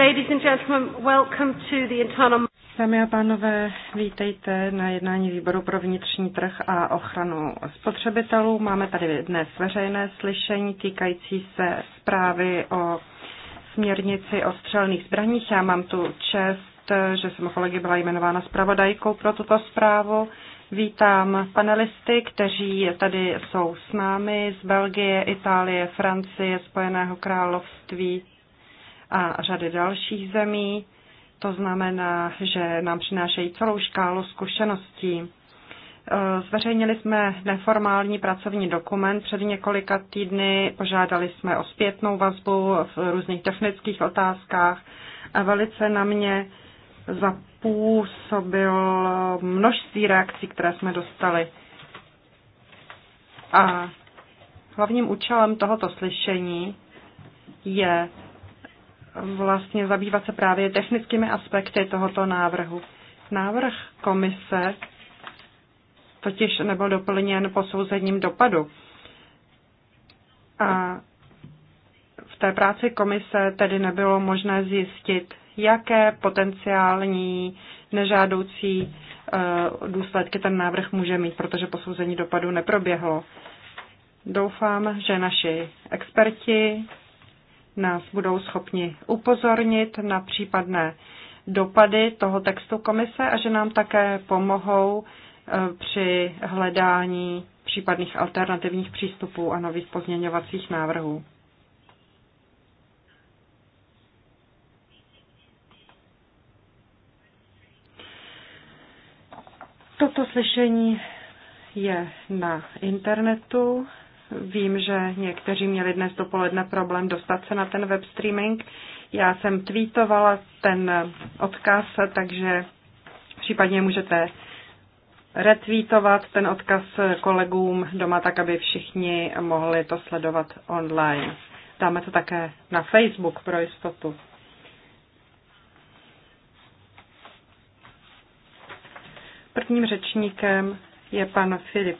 Ladies and gentlemen, welcome to the internal... Dámy a pánové, vítejte na jednání výboru pro vnitřní trh a ochranu spotřebitelů. Máme tady dnes veřejné slyšení týkající se zprávy o směrnici o střelných zbraních. Já mám tu čest, že jsem kolegy byla jmenována zpravodajkou pro tuto zprávu. Vítám panelisty, kteří tady jsou s námi z Belgie, Itálie, Francie, Spojeného království, a řady dalších zemí. To znamená, že nám přinášejí celou škálu zkušeností. E, zveřejnili jsme neformální pracovní dokument před několika týdny, požádali jsme o zpětnou vazbu v různých technických otázkách a velice na mě zapůsobil množství reakcí, které jsme dostali. A hlavním účelem tohoto slyšení je vlastně zabývat se právě technickými aspekty tohoto návrhu. Návrh komise totiž nebyl doplněn posouzením dopadu. A v té práci komise tedy nebylo možné zjistit, jaké potenciální nežádoucí eh, důsledky ten návrh může mít, protože posouzení dopadu neproběhlo. Doufám, že naši experti nás budou schopni upozornit na případné dopady toho textu komise a že nám také pomohou e, při hledání případných alternativních přístupů a nových pozměňovacích návrhů. Toto slyšení je na internetu Vím, že někteří měli dnes dopoledne problém dostat se na ten web streaming. Já jsem tweetovala ten odkaz, takže případně můžete retweetovat ten odkaz kolegům doma, tak aby všichni mohli to sledovat online. Dáme to také na Facebook pro jistotu. Prvním řečníkem je pan Filip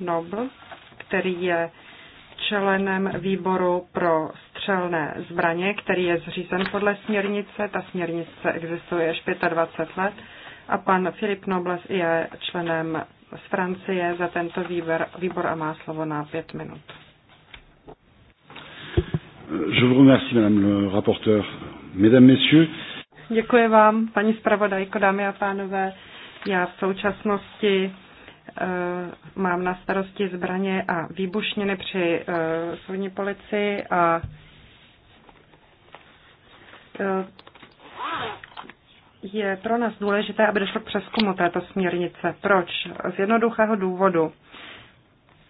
Nobl který je členem výboru pro střelné zbraně, který je zřízen podle směrnice. Ta směrnice existuje až 25 let a pan Filip Nobles je členem z Francie za tento výbor, výbor a má slovo na pět minut. Je vous remercie, madame le rapporteur. Mesdames, messieurs. Děkuji vám, paní zpravodajko, dámy a pánové. Já v současnosti Eh, mám na starosti zbraně a výbušniny při eh, soudní policii a eh, je pro nás důležité, aby došlo k přeskumu této směrnice. Proč? Z jednoduchého důvodu.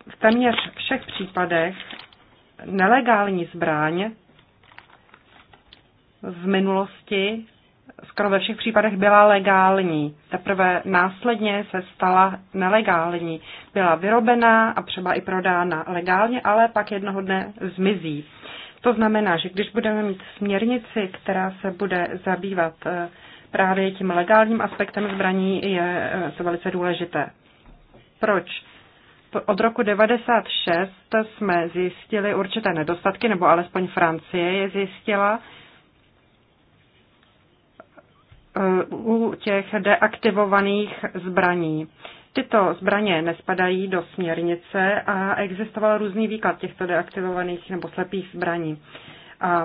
V téměř všech případech nelegální zbraň v minulosti skoro ve všech případech byla legální. Teprve následně se stala nelegální. Byla vyrobená a třeba i prodána legálně, ale pak jednoho dne zmizí. To znamená, že když budeme mít směrnici, která se bude zabývat eh, právě tím legálním aspektem zbraní, je eh, to velice důležité. Proč? Od roku 96 jsme zjistili určité nedostatky, nebo alespoň Francie je zjistila, Eh, u těch deaktivovaných zbraní. Tyto zbraně nespadají do směrnice a existoval různý výklad těchto deaktivovaných nebo slepých zbraní. A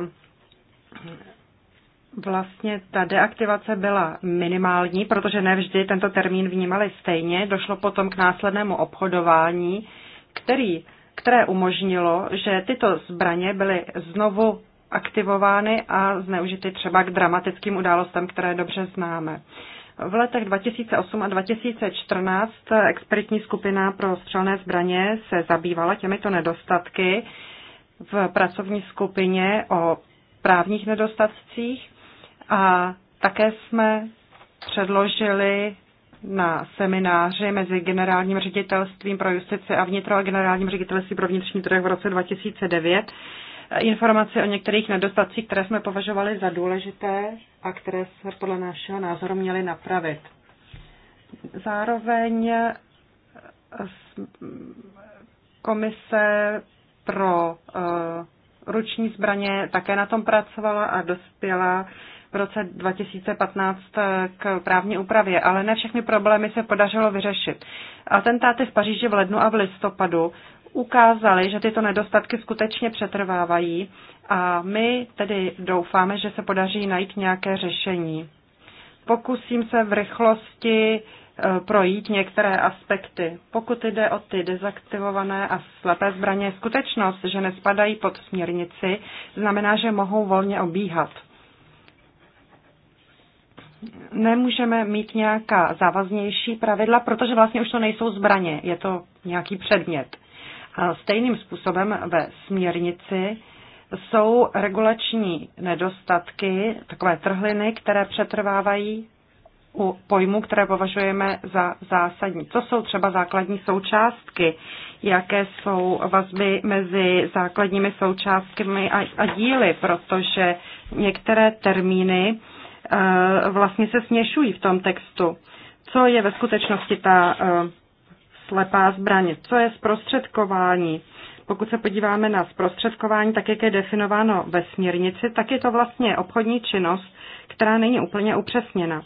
Vlastně ta deaktivace byla minimální, protože nevždy tento termín vnímali stejně. Došlo potom k následnému obchodování, který, které umožnilo, že tyto zbraně byly znovu aktivovány a zneužity třeba k dramatickým událostem, které dobře známe. V letech 2008 a 2014 expertní skupina pro střelné zbraně se zabývala těmito nedostatky v pracovní skupině o právních nedostatcích a také jsme předložili na semináři mezi generálním ředitelstvím pro justici a vnitro a generálním ředitelstvím pro vnitřní trh v roce 2009 informaci o některých nedostacích, které jsme považovali za důležité a které se podle našeho názoru měly napravit. Zároveň eh, komise pro eh, ruční zbraně také na tom pracovala a dospěla v roce 2015 eh, k právní úpravě, ale ne všechny problémy se podařilo vyřešit. Atentáty v Paříži v lednu a v listopadu ukázaly, že tyto nedostatky skutečně přetrvávají a my tedy doufáme, že se podaří najít nějaké řešení. Pokusím se v rychlosti e, projít některé aspekty. Pokud jde o ty dezaktivované a slepé zbraně, skutečnost, že nespadají pod směrnici, znamená, že mohou volně obíhat. Nemůžeme mít nějaká závaznější pravidla, protože vlastně už to nejsou zbraně, je to nějaký předmět stejným způsobem ve směrnici jsou regulační nedostatky, takové trhliny, které přetrvávají u pojmů, které považujeme za zásadní. Co jsou třeba základní součástky? Jaké jsou vazby mezi základními součástkami a, a díly? Protože některé termíny e, vlastně se směšují v tom textu. Co je ve skutečnosti ta e, slepá zbraň. Co je zprostředkování? Pokud se podíváme na zprostředkování, tak jak je definováno ve směrnici, tak je to vlastně obchodní činnost, která není úplně upřesněna.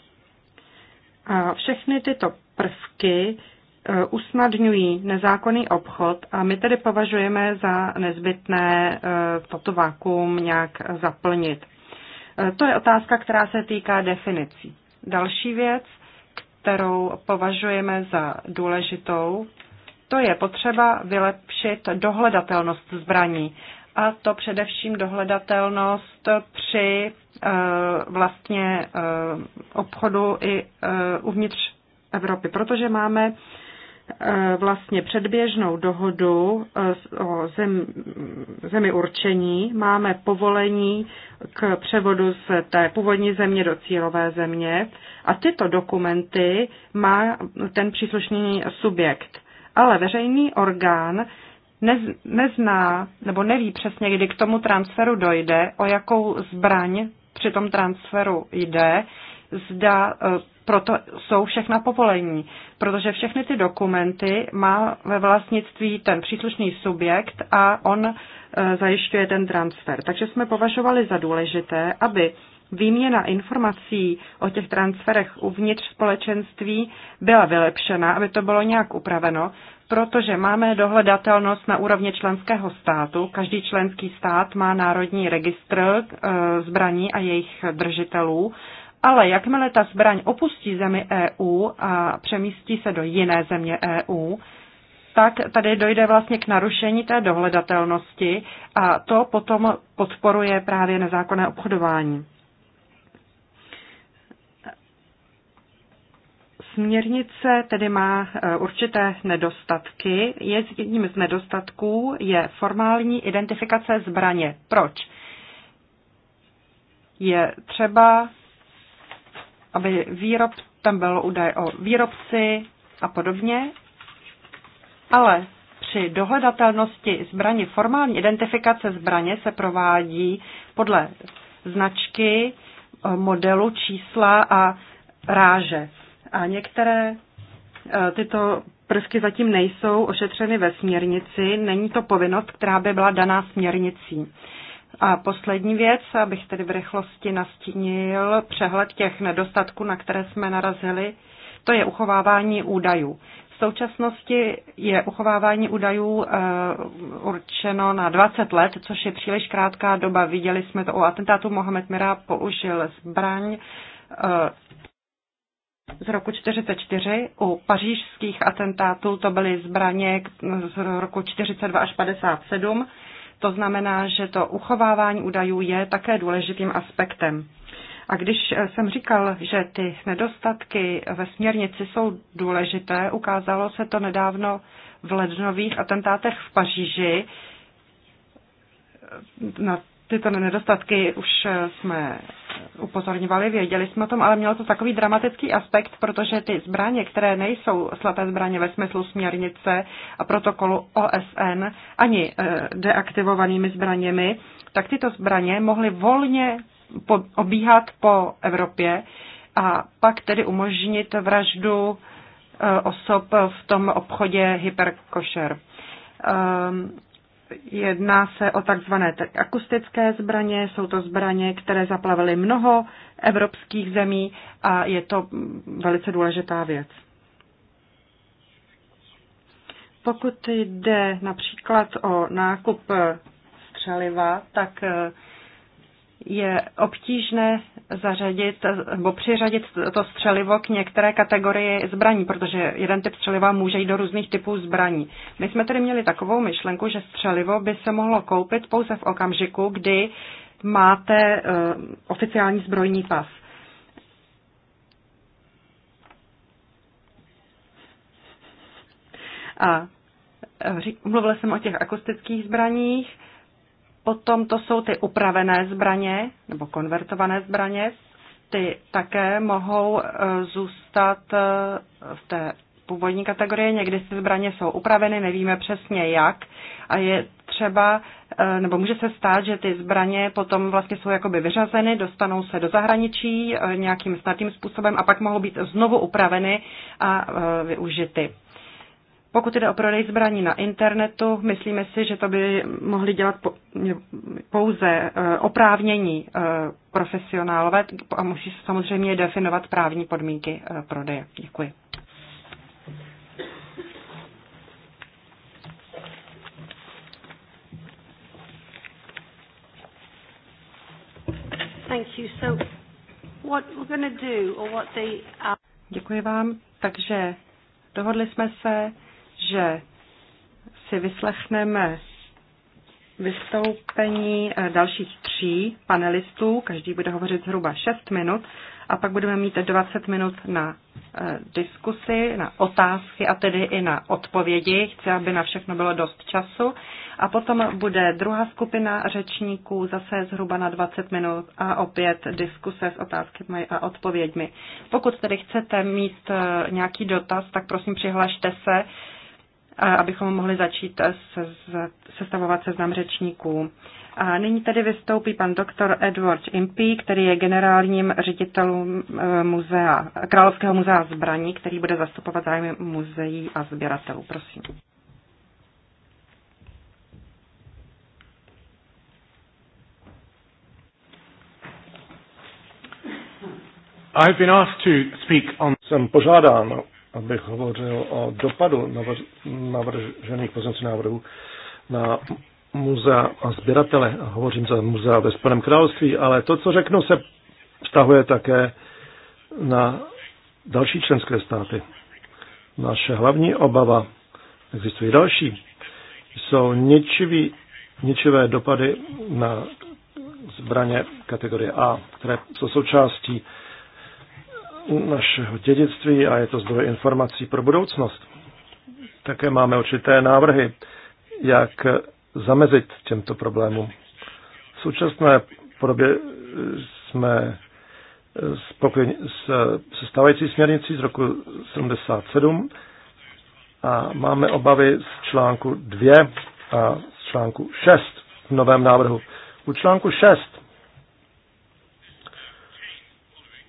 A všechny tyto prvky e, usnadňují nezákonný obchod a my tedy považujeme za nezbytné e, toto vákuum nějak zaplnit. E, to je otázka, která se týká definicí. Další věc, kterou považujeme za důležitou, to je potřeba vylepšit dohledatelnost zbraní. A to především dohledatelnost při eh, vlastně eh, obchodu i eh, uvnitř Evropy, protože máme Eh, vlastně předběžnou dohodu eh, o zem, zemi určení, máme povolení k převodu z té původní země do cílové země a tyto dokumenty má ten příslušný subjekt. Ale veřejný orgán nezná nebo neví přesně, kdy k tomu transferu dojde, o jakou zbraň při tom transferu jde, zda eh, proto jsou všechna povolení, protože všechny ty dokumenty má ve vlastnictví ten příslušný subjekt a on e, zajišťuje ten transfer. Takže jsme považovali za důležité, aby výměna informací o těch transferech uvnitř společenství byla vylepšena, aby to bylo nějak upraveno, protože máme dohledatelnost na úrovni členského státu. Každý členský stát má národní registr e, zbraní a jejich držitelů ale jakmile ta zbraň opustí zemi EU a přemístí se do jiné země EU, tak tady dojde vlastně k narušení té dohledatelnosti a to potom podporuje právě nezákonné obchodování. Směrnice tedy má e, určité nedostatky. Jedním z nedostatků je formální identifikace zbraně. Proč? Je třeba aby výrob, tam byl údaj o výrobci a podobně, ale při dohledatelnosti zbraně formální identifikace zbraně se provádí podle značky, eh, modelu, čísla a ráže. A některé eh, tyto prvky zatím nejsou ošetřeny ve směrnici, není to povinnost, která by byla daná směrnicí. A poslední věc, abych tedy v rychlosti nastínil přehled těch nedostatků, na které jsme narazili, to je uchovávání údajů. V současnosti je uchovávání údajů eh, určeno na 20 let, což je příliš krátká doba. Viděli jsme to u atentátu. Mohamed Mirá použil zbraň eh, z roku 44. U pařížských atentátů to byly zbraně z roku 42 až 57 to znamená, že to uchovávání údajů je také důležitým aspektem. A když eh, jsem říkal, že ty nedostatky ve směrnici jsou důležité, ukázalo se to nedávno v lednových atentátech v Paříži. Eh, na tyto nedostatky už eh, jsme upozorňovali, věděli jsme o tom, ale mělo to takový dramatický aspekt, protože ty zbraně, které nejsou slaté zbraně ve smyslu směrnice a protokolu OSN, ani eh, deaktivovanými zbraněmi, tak tyto zbraně mohly volně obíhat po Evropě a pak tedy umožnit vraždu eh, osob v tom obchodě hyperkošer. Ehm, Jedná se o takzvané akustické zbraně. Jsou to zbraně, které zaplavily mnoho evropských zemí a je to velice důležitá věc. Pokud jde například o nákup střeliva, tak eh, je obtížné zařadit nebo přiřadit to střelivo k některé kategorii zbraní, protože jeden typ střeliva může jít do různých typů zbraní. My jsme tedy měli takovou myšlenku, že střelivo by se mohlo koupit pouze v okamžiku, kdy máte uh, oficiální zbrojní pas. A eh, mluvila jsem o těch akustických zbraních, Potom to jsou ty upravené zbraně nebo konvertované zbraně. Ty také mohou e, zůstat e, v té původní kategorie. Někdy ty zbraně jsou upraveny, nevíme přesně jak. A je třeba, e, nebo může se stát, že ty zbraně potom vlastně jsou jakoby vyřazeny, dostanou se do zahraničí nějakým snadným způsobem a pak mohou být znovu upraveny a využity. Pokud jde o prodej zbraní na internetu, myslíme si, že to by mohli dělat pouze eh, oprávnění eh, profesionálové a musí samozřejmě definovat právní podmínky eh, prodeje. Děkuji. Děkuji vám. Takže dohodli jsme se, že si vyslechneme vystoupení eh, dalších tří panelistů, každý bude hovořit zhruba 6 minut a pak budeme mít 20 minut na eh, diskusy, na otázky a tedy i na odpovědi. Chci, aby na všechno bylo dost času. A potom bude druhá skupina řečníků, zase zhruba na 20 minut a opět diskuse s otázkami a odpověďmi. Pokud tedy chcete mít eh, nějaký dotaz, tak prosím přihlašte se abychom mohli začít se, sestavovat seznam řečníků. A nyní tedy vystoupí pan doktor Edward Impey, který je generálním ředitelem eh, muzea, Královského muzea zbraní, který bude zastupovat zájmy muzeí a sběratelů. Prosím. I've been asked to speak on... Jsem požádán abych hovořil o dopadu navržených pozemcích návrhů na muzea a sběratele. Hovořím za muzea ve Spojeném království, ale to, co řeknu, se vztahuje také na další členské státy. Naše hlavní obava, existují další, jsou ničivý, ničivé dopady na zbraně kategorie A, které jsou součástí našeho dědictví a je to zdroj informací pro budoucnost. Také máme určité návrhy, jak zamezit těmto problémům. V současné podobě jsme spokojeni se stávající směrnicí z roku 77 a máme obavy z článku 2 a z článku 6 v novém návrhu. U článku 6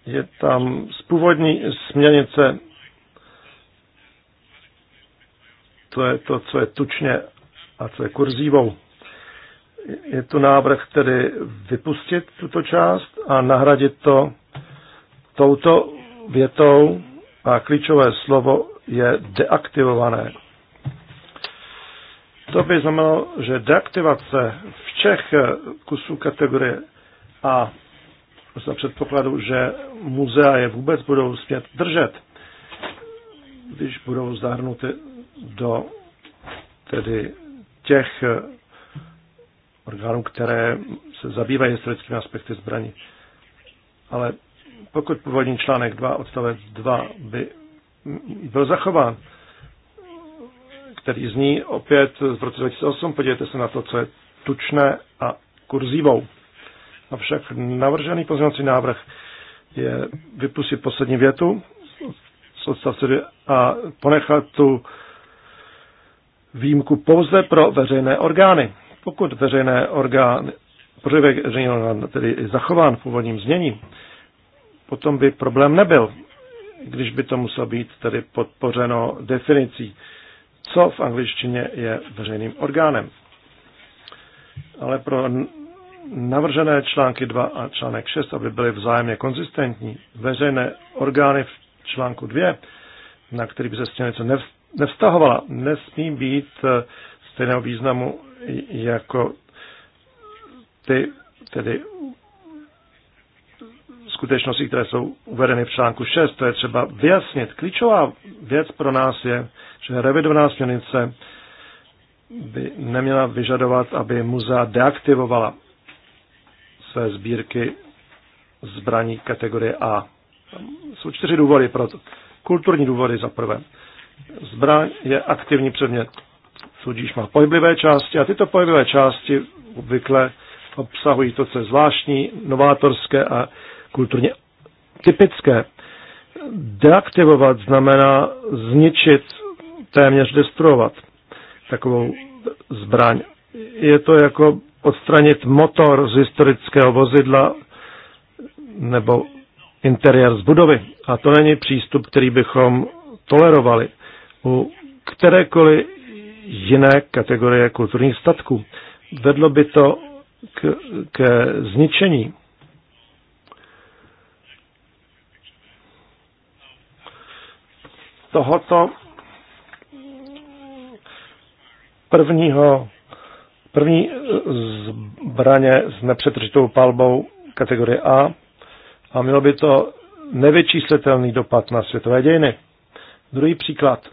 je tam z původní směrnice, to je to, co je tučně a co je kurzívou. Je tu návrh tedy vypustit tuto část a nahradit to touto větou a klíčové slovo je deaktivované. To by znamenalo, že deaktivace všech kusů kategorie A za předpokladu, že muzea je vůbec budou smět držet, když budou zahrnuty do tedy těch eh, orgánů, které se zabývají historickými aspekty zbraní. Ale pokud původní článek 2 odstavec 2 by byl zachován, který zní opět v roce 2008, podívejte se na to, co je tučné a kurzívou. Avšak navržený pozměňovací návrh je vypustit poslední větu z odstavce a ponechat tu výjimku pouze pro veřejné orgány. Pokud veřejné orgány, požadavek veřejný orgán tedy zachován v původním znění, potom by problém nebyl, když by to muselo být tedy podpořeno definicí, co v angličtině je veřejným orgánem. Ale pro navržené články 2 a článek 6, aby byly vzájemně konzistentní. Veřejné orgány v článku 2, na který by se směrnice nevztahovala, nesmí být eh, stejného významu jako ty tedy skutečnosti, které jsou uvedeny v článku 6. To je třeba vyjasnit. Klíčová věc pro nás je, že revidovaná směrnice by neměla vyžadovat, aby muzea deaktivovala své sbírky zbraní kategorie A. Jsou čtyři důvody pro to. Kulturní důvody za prvé. Zbraň je aktivní předmět. Tudíž má pohyblivé části a tyto pohyblivé části obvykle obsahují to, co je zvláštní, novátorské a kulturně typické. Deaktivovat znamená zničit, téměř destruovat takovou zbraň. Je to jako odstranit motor z historického vozidla nebo interiér z budovy. A to není přístup, který bychom tolerovali u kterékoliv jiné kategorie kulturních statků. Vedlo by to k, ke zničení. tohoto prvního První eh, zbraně s nepřetržitou palbou kategorie A a mělo by to nevyčíslitelný dopad na světové dějiny. Druhý příklad.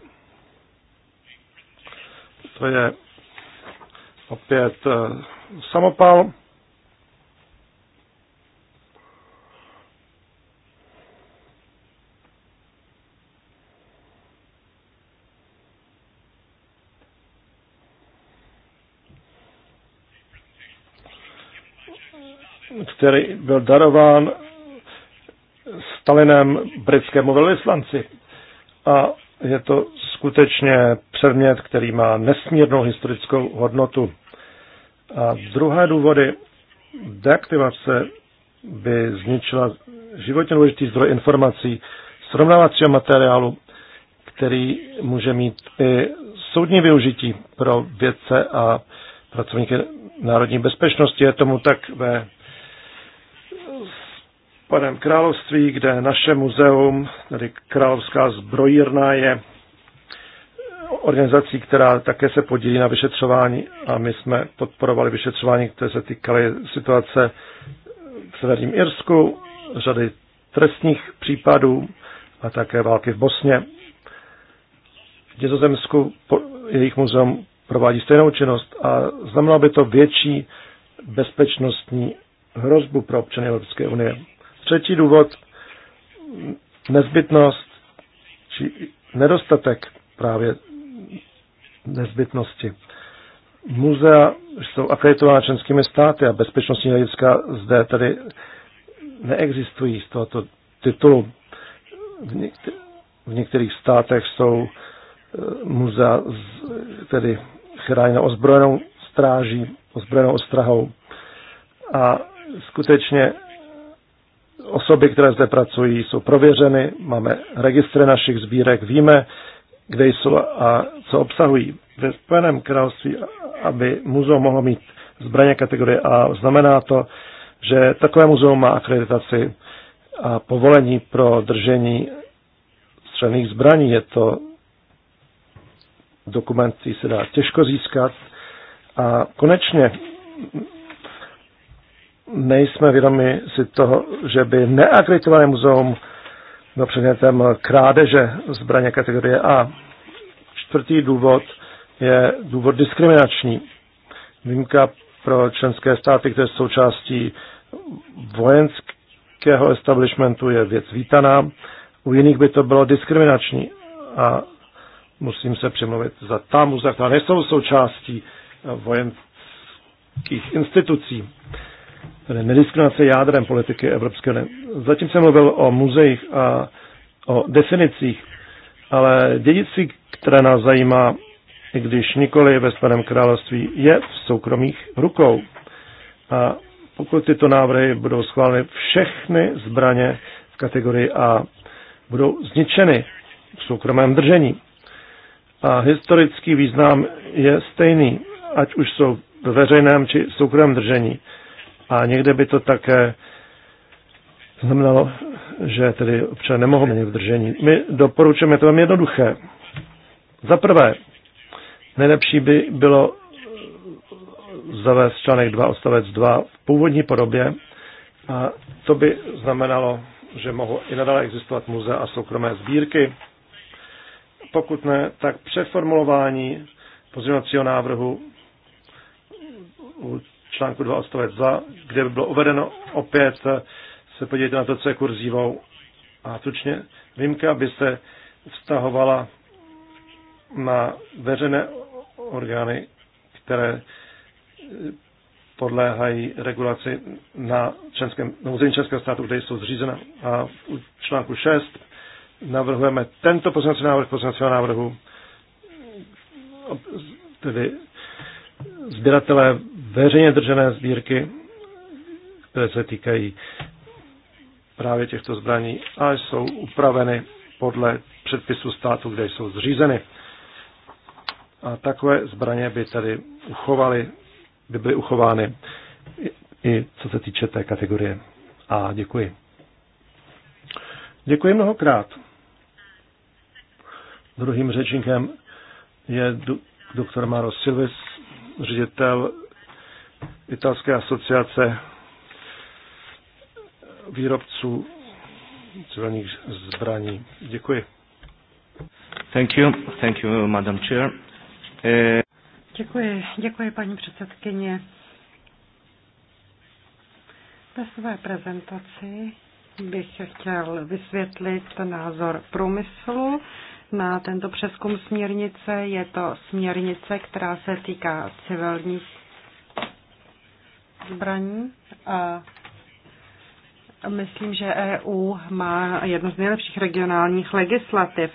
To je opět eh, samopal který byl darován Stalinem britskému velvyslanci. A je to skutečně předmět, který má nesmírnou historickou hodnotu. A druhé důvody deaktivace by zničila životně důležitý zdroj informací srovnávacího materiálu, který může mít i soudní využití pro vědce a pracovníky národní bezpečnosti. Je tomu tak ve panem království, kde naše muzeum, tedy Královská zbrojírna, je organizací, která také se podílí na vyšetřování a my jsme podporovali vyšetřování, které se týkaly situace v Severním Irsku, řady trestních případů a také války v Bosně. V Nizozemsku jejich muzeum provádí stejnou činnost a znamenalo by to větší bezpečnostní hrozbu pro občany Evropské unie. Třetí důvod, nezbytnost či nedostatek právě nezbytnosti. Muzea jsou akreditována členskými státy a bezpečnostní hlediska zde tedy neexistují z tohoto titulu. V, někter- v některých státech jsou e, muzea z, tedy chráněna ozbrojenou stráží, ozbrojenou ostrahou a skutečně osoby, které zde pracují, jsou prověřeny, máme registry našich sbírek, víme, kde jsou a co obsahují. Ve Spojeném království, aby muzeum mohlo mít zbraně kategorie A, znamená to, že takové muzeum má akreditaci a povolení pro držení střelných zbraní. Je to dokument, který se dá těžko získat. A konečně nejsme vědomi si toho, že by neakreditované muzeum bylo předmětem krádeže zbraně kategorie A. Čtvrtý důvod je důvod diskriminační. Výjimka pro členské státy, které jsou součástí vojenského establishmentu, je věc vítaná. U jiných by to bylo diskriminační a musím se přemluvit za ta muzea, která nejsou součástí vojenských institucí tedy nediskriminace jádrem politiky Evropské unie. Zatím jsem mluvil o muzeích a o definicích, ale dědictví, které nás zajímá, i když nikoli ve Svém království, je v soukromých rukou. A pokud tyto návrhy budou schváleny, všechny zbraně v kategorii A budou zničeny v soukromém držení. A historický význam je stejný, ať už jsou ve veřejném či soukromém držení. A někde by to také znamenalo, že tedy občané nemohou měnit v držení. My doporučujeme to vám jednoduché. Za prvé, nejlepší by bylo eh, zavést článek 2 odstavec 2 v původní podobě a to by znamenalo, že mohou i nadále existovat muzea a soukromé sbírky. Pokud ne, tak přeformulování pozměňovacího návrhu u článku 2 odstavec 2, kde by bylo uvedeno opět, eh, se podívejte na to, co je kurzívou a tučně výjimka by se vztahovala na veřejné orgány, které eh, podléhají regulaci na, členském, na území Českého státu, kde jsou zřízena. A v článku 6 navrhujeme tento pozměňovací návrh pozměňovacího návrhu, eh, tedy sběratelé veřejně držené sbírky, které se týkají právě těchto zbraní a jsou upraveny podle předpisu státu, kde jsou zřízeny. A takové zbraně by tady uchovaly, by byly uchovány i co se týče té kategorie. A děkuji. Děkuji mnohokrát. Druhým řečníkem je doktor Maro Silvis, ředitel Italské asociace výrobců civilních zbraní. Děkuji. Thank you. Thank you, Madam Chair. Eh... Děkuji, děkuji paní předsedkyně. Ve své prezentaci bych chtěl vysvětlit názor průmyslu na tento přeskum směrnice. Je to směrnice, která se týká civilních zbraní a myslím, že EU má jednu z nejlepších regionálních legislativ.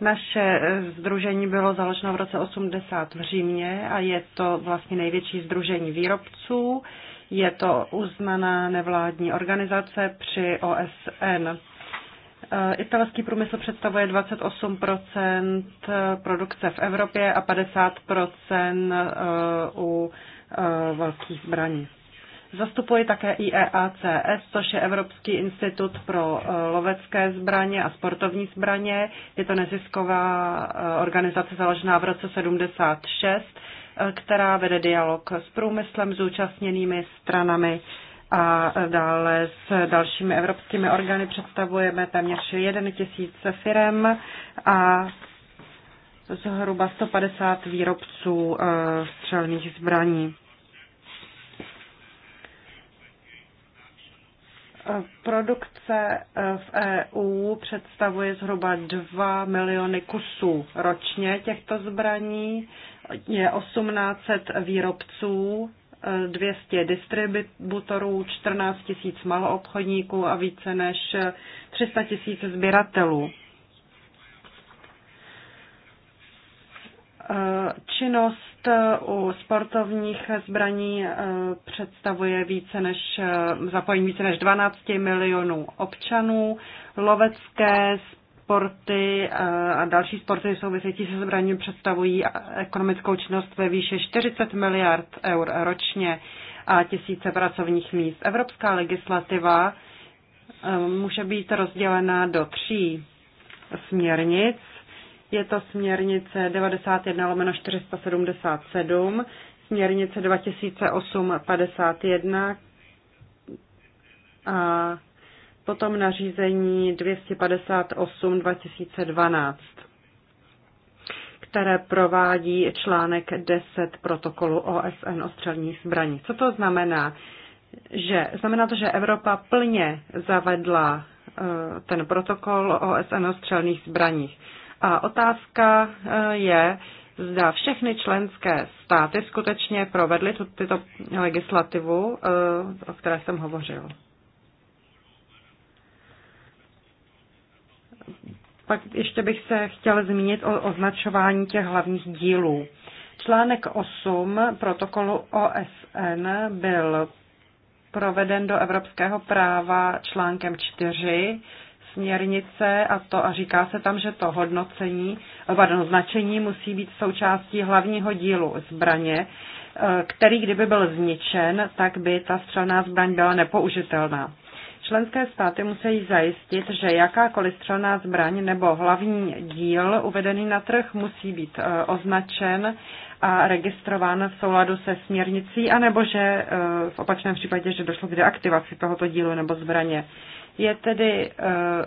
Naše eh, združení bylo založeno v roce 80 v Římě a je to vlastně největší združení výrobců. Je to uznaná nevládní organizace při OSN. Eh, italský průmysl představuje 28 eh, produkce v Evropě a 50 u velkých zbraní. Zastupuji také IEACS, což je Evropský institut pro eh, lovecké zbraně a sportovní zbraně. Je to nezisková eh, organizace založená v roce 76, eh, která vede dialog s průmyslem, zúčastněnými stranami a dále s dalšími evropskými orgány představujeme téměř 1 tisíc firm a zhruba 150 výrobců střelných zbraní. Produkce eh, v EU představuje zhruba 2 miliony kusů ročně těchto zbraní. Je 1800 výrobců, 200 eh, distributorů, 14 tisíc maloobchodníků a více než 300 tisíc sběratelů. Činnost eh, u sportovních zbraní eh, představuje více než, eh, zapojení více než 12 milionů občanů. Lovecké sporty a další sporty související se zbraní představují ekonomickou činnost ve výše 40 miliard eur ročně a tisíce pracovních míst. Evropská legislativa může být rozdělena do tří směrnic je to směrnice 91 lomeno 477, směrnice 2008 51 a potom nařízení 258 2012 které provádí článek 10 protokolu OSN o střelní zbraní. Co to znamená? Že, znamená to, že Evropa plně zavedla eh, ten protokol OSN o střelných zbraních. A otázka eh, je, zda všechny členské státy skutečně provedly tuto legislativu, eh, o které jsem hovořil. Pak ještě bych se chtěl zmínit o označování těch hlavních dílů. Článek 8 protokolu OSN byl proveden do evropského práva článkem 4 směrnice a to a říká se tam, že to hodnocení, pardon, značení musí být součástí hlavního dílu zbraně, e, který kdyby byl zničen, tak by ta střelná zbraň byla nepoužitelná. Členské státy musí zajistit, že jakákoliv střelná zbraň nebo hlavní díl uvedený na trh musí být e, označen a registrován v souladu se směrnicí, anebo že e, v opačném případě, že došlo k deaktivaci tohoto dílu nebo zbraně. Je tedy eh,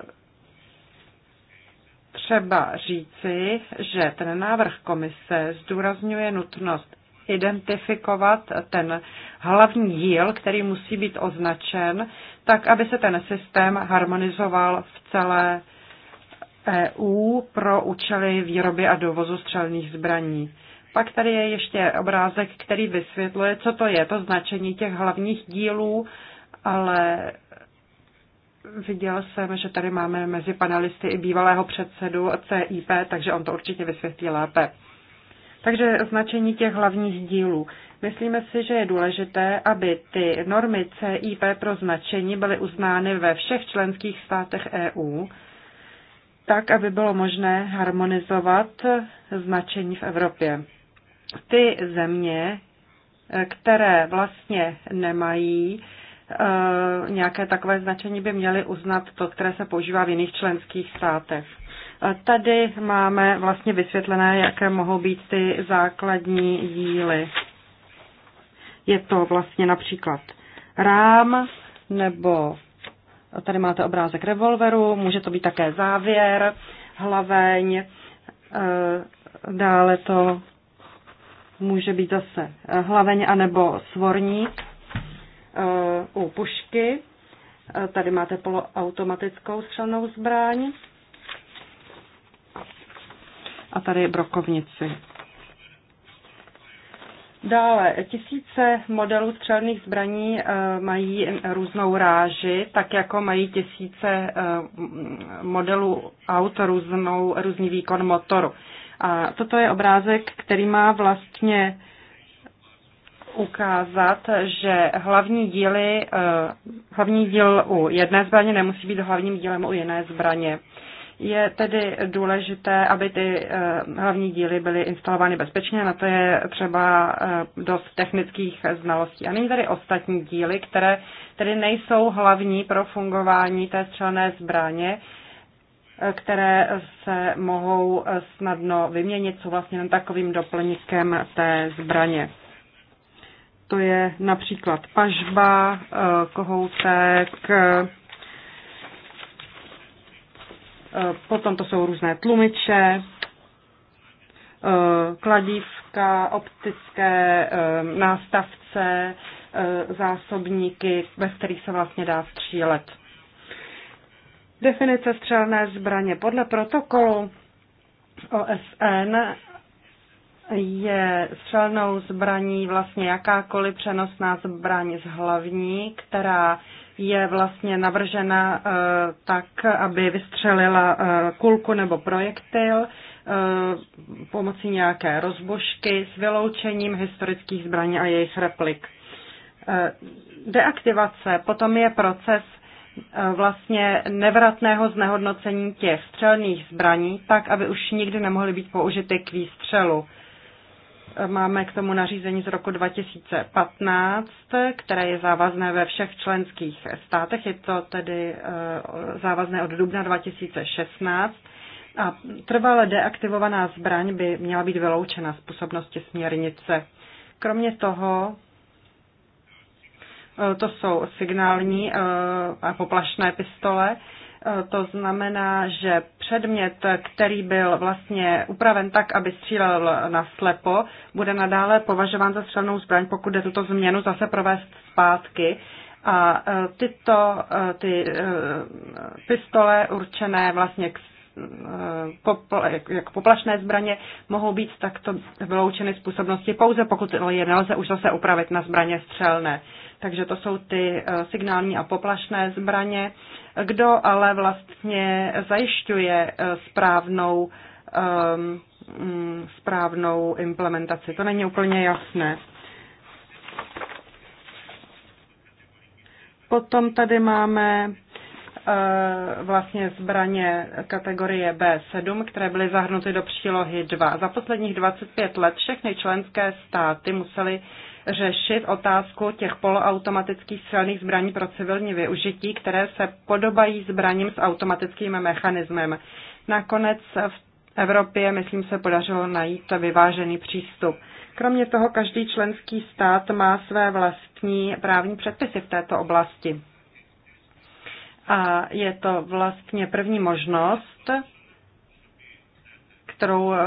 třeba říci, že ten návrh komise zdůrazňuje nutnost identifikovat ten hlavní díl, který musí být označen, tak aby se ten systém harmonizoval v celé EU pro účely výroby a dovozu střelných zbraní. Pak tady je ještě obrázek, který vysvětluje, co to je, to značení těch hlavních dílů, ale Viděl jsem, že tady máme mezi panelisty i bývalého předsedu CIP, takže on to určitě vysvětlí lépe. Takže značení těch hlavních dílů. Myslíme si, že je důležité, aby ty normy CIP pro značení byly uznány ve všech členských státech EU, tak, aby bylo možné harmonizovat značení v Evropě. Ty země, které vlastně nemají Eh, nějaké takové značení by měly uznat to, které se používá v jiných členských státech. Eh, tady máme vlastně vysvětlené, jaké mohou být ty základní díly. Je to vlastně například rám nebo tady máte obrázek revolveru, může to být také závěr, hlaveň, eh, dále to může být zase hlaveň anebo svorník. Eh, u pušky. Eh, tady máte poloautomatickou střelnou zbraň. A tady brokovnici. Dále, tisíce modelů střelných zbraní eh, mají různou ráži, tak jako mají tisíce modelů aut různou, různý výkon motoru. A toto je obrázek, který má vlastně ukázat, že hlavní, díly, eh, hlavní díl u jedné zbraně nemusí být hlavním dílem u jiné zbraně. Je tedy důležité, aby ty eh, hlavní díly byly instalovány bezpečně, na to je třeba eh, dost technických znalostí. A nyní tady ostatní díly, které tedy nejsou hlavní pro fungování té střelné zbraně, které se mohou snadno vyměnit, jsou vlastně jen takovým doplňkem té zbraně to je například pažba, eh, kohoutek, eh, potom to jsou různé tlumiče, eh, kladívka, optické nástavce, zásobníky, ve kterých se vlastně dá střílet. Definice střelné zbraně podle protokolu OSN je střelnou zbraní vlastně jakákoliv přenosná zbraň z hlavní, která je vlastně navržena eh, tak, aby vystřelila eh, kulku nebo projektil eh, pomocí nějaké rozbožky s vyloučením historických zbraní a jejich replik. Deaktivace potom je proces vlastně nevratného znehodnocení těch střelných zbraní, tak aby už nikdy nemohly být použity k výstřelu. Máme k tomu nařízení z roku 2015, které je závazné ve všech členských státech. Je to tedy eh, závazné od dubna 2016. A trvale deaktivovaná zbraň by měla být vyloučena z působnosti směrnice. Kromě toho, eh, to jsou signální eh, a poplašné pistole, to znamená, že předmět, který byl vlastně upraven tak, aby střílel na slepo, bude nadále považován za střelnou zbraň, pokud je tuto změnu zase provést zpátky. A e, tyto e, ty e, pistole určené vlastně k jako poplašné zbraně mohou být takto vyloučeny z působnosti pouze, pokud je nelze už zase upravit na zbraně střelné. Takže to jsou ty eh, signální a poplašné zbraně. Kdo ale vlastně zajišťuje eh, správnou, ehm, mm, správnou implementaci? To není úplně jasné. Potom tady máme eh, vlastně zbraně kategorie B7, které byly zahrnuty do přílohy 2. Za posledních 25 let všechny členské státy musely řešit otázku těch poloautomatických střelných zbraní pro civilní využití, které se podobají zbraním s automatickým mechanismem. Nakonec v Evropě, myslím, se podařilo najít vyvážený přístup. Kromě toho každý členský stát má své vlastní právní předpisy v této oblasti. A je to vlastně první možnost, kterou eh,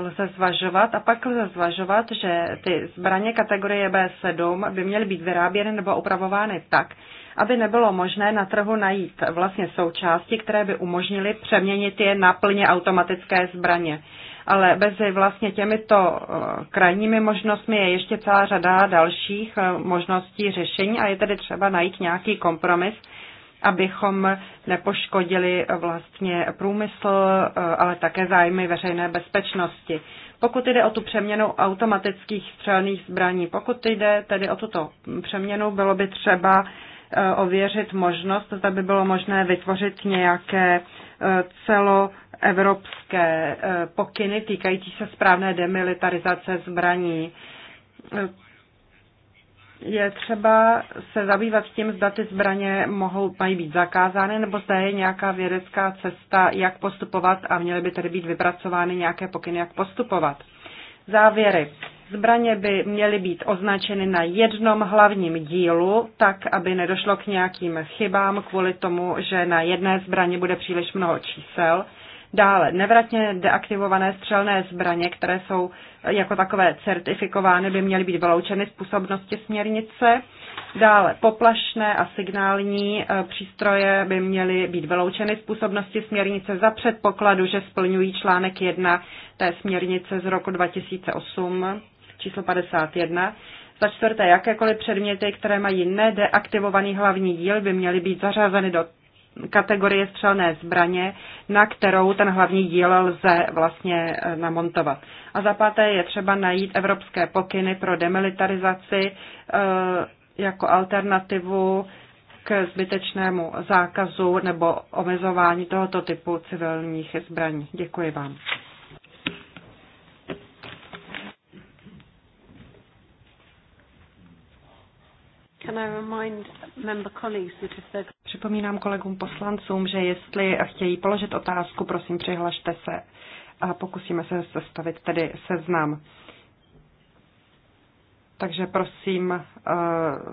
lze zvažovat. A pak lze zvažovat, že ty zbraně kategorie B7 by měly být vyráběny nebo upravovány tak, aby nebylo možné na trhu najít vlastně součásti, které by umožnily přeměnit je na plně automatické zbraně. Ale mezi vlastně těmito eh, krajními možnostmi je ještě celá řada dalších eh, možností řešení a je tedy třeba najít nějaký kompromis, abychom nepoškodili vlastně průmysl, ale také zájmy veřejné bezpečnosti. Pokud jde o tu přeměnu automatických střelných zbraní, pokud jde tedy o tuto přeměnu, bylo by třeba eh, ověřit možnost, zda by bylo možné vytvořit nějaké eh, celoevropské eh, pokyny týkající se správné demilitarizace zbraní je třeba se zabývat tím, zda ty zbraně mohou, mají být zakázány, nebo zda je nějaká vědecká cesta, jak postupovat a měly by tedy být vypracovány nějaké pokyny, jak postupovat. Závěry. Zbraně by měly být označeny na jednom hlavním dílu, tak, aby nedošlo k nějakým chybám kvůli tomu, že na jedné zbraně bude příliš mnoho čísel – Dále nevratně deaktivované střelné zbraně, které jsou jako takové certifikovány, by měly být vyloučeny z působnosti směrnice. Dále poplašné a signální e, přístroje by měly být vyloučeny z působnosti směrnice za předpokladu, že splňují článek 1 té směrnice z roku 2008 číslo 51. Za čtvrté, jakékoliv předměty, které mají nedeaktivovaný hlavní díl, by měly být zařazeny do kategorie střelné zbraně, na kterou ten hlavní díl lze vlastně eh, namontovat. A za páté je třeba najít evropské pokyny pro demilitarizaci eh, jako alternativu k zbytečnému zákazu nebo omezování tohoto typu civilních zbraní. Děkuji vám. Připomínám kolegům poslancům, že jestli chtějí položit otázku, prosím přihlašte se a pokusíme se sestavit tedy seznam. Takže prosím, eh,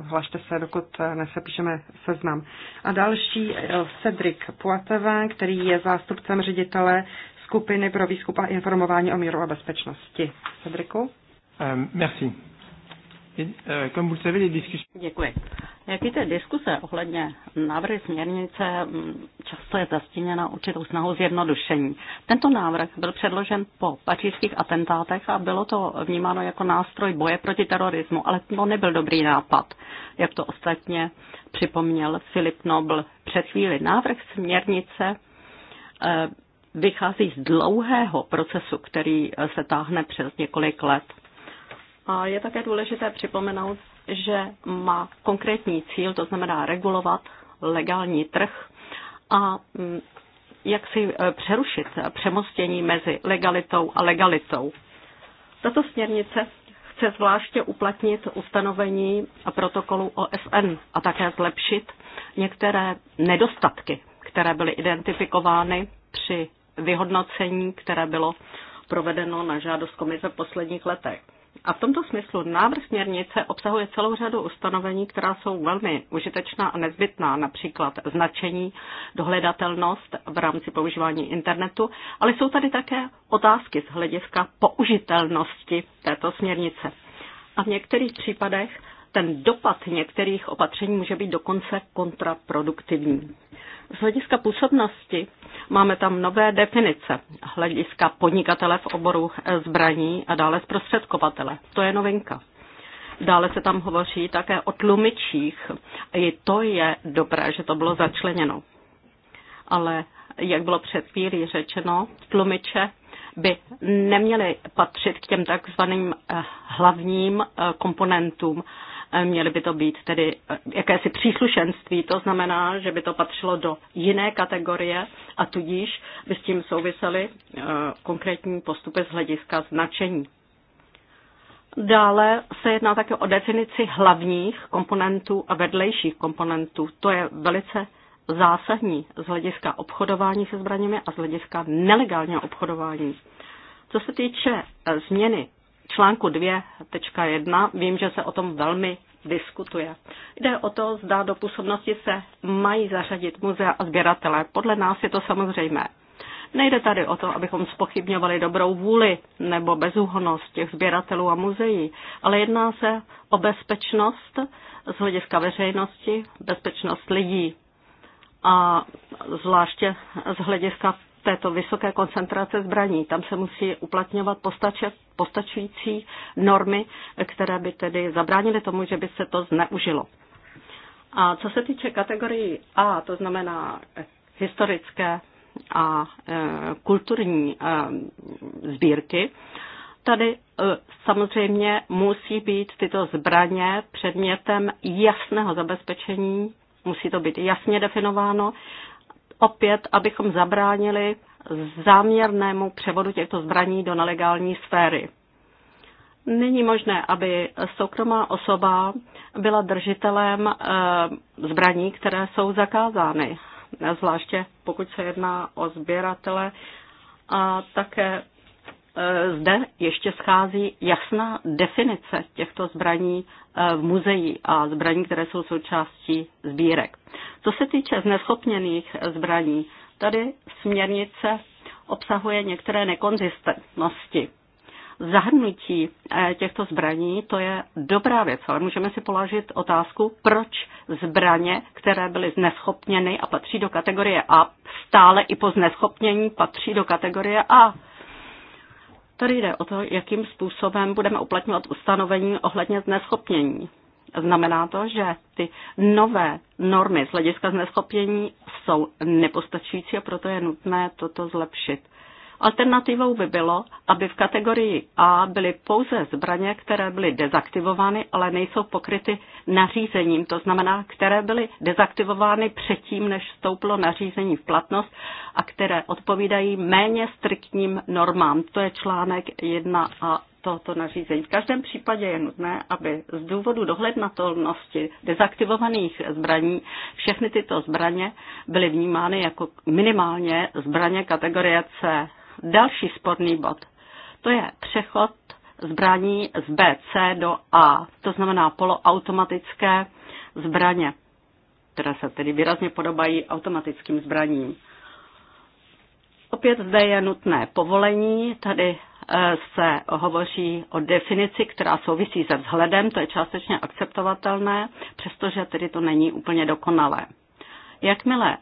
hlašte se, dokud eh, nesepíšeme seznam. A další eh, Cedric Poitevin, který je zástupcem ředitele skupiny pro výzkum a informování o míru a bezpečnosti. Cedriku. Um, merci. Eh, Děkuji. Jak víte, diskuse ohledně návrhy směrnice mm, často je zastíněna určitou snahou zjednodušení. Tento návrh byl předložen po pařížských atentátech a bylo to vnímáno jako nástroj boje proti terorismu, ale to nebyl dobrý nápad, jak to ostatně připomněl Filip Nobl před chvíli. Návrh směrnice eh, vychází z dlouhého procesu, který se táhne přes několik let je také důležité připomenout, že má konkrétní cíl, to znamená regulovat legální trh a mm, jak si e, přerušit přemostění mezi legalitou a legalitou. Tato směrnice chce zvláště uplatnit ustanovení a protokolu OSN a také zlepšit některé nedostatky, které byly identifikovány při vyhodnocení, které bylo provedeno na žádost komise v posledních letech. A v tomto smyslu návrh směrnice obsahuje celou řadu ustanovení, která jsou velmi užitečná a nezbytná, například značení, dohledatelnost v rámci používání internetu, ale jsou tady také otázky z hlediska použitelnosti této směrnice. A v některých případech ten dopad některých opatření může být dokonce kontraproduktivní. Z hlediska působnosti máme tam nové definice hlediska podnikatele v oboru zbraní a dále zprostředkovatele. To je novinka. Dále se tam hovoří také o tlumičích. I to je dobré, že to bylo začleněno. Ale jak bylo před chvílí řečeno, tlumiče by neměly patřit k těm takzvaným eh, hlavním eh, komponentům Eh, měly by to být tedy eh, jakési příslušenství, to znamená, že by to patřilo do jiné kategorie a tudíž by s tím souvisely eh, konkrétní postupy z hlediska značení. Dále se jedná také o definici hlavních komponentů a vedlejších komponentů. To je velice zásadní z hlediska obchodování se zbraněmi a z hlediska nelegálního obchodování. Co se týče změny článku 2.1 vím, že se o tom velmi diskutuje. Jde o to, zda do působnosti se mají zařadit muzea a sběratele. Podle nás je to samozřejmé. Nejde tady o to, abychom spochybňovali dobrou vůli nebo bezúhonost těch sběratelů a muzeí, ale jedná se o bezpečnost z hlediska veřejnosti, bezpečnost lidí a zvláště z hlediska této vysoké koncentrace zbraní. Tam se musí uplatňovat postače, postačující normy, které by tedy zabránily tomu, že by se to zneužilo. A co se týče kategorii A, to znamená historické a e, kulturní e, sbírky, tady e, samozřejmě musí být tyto zbraně předmětem jasného zabezpečení, musí to být jasně definováno opět, abychom zabránili záměrnému převodu těchto zbraní do nelegální sféry. Není možné, aby soukromá osoba byla držitelem eh, zbraní, které jsou zakázány, zvláště pokud se jedná o sběratele. A také eh, zde ještě schází jasná definice těchto zbraní v eh, muzeí a zbraní, které jsou součástí sbírek. Co se týče zneschopněných eh, zbraní, tady směrnice obsahuje některé nekonzistentnosti. Zahrnutí eh, těchto zbraní, to je dobrá věc, ale můžeme si položit otázku, proč zbraně, které byly zneschopněny a patří do kategorie A, stále i po zneschopnění patří do kategorie A Tady jde o to, jakým způsobem budeme uplatňovat ustanovení ohledně zneschopnění. Znamená to, že ty nové normy z hlediska zneschopnění jsou nepostačující a proto je nutné toto zlepšit. Alternativou by bylo, aby v kategorii A byly pouze zbraně, které byly dezaktivovány, ale nejsou pokryty nařízením, to znamená, které byly dezaktivovány předtím, než vstouplo nařízení v platnost a které odpovídají méně striktním normám. To je článek 1 a tohoto nařízení. V každém případě je nutné, aby z důvodu dohlednatelnosti dezaktivovaných zbraní všechny tyto zbraně byly vnímány jako minimálně zbraně kategorie C další sporný bod. To je přechod zbraní z BC do A, to znamená poloautomatické zbraně, které se tedy výrazně podobají automatickým zbraním. Opět zde je nutné povolení, tady e, se hovoří o definici, která souvisí se vzhledem, to je částečně akceptovatelné, přestože tedy to není úplně dokonalé. Jakmile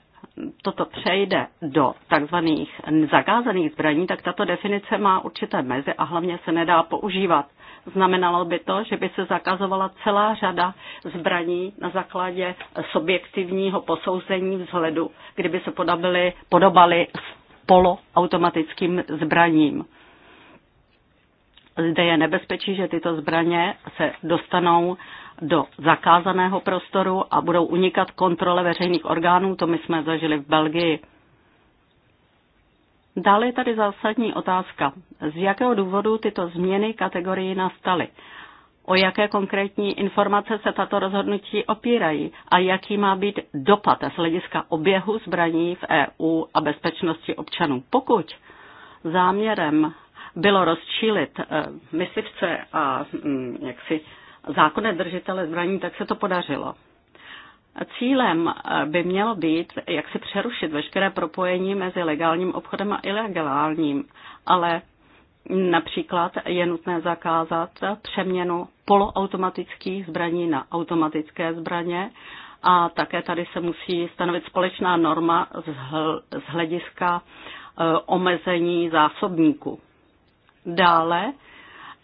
toto přejde do takzvaných zakázaných zbraní, tak tato definice má určité meze a hlavně se nedá používat. Znamenalo by to, že by se zakazovala celá řada zbraní na základě subjektivního posouzení vzhledu, kdyby se podobaly, podobali poloautomatickým zbraním. Zde je nebezpečí, že tyto zbraně se dostanou do zakázaného prostoru a budou unikat kontrole veřejných orgánů, to my jsme zažili v Belgii. Dále je tady zásadní otázka. Z jakého důvodu tyto změny kategorii nastaly? O jaké konkrétní informace se tato rozhodnutí opírají a jaký má být dopad z hlediska oběhu zbraní v EU a bezpečnosti občanů? Pokud záměrem bylo rozčílit eh, myslivce a mm, jaksi zákonné držitele zbraní, tak se to podařilo. Cílem eh, by mělo být, jak si přerušit veškeré propojení mezi legálním obchodem a ilegálním, ale například je nutné zakázat přeměnu poloautomatických zbraní na automatické zbraně a také tady se musí stanovit společná norma z hlediska eh, omezení zásobníku. Dále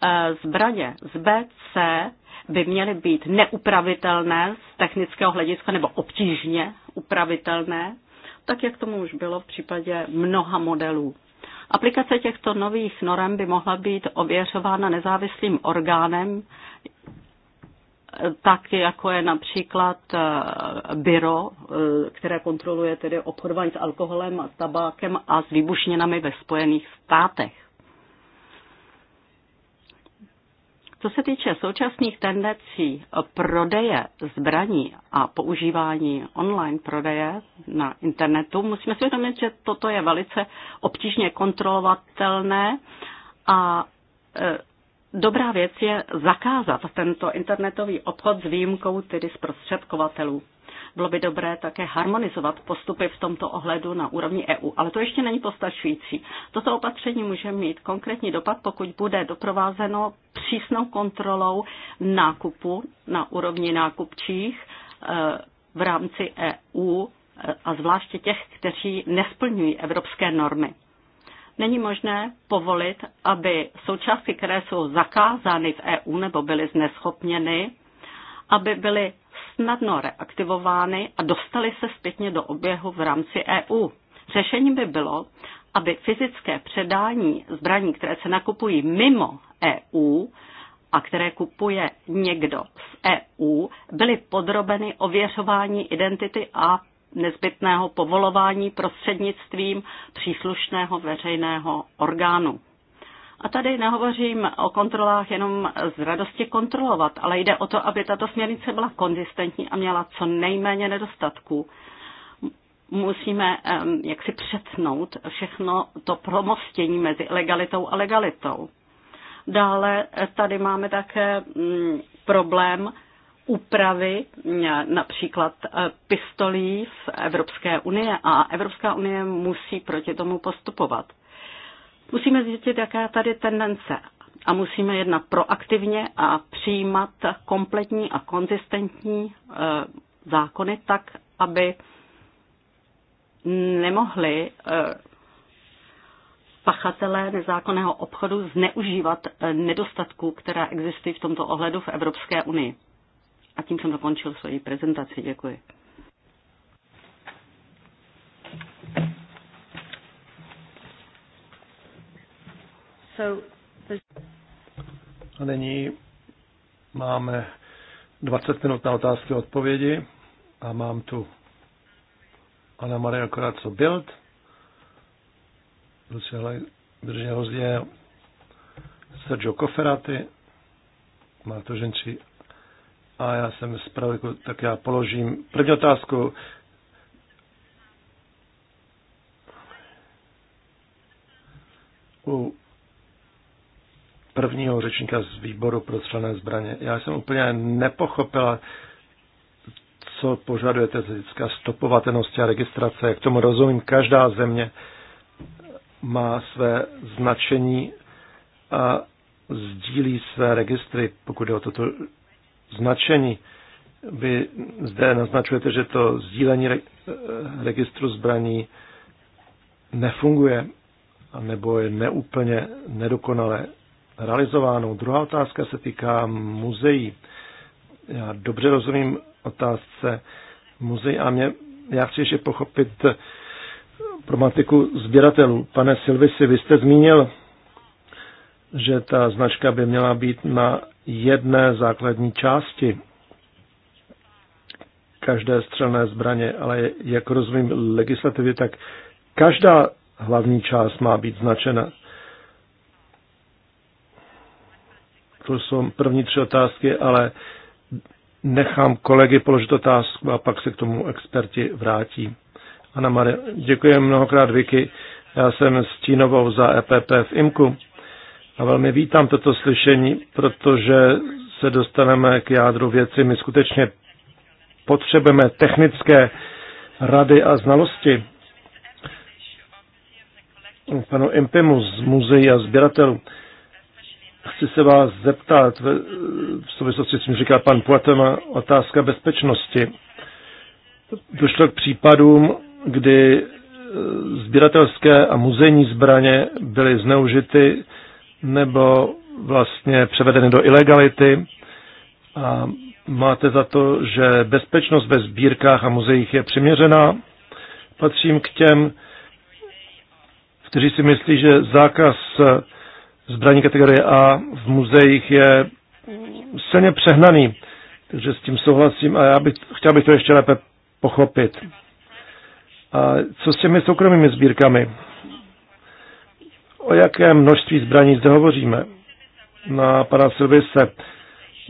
eh, zbraně z B, C by měly být neupravitelné z technického hlediska nebo obtížně upravitelné, tak jak tomu už bylo v případě mnoha modelů. Aplikace těchto nových norem by mohla být ověřována nezávislým orgánem, tak jako je například eh, byro, eh, které kontroluje tedy obchodování s alkoholem, tabákem a s výbušninami ve Spojených státech. Co se týče současných tendencí prodeje zbraní a používání online prodeje na internetu, musíme si uvědomit, že toto je velice obtížně kontrolovatelné a e, dobrá věc je zakázat tento internetový obchod s výjimkou tedy zprostředkovatelů. Bylo by dobré také harmonizovat postupy v tomto ohledu na úrovni EU, ale to ještě není postačující. Toto opatření může mít konkrétní dopad, pokud bude doprovázeno přísnou kontrolou nákupu na úrovni nákupčích eh, v rámci EU eh, a zvláště těch, kteří nesplňují evropské normy. Není možné povolit, aby součástky, které jsou zakázány v EU nebo byly zneschopněny, aby byly snadno reaktivovány a dostaly se zpětně do oběhu v rámci EU. Řešením by bylo, aby fyzické předání zbraní, které se nakupují mimo EU a které kupuje někdo z EU, byly podrobeny ověřování identity a nezbytného povolování prostřednictvím příslušného veřejného orgánu. A tady nehovořím o kontrolách jenom z radosti kontrolovat, ale jde o to, aby tato směrnice byla konzistentní a měla co nejméně nedostatků. Musíme jak si přetnout všechno to promostění mezi legalitou a legalitou. Dále eh, tady máme také mm, problém úpravy mm, například eh, pistolí v Evropské unie a Evropská unie musí proti tomu postupovat. Musíme zjistit, jaká je tady tendence a musíme jednat proaktivně a přijímat kompletní a konzistentní e, zákony tak, aby nemohli e, pachatelé nezákonného obchodu zneužívat e, nedostatků, které existují v tomto ohledu v Evropské unii. A tím jsem dokončil svoji prezentaci. Děkuji. So, a nyní máme 20 minut na otázky a odpovědi a mám tu Anna Maria Corazzo Bild, Lucia Držia Hozdě, Sergio Koferaty, to Ženčí a já jsem z praviku, tak já položím první otázku. U prvního řečníka z výboru pro střelné zbraně. Já jsem úplně nepochopila, co požadujete z hlediska stopovatelnosti a registrace. Jak tomu rozumím, každá země má své značení a sdílí své registry, pokud je o toto značení. Vy zde naznačujete, že to sdílení re- registru zbraní nefunguje, nebo je neúplně nedokonalé realizováno. Druhá otázka se týká muzeí. Já dobře rozumím otázce muzeí a mě, já chci ještě pochopit eh, problematiku sběratelů. Pane Silvisi, vy jste zmínil, že ta značka by měla být na jedné základní části každé střelné zbraně, ale jak rozumím legislativě, tak každá hlavní část má být značena. To jsou první tři otázky, ale nechám kolegy položit otázku a pak se k tomu experti vrátí. Ana Marie, děkuji mnohokrát Vicky. Já jsem Stínovou za EPP v IMKU a velmi vítám toto slyšení, protože se dostaneme k jádru věci. My skutečně potřebujeme technické rady a znalosti panu Impimu z muzeí a sběratelů. Chci se vás zeptat v souvislosti s tím, říká pan Poetema, otázka bezpečnosti. Došlo k případům, kdy e, sběratelské a muzejní zbraně byly zneužity nebo vlastně převedeny do ilegality. A máte za to, že bezpečnost ve sbírkách a muzeích je přiměřená? Patřím k těm, kteří si myslí, že zákaz zbraní kategorie A v muzeích je silně přehnaný, takže s tím souhlasím a já bych, chtěl bych to ještě lépe pochopit. A co s těmi soukromými sbírkami? O jaké množství zbraní zde hovoříme? Na pana Silvise.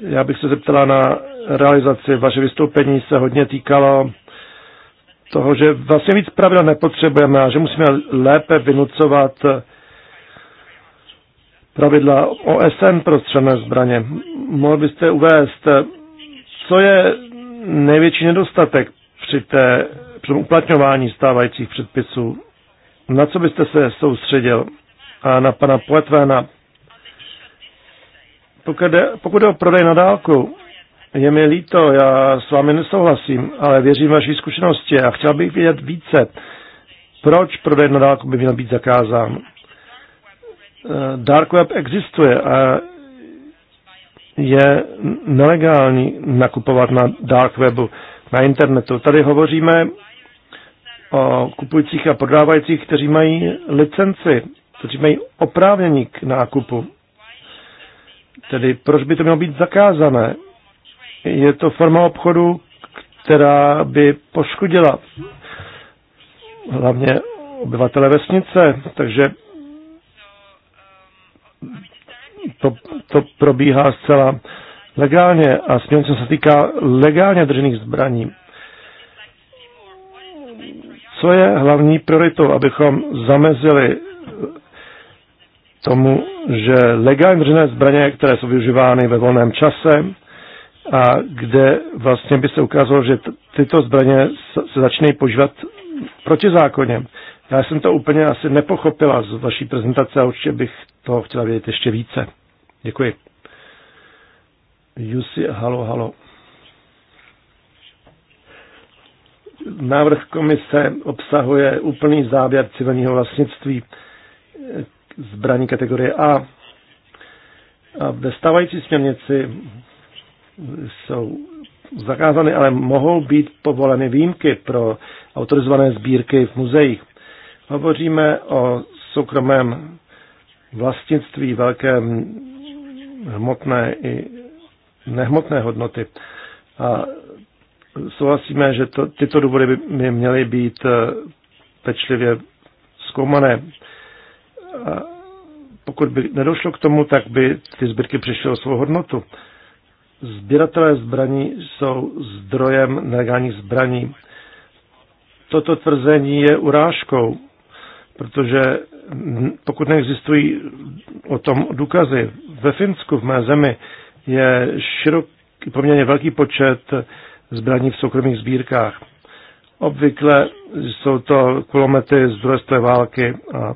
Já bych se zeptala na realizaci. Vaše vystoupení se hodně týkalo toho, že vlastně víc pravidel nepotřebujeme a že musíme lépe vynucovat pravidla OSN pro střelné zbraně. Mohl byste uvést, co je největší nedostatek při, té, při uplatňování stávajících předpisů? Na co byste se soustředil? A na pana Poetvena? Pokud pokud jde o prodej na dálku, je mi líto, já s vámi nesouhlasím, ale věřím vaší zkušenosti a chtěl bych vědět více. Proč prodej na dálku by měl být zakázán? Eh, dark web existuje a je nelegální nakupovat na dark webu, na internetu. Tady hovoříme o kupujících a prodávajících, kteří mají licenci, kteří mají oprávnění k nákupu. Tedy proč by to mělo být zakázané? Je to forma obchodu, která by poškodila hlavně obyvatele vesnice, takže to, to probíhá zcela legálně a s směrnice se týká legálně držených zbraní. Co je hlavní prioritou, abychom zamezili tomu, že legálně držené zbraně, které jsou využívány ve volném čase, a kde vlastně by se ukázalo, že tyto zbraně se začínají požívat protizákonně. Já jsem to úplně asi nepochopila z vaší prezentace a určitě bych toho chtěla vědět ještě více. Děkuji. Jusi, halo, halo. Návrh komise obsahuje úplný záběr civilního vlastnictví eh, zbraní kategorie A. A ve stávající směrnici jsou zakázány, ale mohou být povoleny výjimky pro autorizované sbírky v muzeích. Hovoříme o soukromém vlastnictví, velkém hmotné i nehmotné hodnoty. A souhlasíme, že to, tyto důvody by, by měly být eh, pečlivě zkoumané. A pokud by nedošlo k tomu, tak by ty zbytky přišly o svou hodnotu. Sběratelé zbraní jsou zdrojem nelegálních zbraní. Toto tvrzení je urážkou protože pokud neexistují o tom důkazy, ve Finsku, v mé zemi, je široký, poměrně velký počet zbraní v soukromých sbírkách. Obvykle jsou to kulomety z druhé světové války a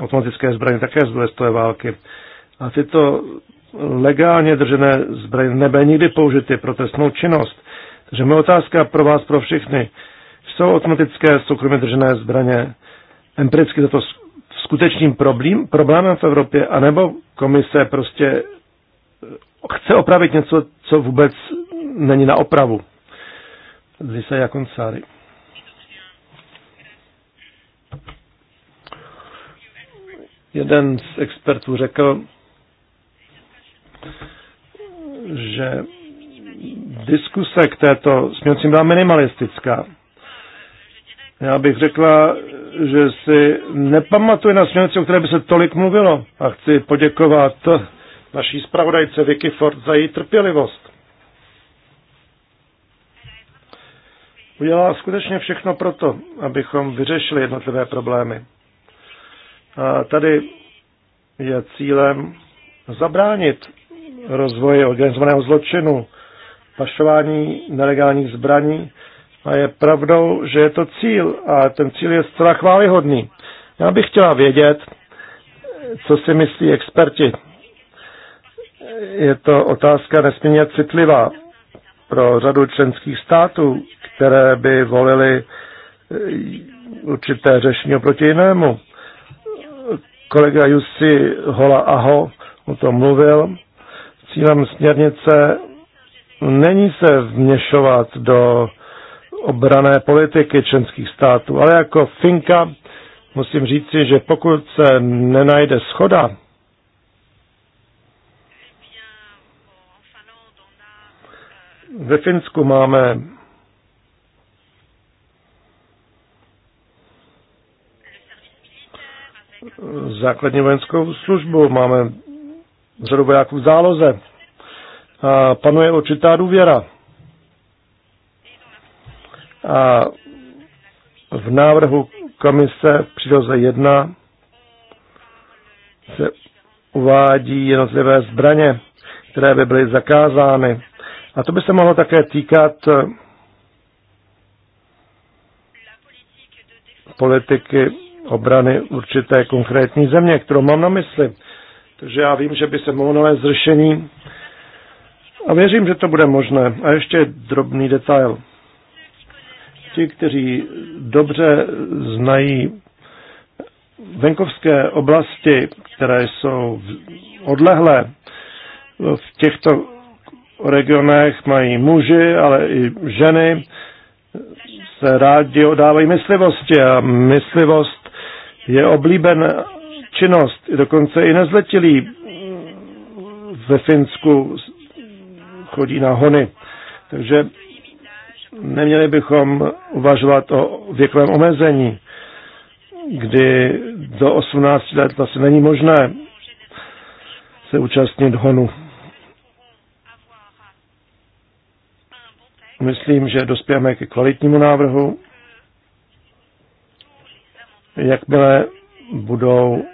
automatické zbraně také z druhé světové války. A tyto legálně držené zbraně nebyly nikdy použity pro trestnou činnost. Takže moje otázka pro vás, pro všechny, jsou automatické soukromě držené zbraně empiricky toto skutečným problém, problémem v Evropě, anebo komise prostě eh, chce opravit něco, co vůbec není na opravu. Zise Jakoncáry. Jeden z expertů řekl, že diskuse k této směrnici byla minimalistická já bych řekla, že si nepamatuji na směrnici, o které by se tolik mluvilo. A chci poděkovat naší zpravodajce Vicky Ford za její trpělivost. Udělala skutečně všechno proto, abychom vyřešili jednotlivé problémy. A tady je cílem zabránit rozvoji organizovaného zločinu, pašování nelegálních zbraní a je pravdou, že je to cíl a ten cíl je zcela chválihodný. Já bych chtěla vědět, co si myslí experti. Je to otázka nesmírně citlivá pro řadu členských států, které by volili eh, určité řešení oproti jinému. Kolega Jussi Hola Aho o tom mluvil. Cílem směrnice není se vměšovat do obrané politiky členských států. Ale jako Finka musím říci, že pokud se nenajde schoda, ve Finsku máme základní vojenskou službu, máme řadu vojáků v záloze. A panuje určitá důvěra. A v návrhu komise v příloze 1 se uvádí jednotlivé zbraně, které by byly zakázány. A to by se mohlo také týkat politiky obrany určité konkrétní země, kterou mám na mysli. Takže já vím, že by se mohlo nalézt řešení a věřím, že to bude možné. A ještě drobný detail. Ti, kteří dobře znají venkovské oblasti, které jsou odlehlé, v těchto regionech mají muži, ale i ženy, se rádi odávají myslivosti a myslivost je oblíben činnost. Dokonce i nezletilí ve Finsku chodí na hony. Takže Neměli bychom uvažovat o věkovém omezení, kdy do 18 let vlastně není možné se účastnit honu. Myslím, že dospějeme ke kvalitnímu návrhu. Jakmile budou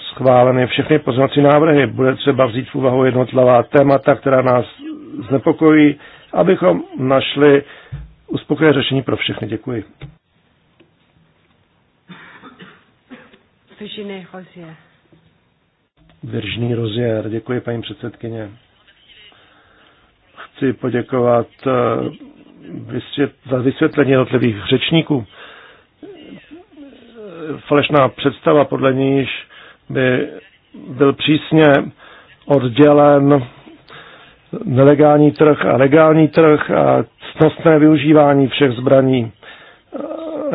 schváleny všechny pozornací návrhy, bude třeba vzít v úvahu jednotlivá témata, která nás znepokojí abychom našli uspokojené řešení pro všechny. Děkuji. Viržný rozjer. děkuji paní předsedkyně. Chci poděkovat eh, za vysvětlení jednotlivých řečníků. Falešná představa, podle níž by byl přísně oddělen nelegální trh a legální trh a cnostné využívání všech zbraní.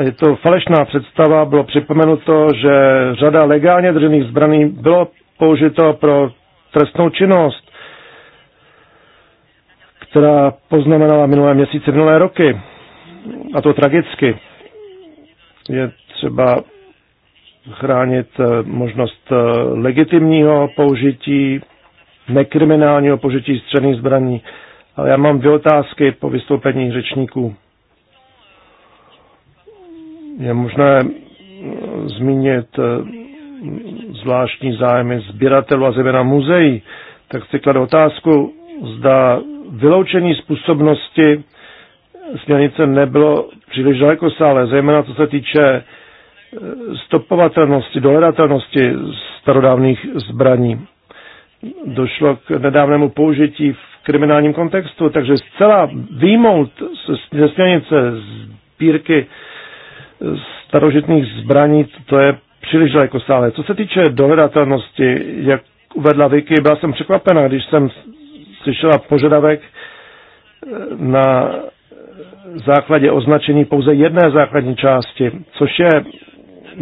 Je to falešná představa, bylo připomenuto, že řada legálně držených zbraní bylo použito pro trestnou činnost, která poznamenala minulé měsíce, minulé roky. A to tragicky. Je třeba chránit eh, možnost eh, legitimního použití nekriminálního požití střelných zbraní. Ale já mám dvě otázky po vystoupení řečníků. Je možné mm, zmínit eh, zvláštní zájmy sběratelů a zejména muzeí, tak si kladu otázku, zda vyloučení způsobnosti směrnice nebylo příliš daleko sále, zejména co se týče eh, stopovatelnosti, dohledatelnosti starodávných zbraní došlo k nedávnému použití v kriminálním kontextu, takže zcela výmout ze směrnice sbírky starožitných zbraní, to je příliš daleko stále. Co se týče dohledatelnosti, jak uvedla Vicky, byla jsem překvapena, když jsem slyšela požadavek eh, na základě označení pouze jedné základní části, což je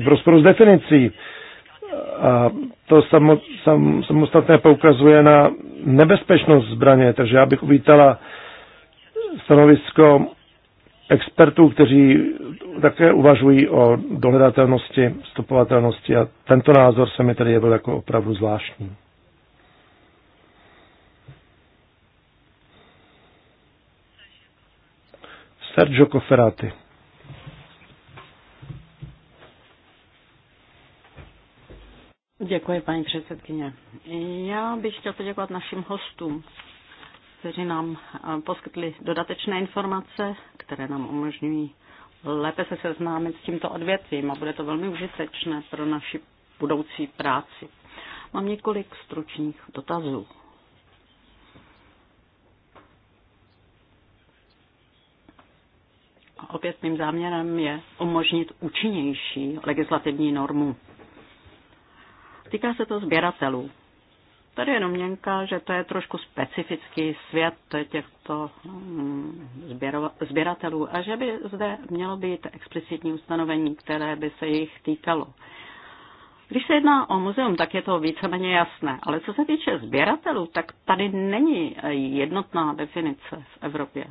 v rozporu s definicí. A to samo, sam, samostatné poukazuje na nebezpečnost zbraně, takže já bych uvítala stanovisko expertů, kteří také uvažují o dohledatelnosti, stopovatelnosti a tento názor se mi tedy jevil jako opravdu zvláštní. Sergio Cofferati. Děkuji, paní předsedkyně. Já bych chtěl poděkovat našim hostům, kteří nám eh, poskytli dodatečné informace, které nám umožňují lépe se seznámit s tímto odvětvím a bude to velmi užitečné pro naši budoucí práci. Mám několik stručných dotazů. Opět mým záměrem je umožnit účinnější legislativní normu. Týká se to sběratelů. Tady je domněnka, že to je trošku specifický svět těchto mm, sběratelů a že by zde mělo být explicitní ustanovení, které by se jich týkalo. Když se jedná o muzeum, tak je to víceméně jasné, ale co se týče sběratelů, tak tady není jednotná definice v Evropě.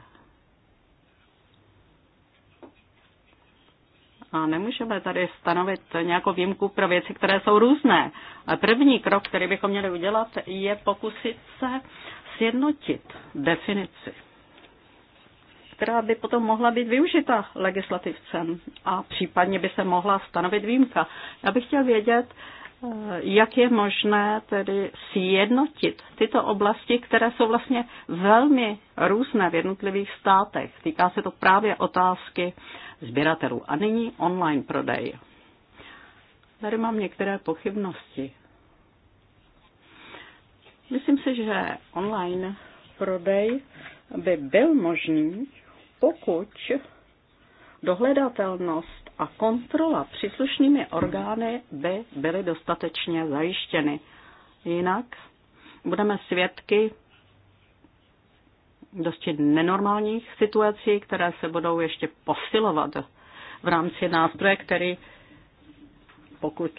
A nemůžeme tady stanovit nějakou výjimku pro věci, které jsou různé. První krok, který bychom měli udělat, je pokusit se sjednotit definici, která by potom mohla být využita legislativcem a případně by se mohla stanovit výjimka. Já bych chtěl vědět, jak je možné tedy sjednotit tyto oblasti, které jsou vlastně velmi různé v jednotlivých státech. Týká se to právě otázky sběratelů. A nyní online prodej. Tady mám některé pochybnosti. Myslím si, že online prodej by byl možný, pokud dohledatelnost a kontrola příslušnými orgány by byly dostatečně zajištěny. Jinak budeme svědky dosti nenormálních situací, které se budou ještě posilovat v rámci nástroje, který pokud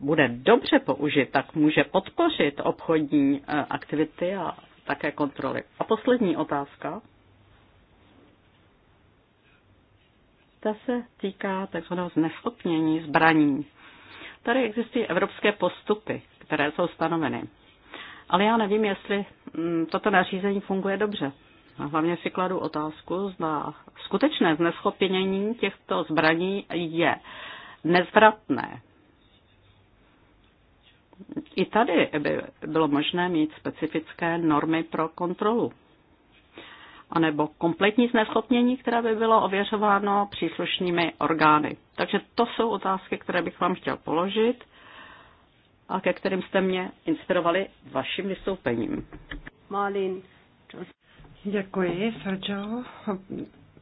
bude dobře použit, tak může podpořit obchodní eh, aktivity a také kontroly. A poslední otázka. Ta se týká takzvaného zneschopnění zbraní. Tady existují evropské postupy, které jsou stanoveny. Ale já nevím, jestli mm, toto nařízení funguje dobře. A hlavně si kladu otázku, zda skutečné zneschopnění těchto zbraní je nezvratné. I tady by bylo možné mít specifické normy pro kontrolu anebo kompletní zneschopnění, které by bylo ověřováno příslušnými orgány. Takže to jsou otázky, které bych vám chtěl položit a ke kterým jste mě inspirovali vaším vystoupením. Malin. Děkuji, Sergio.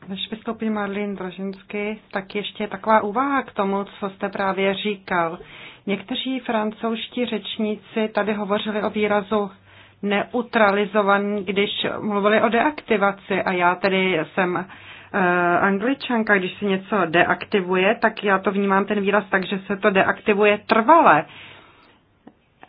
Než vystoupí Marlin Dražinsky, tak ještě taková úvaha k tomu, co jste právě říkal. Někteří francouzští řečníci tady hovořili o výrazu neutralizovaný, když mluvili o deaktivaci a já tedy jsem eh, angličanka, když se něco deaktivuje, tak já to vnímám ten výraz tak, že se to deaktivuje trvale.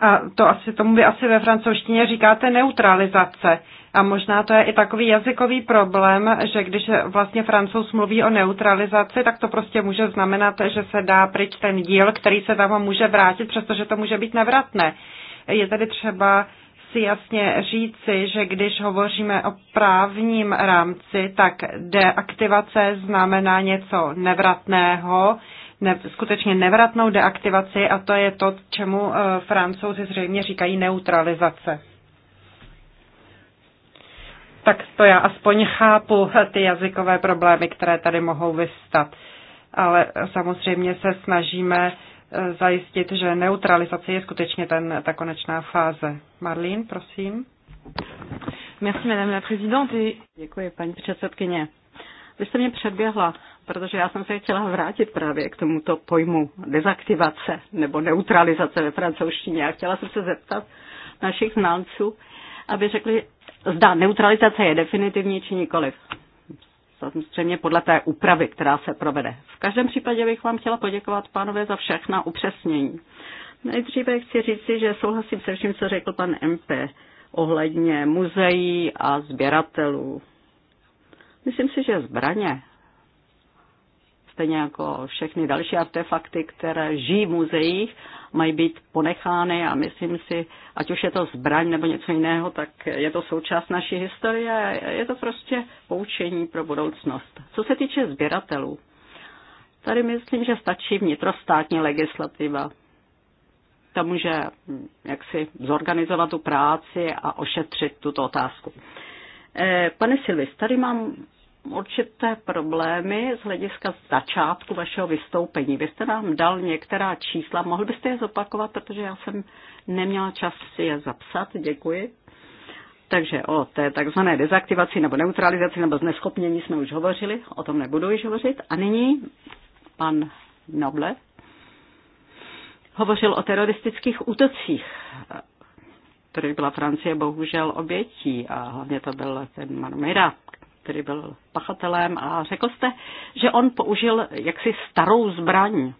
A to asi, tomu by asi ve francouzštině říkáte neutralizace. A možná to je i takový jazykový problém, že když vlastně francouz mluví o neutralizaci, tak to prostě může znamenat, že se dá pryč ten díl, který se tam může vrátit, přestože to může být nevratné. Je tedy třeba chci jasně říci, že když hovoříme o právním rámci, tak deaktivace znamená něco nevratného, ne, skutečně nevratnou deaktivaci a to je to, čemu eh, francouzi zřejmě říkají neutralizace. Tak to já aspoň chápu eh, ty jazykové problémy, které tady mohou vystat. Ale eh, samozřejmě se snažíme zajistit, že neutralizace je skutečně ten, ta konečná fáze. Marlín, prosím. Merci, madame la présidente. Děkuji, paní předsedkyně. Vy jste mě předběhla, protože já jsem se chtěla vrátit právě k tomuto pojmu dezaktivace nebo neutralizace ve francouzštině. A chtěla jsem se zeptat našich znalců, aby řekli, zda neutralizace je definitivní či nikoliv samozřejmě podle té úpravy, která se provede. V každém případě bych vám chtěla poděkovat, pánové, za všechna upřesnění. Nejdříve chci říci, že souhlasím se vším, co řekl pan MP ohledně muzeí a sběratelů. Myslím si, že zbraně, stejně jako všechny další artefakty, které žijí v muzeích, mají být ponechány a myslím si, ať už je to zbraň nebo něco jiného, tak je to součást naší historie, je to prostě poučení pro budoucnost. Co se týče sběratelů, tady myslím, že stačí vnitrostátní legislativa. Ta může mm, jaksi zorganizovat tu práci a ošetřit tuto otázku. Eh, pane Silvis, tady mám určité problémy z hlediska začátku vašeho vystoupení. Vy jste nám dal některá čísla, mohl byste je zopakovat, protože já jsem neměla čas si je zapsat, děkuji. Takže o té takzvané dezaktivaci nebo neutralizaci nebo zneschopnění jsme už hovořili, o tom nebudu již hovořit. A nyní pan Noble hovořil o teroristických útocích kterých byla Francie bohužel obětí a hlavně to byl ten Marmira, který byl pachatelem a řekl jste, že on použil jaksi starou zbraň.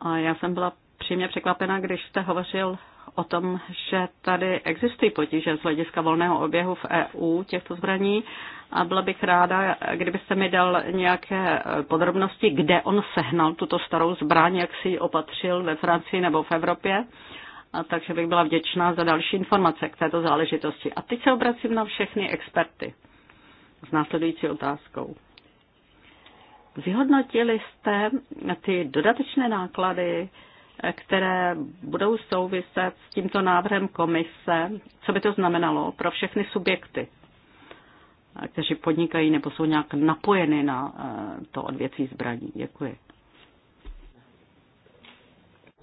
A já jsem byla přímě překvapena, když jste hovořil o tom, že tady existují potíže z hlediska volného oběhu v EU těchto zbraní a byla bych ráda, kdybyste mi dal nějaké podrobnosti, kde on sehnal tuto starou zbraň, jak si ji opatřil ve Francii nebo v Evropě a takže bych byla vděčná za další informace k této záležitosti. A teď se obracím na všechny experty s následující otázkou. Vyhodnotili jste ty dodatečné náklady, které budou souviset s tímto návrhem komise, co by to znamenalo pro všechny subjekty, kteří podnikají nebo jsou nějak napojeny na eh, to odvětví zbraní. Děkuji.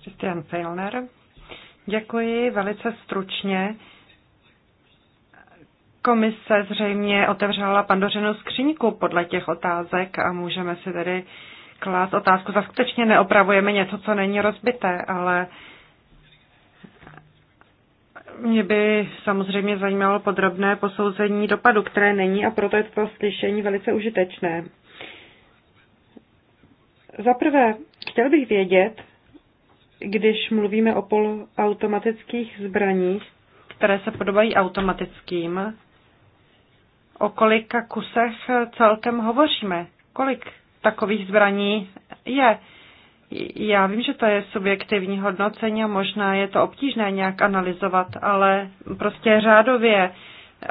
Christian Feilner. Děkuji velice stručně. Komise zřejmě otevřela pandořinu skříňku podle těch otázek a můžeme si tedy klást otázku. Za skutečně neopravujeme něco, co není rozbité, ale mě by samozřejmě zajímalo podrobné posouzení dopadu, které není a proto je to slyšení velice užitečné. Za prvé, chtěl bych vědět, když mluvíme o poloautomatických zbraních, které se podobají automatickým, o kolika kusech celkem hovoříme? Kolik takových zbraní je? Já vím, že to je subjektivní hodnocení a možná je to obtížné nějak analyzovat, ale prostě řádově, eh,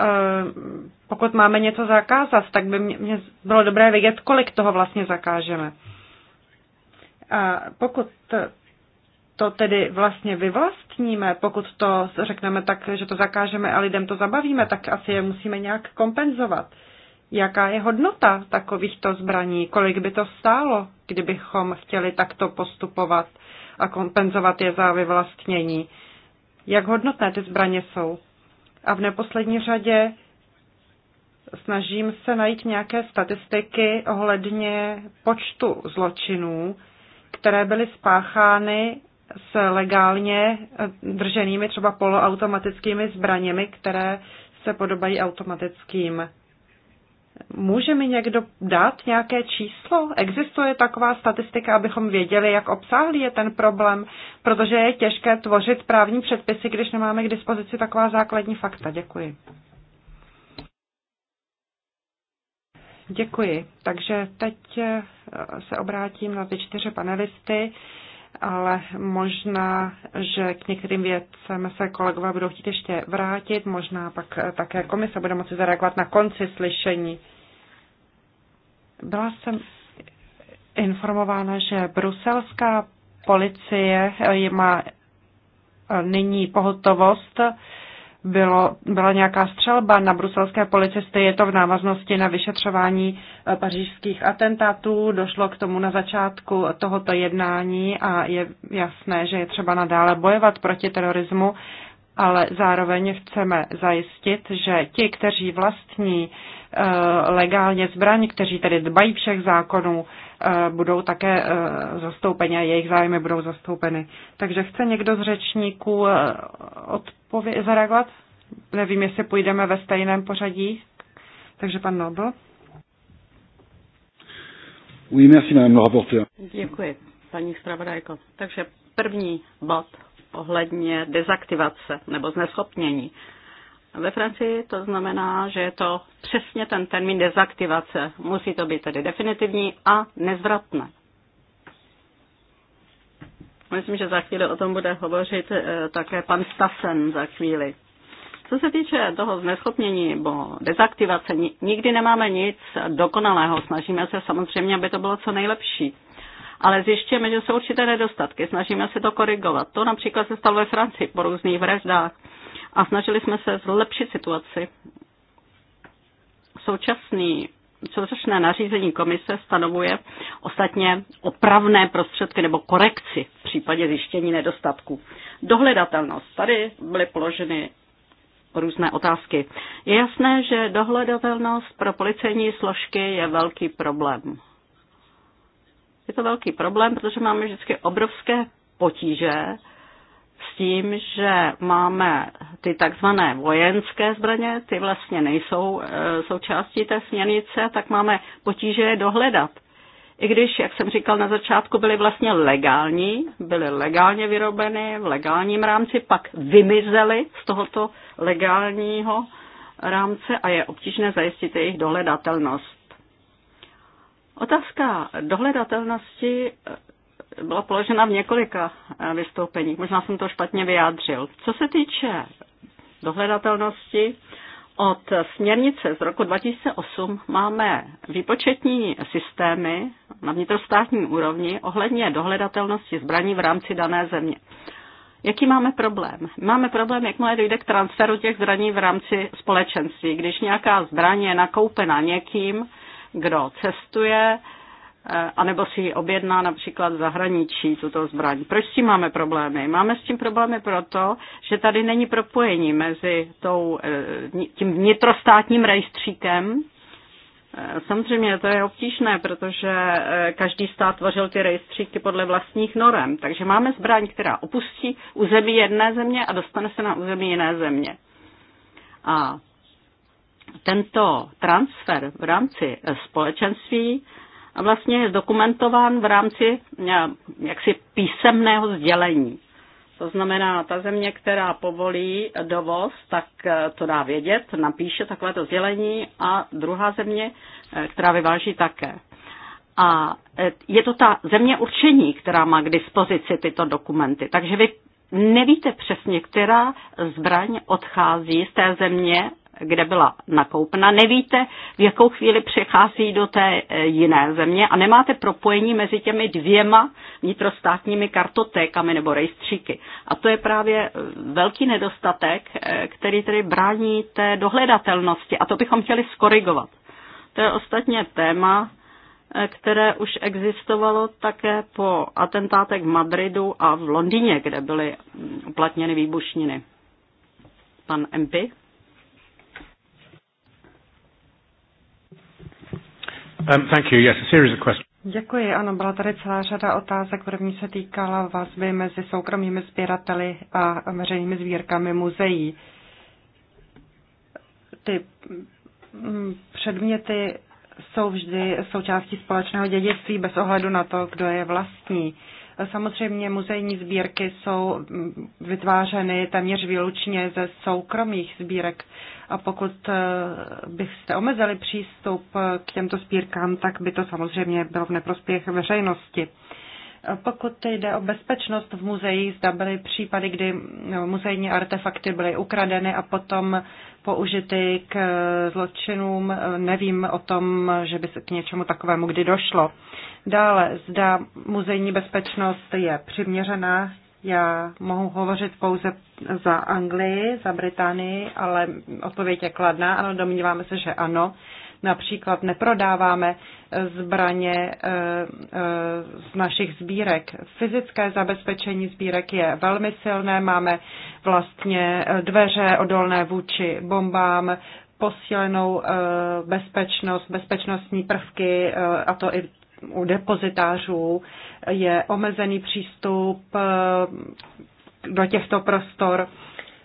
pokud máme něco zakázat, tak by mě bylo dobré vědět, kolik toho vlastně zakážeme. A pokud to tedy vlastně vyvlastníme, pokud to řekneme tak, že to zakážeme a lidem to zabavíme, tak asi je musíme nějak kompenzovat. Jaká je hodnota takovýchto zbraní? Kolik by to stálo, kdybychom chtěli takto postupovat a kompenzovat je za vyvlastnění? Jak hodnotné ty zbraně jsou? A v neposlední řadě snažím se najít nějaké statistiky ohledně počtu zločinů, které byly spáchány s legálně eh, drženými třeba poloautomatickými zbraněmi, které se podobají automatickým. Může mi někdo dát nějaké číslo? Existuje taková statistika, abychom věděli, jak obsáhlý je ten problém, protože je těžké tvořit právní předpisy, když nemáme k dispozici taková základní fakta. Děkuji. Děkuji. Takže teď eh, se obrátím na ty čtyři panelisty ale možná, že k některým věcem se kolegové budou chtít ještě vrátit, možná pak eh, také komise bude moci zareagovat na konci slyšení. Byla jsem informována, že bruselská policie eh, má eh, nyní pohotovost bylo, byla nějaká střelba na bruselské policisty. Je to v návaznosti na vyšetřování eh, pařížských atentátů. Došlo k tomu na začátku tohoto jednání a je jasné, že je třeba nadále bojovat proti terorismu, ale zároveň chceme zajistit, že ti, kteří vlastní eh, legálně zbraň, kteří tedy dbají všech zákonů, Eh, budou také eh, zastoupeni a jejich zájmy budou zastoupeny. Takže chce někdo z řečníků eh, odpově- zareagovat? Nevím, jestli půjdeme ve stejném pořadí. Takže pan Nobl. Oui, merci, madame le Děkuji, paní zpravodajko. Takže první bod ohledně dezaktivace nebo zneschopnění. Ve Francii to znamená, že je to přesně ten termín dezaktivace. Musí to být tedy definitivní a nezvratné. Myslím, že za chvíli o tom bude hovořit eh, také pan Stasen za chvíli. Co se týče toho zneschopnění nebo dezaktivace, nikdy nemáme nic dokonalého. Snažíme se samozřejmě, aby to bylo co nejlepší. Ale zjišťujeme, že jsou určité nedostatky, snažíme se to korigovat. To například se stalo ve Francii po různých vraždách a snažili jsme se zlepšit situaci. Současný Současné nařízení komise stanovuje ostatně opravné prostředky nebo korekci v případě zjištění nedostatků. Dohledatelnost. Tady byly položeny různé otázky. Je jasné, že dohledatelnost pro policejní složky je velký problém. Je to velký problém, protože máme vždycky obrovské potíže s tím, že máme ty takzvané vojenské zbraně, ty vlastně nejsou e, součástí té směrnice, tak máme potíže je dohledat. I když, jak jsem říkal na začátku, byly vlastně legální, byly legálně vyrobeny v legálním rámci, pak vymizely z tohoto legálního rámce a je obtížné zajistit jejich dohledatelnost. Otázka dohledatelnosti byla položena v několika eh, vystoupeních. Možná jsem to špatně vyjádřil. Co se týče dohledatelnosti, od směrnice z roku 2008 máme výpočetní systémy na vnitrostátní úrovni ohledně dohledatelnosti zbraní v rámci dané země. Jaký máme problém? Máme problém, jakmile dojde k transferu těch zbraní v rámci společenství. Když nějaká zbraně je nakoupena někým, kdo cestuje, Eh, anebo si ji objedná například v zahraničí, tuto zbraň. Proč s tím máme problémy? Máme s tím problémy proto, že tady není propojení mezi tou, eh, tím vnitrostátním rejstříkem, eh, Samozřejmě to je obtížné, protože každý stát tvořil ty rejstříky podle vlastních norem. Takže máme zbraň, která opustí území jedné země a dostane se na území jiné země. A tento transfer v rámci společenství a vlastně je dokumentován v rámci eh, jaksi písemného sdělení. To znamená, ta země, která povolí dovoz, tak eh, to dá vědět, napíše takovéto sdělení a druhá země, eh, která vyváží také. A je to ta země určení, která má k dispozici tyto dokumenty. Takže vy nevíte přesně, která zbraň odchází z té země, kde byla nakoupena, nevíte, v jakou chvíli přechází do té eh, jiné země a nemáte propojení mezi těmi dvěma vnitrostátními kartotékami nebo rejstříky. A to je právě eh, velký nedostatek, eh, který tedy brání té dohledatelnosti a to bychom chtěli skorigovat. To je ostatně téma, které už existovalo také po atentátech v Madridu a v Londýně, kde byly mm, uplatněny výbušniny. Pan MP? Um, thank you. Yes, a series of questions. Děkuji, ano, byla tady celá řada otázek. První se týkala vazby mezi soukromými sběrateli a veřejnými sbírkami muzeí. Ty mm, předměty jsou vždy součástí společného dědictví bez ohledu na to, kdo je vlastní. Samozřejmě muzejní sbírky jsou mm, vytvářeny téměř výlučně ze soukromých sbírek a pokud eh, byste omezili přístup eh, k těmto spírkám, tak by to samozřejmě bylo v neprospěch veřejnosti. Eh, pokud jde o bezpečnost v muzeích, zda byly případy, kdy muzejní artefakty byly ukradeny a potom použity k zločinům, nevím o tom, že by se k něčemu takovému kdy došlo. Dále, zda muzejní bezpečnost je přiměřená, já mohu hovořit pouze za Anglii, za Británii, ale odpověď je kladná. Ano, domníváme se, že ano. Například neprodáváme zbraně eh, eh, z našich sbírek. Fyzické zabezpečení sbírek je velmi silné. Máme vlastně eh, dveře odolné vůči bombám, posílenou bezpečnost, bezpečnostní prvky, a to i u depozitářů je omezený přístup eh, do těchto prostor,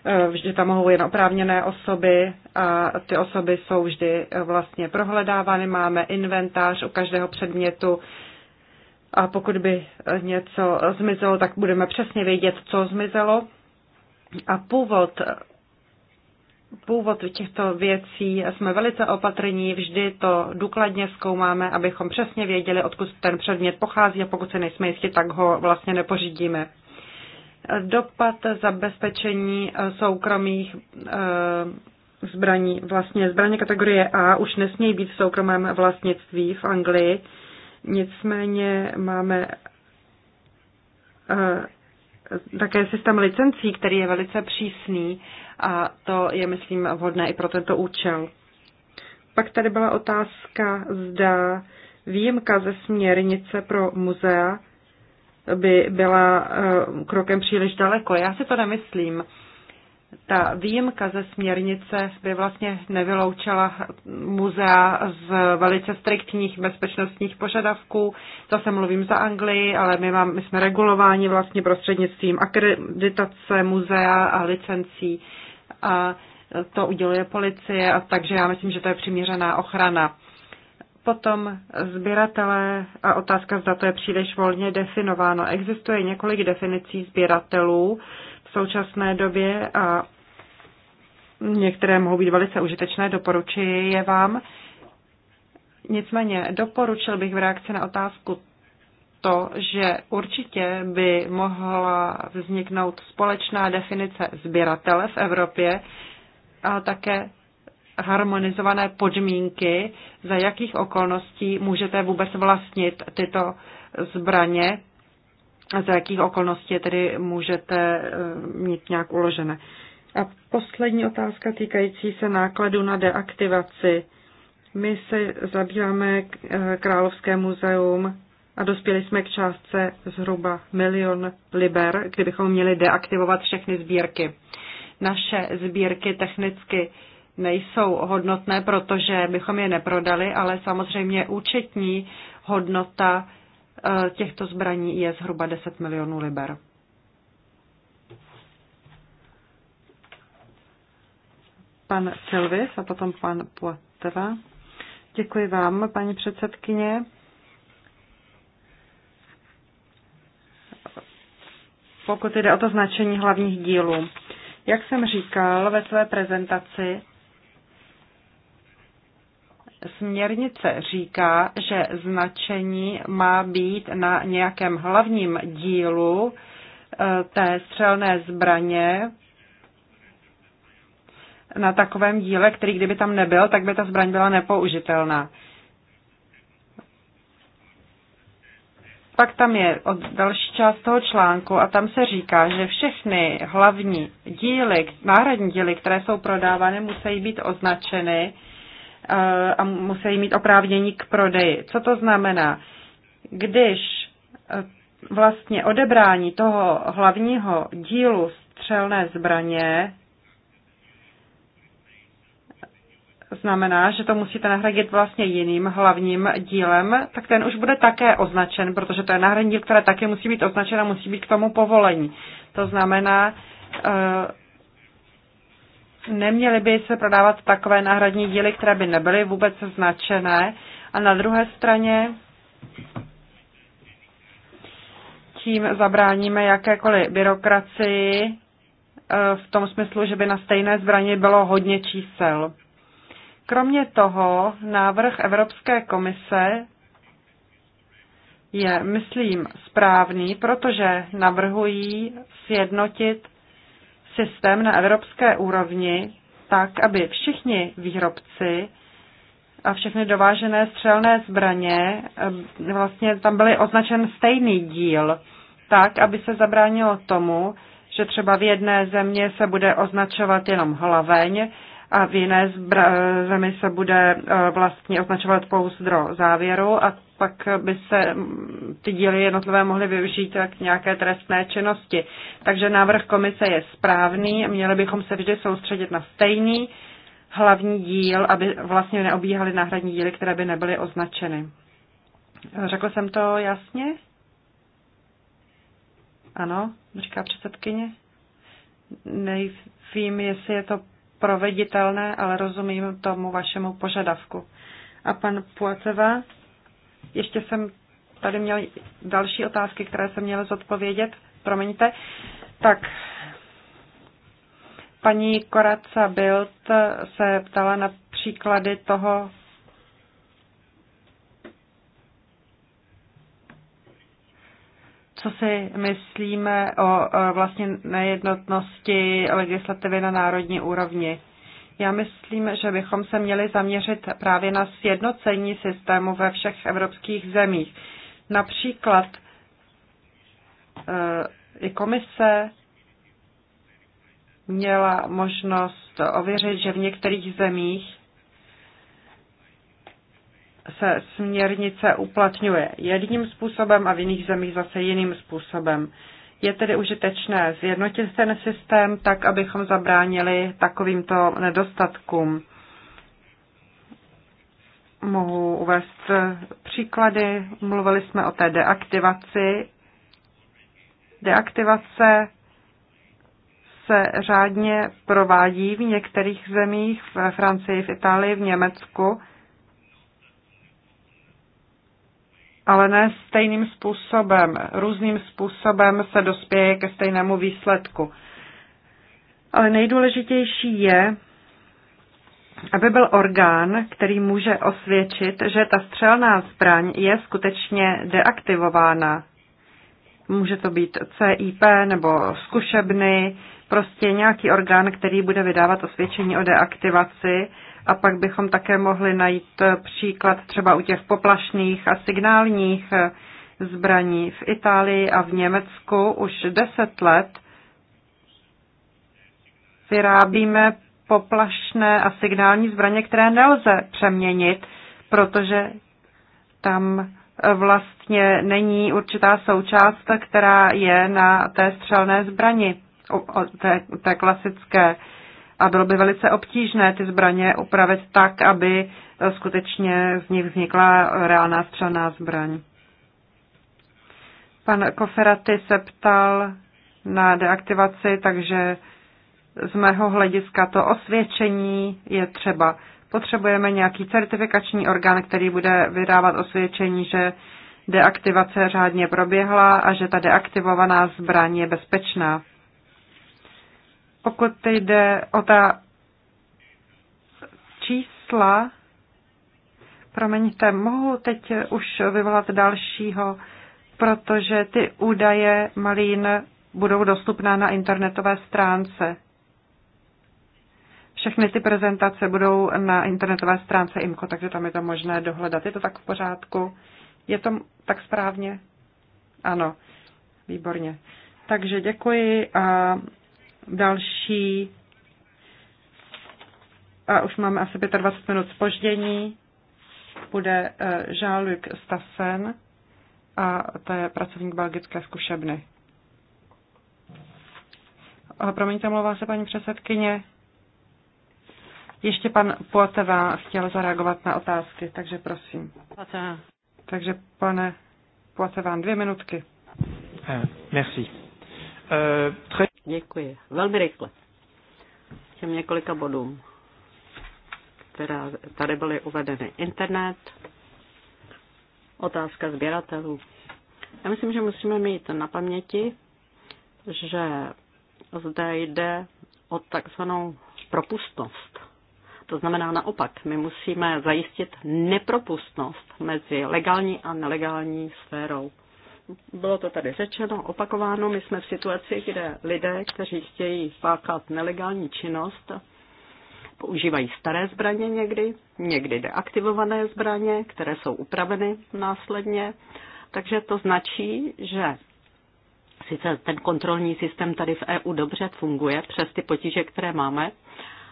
eh, vždy tam mohou jen oprávněné osoby a ty osoby jsou vždy eh, vlastně prohledávány, máme inventář u každého předmětu a pokud by něco zmizelo, tak budeme přesně vědět, co zmizelo. A původ původ těchto věcí jsme velice opatrní, vždy to důkladně zkoumáme, abychom přesně věděli, odkud ten předmět pochází a pokud se nejsme jistí, tak ho vlastně nepořídíme. Dopad zabezpečení soukromých eh, zbraní, vlastně zbraně kategorie A už nesmějí být v soukromém vlastnictví v Anglii, nicméně máme eh, také systém licencí, který je velice přísný a to je, myslím, vhodné i pro tento účel. Pak tady byla otázka, zda výjimka ze směrnice pro muzea by byla eh, krokem příliš daleko. Já si to nemyslím. Ta výjimka ze směrnice by vlastně nevyloučila muzea z velice striktních bezpečnostních požadavků. Zase mluvím za Anglii, ale my, mám, my jsme regulováni vlastně prostřednictvím akreditace muzea a licencí a to uděluje policie, a takže já myslím, že to je přiměřená ochrana. Potom sběratelé a otázka, zda to je příliš volně definováno. Existuje několik definicí sběratelů v současné době a některé mohou být velice užitečné, doporučuji je vám. Nicméně doporučil bych v reakci na otázku to, že určitě by mohla vzniknout společná definice sběratele v Evropě, ale také harmonizované podmínky, za jakých okolností můžete vůbec vlastnit tyto zbraně, za jakých okolností tedy můžete eh, mít nějak uložené. A poslední otázka týkající se nákladu na deaktivaci. My se zabýváme eh, Královské muzeum a dospěli jsme k částce zhruba milion liber, kdybychom měli deaktivovat všechny sbírky. Naše sbírky technicky nejsou hodnotné, protože bychom je neprodali, ale samozřejmě účetní hodnota e, těchto zbraní je zhruba 10 milionů liber. Pan Silvis a potom pan Poiteva. Děkuji vám, paní předsedkyně. pokud jde o to značení hlavních dílů. Jak jsem říkal ve své prezentaci, směrnice říká, že značení má být na nějakém hlavním dílu eh, té střelné zbraně, na takovém díle, který kdyby tam nebyl, tak by ta zbraň byla nepoužitelná. Pak tam je od další část toho článku a tam se říká, že všechny hlavní díly, náhradní díly, které jsou prodávány, musí být označeny eh, a musí mít oprávnění k prodeji. Co to znamená? Když eh, vlastně odebrání toho hlavního dílu střelné zbraně znamená, že to musíte nahradit vlastně jiným hlavním dílem, tak ten už bude také označen, protože to je náhradní díl, které také musí být označen a musí být k tomu povolení. To znamená, eh, neměly by se prodávat takové náhradní díly, které by nebyly vůbec značené. A na druhé straně tím zabráníme jakékoliv byrokracii eh, v tom smyslu, že by na stejné zbraně bylo hodně čísel. Kromě toho návrh Evropské komise je, myslím, správný, protože navrhují sjednotit systém na evropské úrovni tak, aby všichni výrobci a všechny dovážené střelné zbraně, eh, vlastně tam byly označen stejný díl, tak, aby se zabránilo tomu, že třeba v jedné země se bude označovat jenom hlaveň, a v jiné zemi se bude e, vlastně označovat pouzdro závěru a pak by se ty díly jednotlivé mohly využít k nějaké trestné činnosti. Takže návrh komise je správný, měli bychom se vždy soustředit na stejný hlavní díl, aby vlastně neobíhaly náhradní díly, které by nebyly označeny. Řekl jsem to jasně? Ano, říká předsedkyně. Nevím, jestli je to proveditelné, ale rozumím tomu vašemu požadavku. A pan Pueceva, ještě jsem tady měl další otázky, které jsem měla zodpovědět, promiňte. Tak, paní Koraca Bild se ptala na příklady toho, co si myslíme o e, vlastně nejednotnosti legislativy na národní úrovni. Já myslím, že bychom se měli zaměřit právě na sjednocení systému ve všech evropských zemích. Například e, i komise měla možnost ověřit, že v některých zemích se směrnice uplatňuje jedním způsobem a v jiných zemích zase jiným způsobem. Je tedy užitečné zjednotit ten systém tak, abychom zabránili takovýmto nedostatkům. Mohu uvést příklady. Mluvili jsme o té deaktivaci. Deaktivace se řádně provádí v některých zemích, ve Francii, v Itálii, v Německu – ale ne stejným způsobem. Různým způsobem se dospěje ke stejnému výsledku. Ale nejdůležitější je, aby byl orgán, který může osvědčit, že ta střelná zbraň je skutečně deaktivována. Může to být CIP nebo zkušebny, prostě nějaký orgán, který bude vydávat osvědčení o deaktivaci. A pak bychom také mohli najít příklad třeba u těch poplašných a signálních eh, zbraní. V Itálii a v Německu už deset let vyrábíme poplašné a signální zbraně, které nelze přeměnit, protože tam vlastně není určitá součást, která je na té střelné zbrani, té, té klasické. A bylo by velice obtížné ty zbraně upravit tak, aby skutečně z nich vznikla reálná střelná zbraň. Pan Koferaty se ptal na deaktivaci, takže z mého hlediska to osvědčení je třeba Potřebujeme nějaký certifikační orgán, který bude vydávat osvědčení, že deaktivace řádně proběhla a že ta deaktivovaná zbraň je bezpečná. Pokud jde o ta čísla, promiňte, mohu teď už vyvolat dalšího, protože ty údaje Malín budou dostupná na internetové stránce. Všechny ty prezentace budou na internetové stránce IMCO, takže tam je to možné dohledat. Je to tak v pořádku? Je to tak správně? Ano, výborně. Takže děkuji a další. A už máme asi 25 minut spoždění. Bude eh, Jean-Luc Stassen a to je pracovník belgické zkušebny. A promiňte, mluvá se paní předsedkyně. Ještě pan Poateva chtěl zareagovat na otázky, takže prosím. Takže pane Poateva, dvě minutky. Eh, merci. Eh, Děkuji. Velmi rychle. Těm několika bodům, které tady byly uvedeny. Internet, otázka sběratelů. Já myslím, že musíme mít na paměti, že zde jde o takzvanou propustnost to znamená naopak, my musíme zajistit nepropustnost mezi legální a nelegální sférou. Bylo to tady řečeno, opakováno, my jsme v situaci, kde lidé, kteří chtějí páchat nelegální činnost, používají staré zbraně někdy, někdy deaktivované zbraně, které jsou upraveny následně. Takže to značí, že sice ten kontrolní systém tady v EU dobře funguje přes ty potíže, které máme,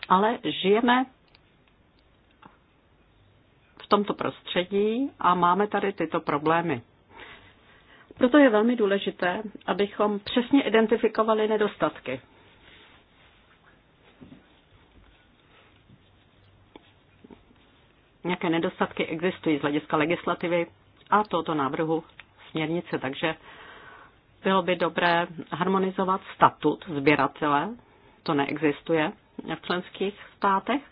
ale žijeme tomto prostředí a máme tady tyto problémy. Proto je velmi důležité, abychom přesně identifikovali nedostatky. Jaké nedostatky existují z hlediska legislativy a tohoto návrhu směrnice, takže bylo by dobré harmonizovat statut sběratele, to neexistuje v členských státech,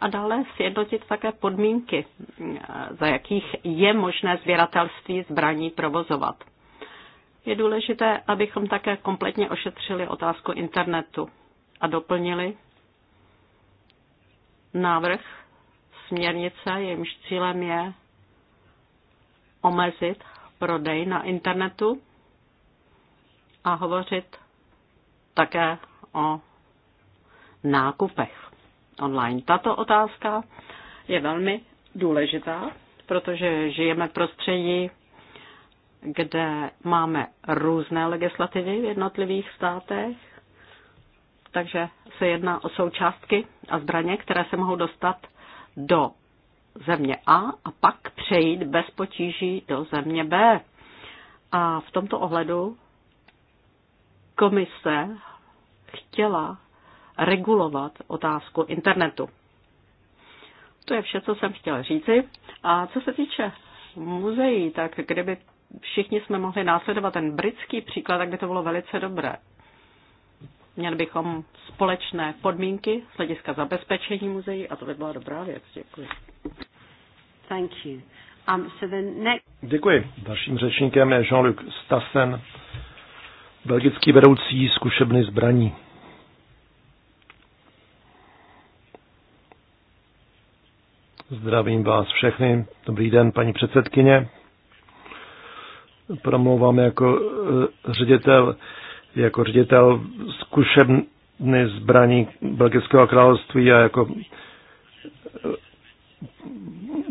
a dále sjednotit také podmínky, eh, za jakých je možné sběratelství zbraní provozovat. Je důležité, abychom také kompletně ošetřili otázku internetu a doplnili návrh směrnice, jejímž cílem je omezit prodej na internetu a hovořit také o nákupech online. Tato otázka je velmi důležitá, protože žijeme v prostředí, kde máme různé legislativy v jednotlivých státech, takže se jedná o součástky a zbraně, které se mohou dostat do země A a pak přejít bez potíží do země B. A v tomto ohledu komise chtěla regulovat otázku internetu. To je vše, co jsem chtěla říci. A co se týče muzeí, tak kdyby všichni jsme mohli následovat ten britský příklad, tak by to bylo velice dobré. Měli bychom společné podmínky z hlediska zabezpečení muzeí a to by byla dobrá věc. Děkuji. Thank you. Um, so the next... Děkuji. Dalším řečníkem je Jean-Luc Stassen, belgický vedoucí zkušebny zbraní. Zdravím vás všechny. Dobrý den, paní předsedkyně. Promlouvám jako e, ředitel, jako ředitel zkušebny zbraní Belgického království a jako e,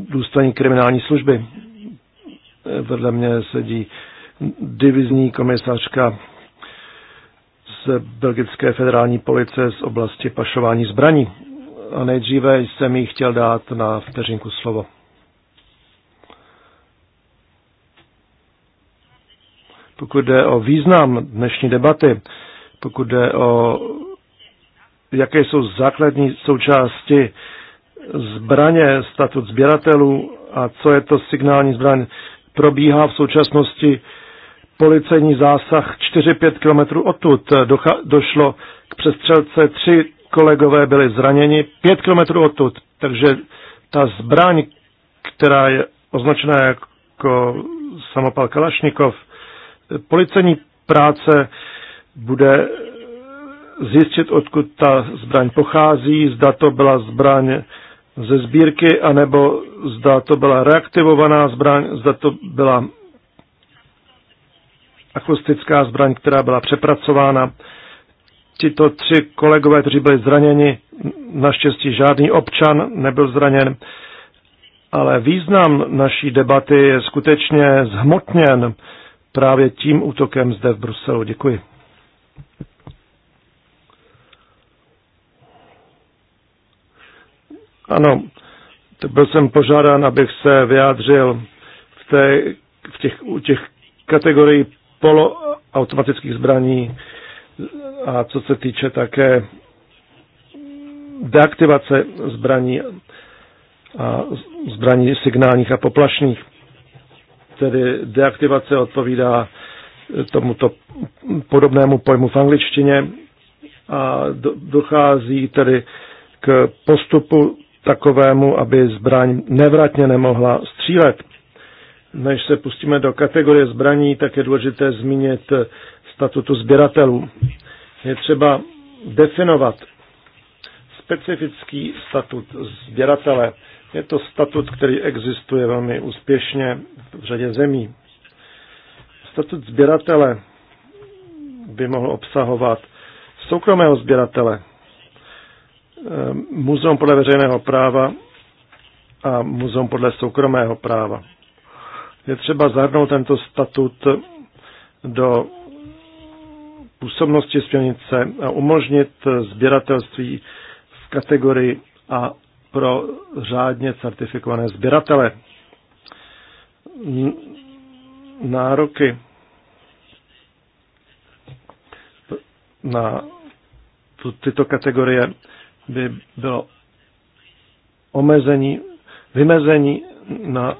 důstojník kriminální služby. Vedle mě sedí divizní komisařka z Belgické federální policie z oblasti pašování zbraní a nejdříve jsem jí chtěl dát na vteřinku slovo. Pokud jde o význam dnešní debaty, pokud jde o jaké jsou základní součásti zbraně, statut sběratelů a co je to signální zbraň, probíhá v současnosti policejní zásah 4-5 kilometrů odtud. Docha- došlo k přestřelce tři kolegové byli zraněni pět kilometrů odtud. Takže ta zbraň, která je označena jako samopal Kalašnikov, policení práce bude zjistit, odkud ta zbraň pochází, zda to byla zbraň ze sbírky, anebo zda to byla reaktivovaná zbraň, zda to byla akustická zbraň, která byla přepracována tito tři kolegové, kteří byli zraněni, naštěstí žádný občan nebyl zraněn, ale význam naší debaty je skutečně zhmotněn právě tím útokem zde v Bruselu. Děkuji. Ano, byl jsem požádán, abych se vyjádřil v, té, v těch, u těch kategorií poloautomatických zbraní a co se týče také deaktivace zbraní a zbraní signálních a poplašných. Tedy deaktivace odpovídá tomuto podobnému pojmu v angličtině a dochází tedy k postupu takovému, aby zbraň nevratně nemohla střílet. Než se pustíme do kategorie zbraní, tak je důležité zmínit statutu sběratelů. Je třeba definovat specifický statut sběratele. Je to statut, který existuje velmi úspěšně v řadě zemí. Statut sběratele by mohl obsahovat soukromého sběratele, eh, muzeum podle veřejného práva a muzeum podle soukromého práva. Je třeba zahrnout tento statut do působnosti směrnice a umožnit sběratelství v kategorii a pro řádně certifikované sběratele. Nároky na tyto kategorie by bylo omezení, vymezení na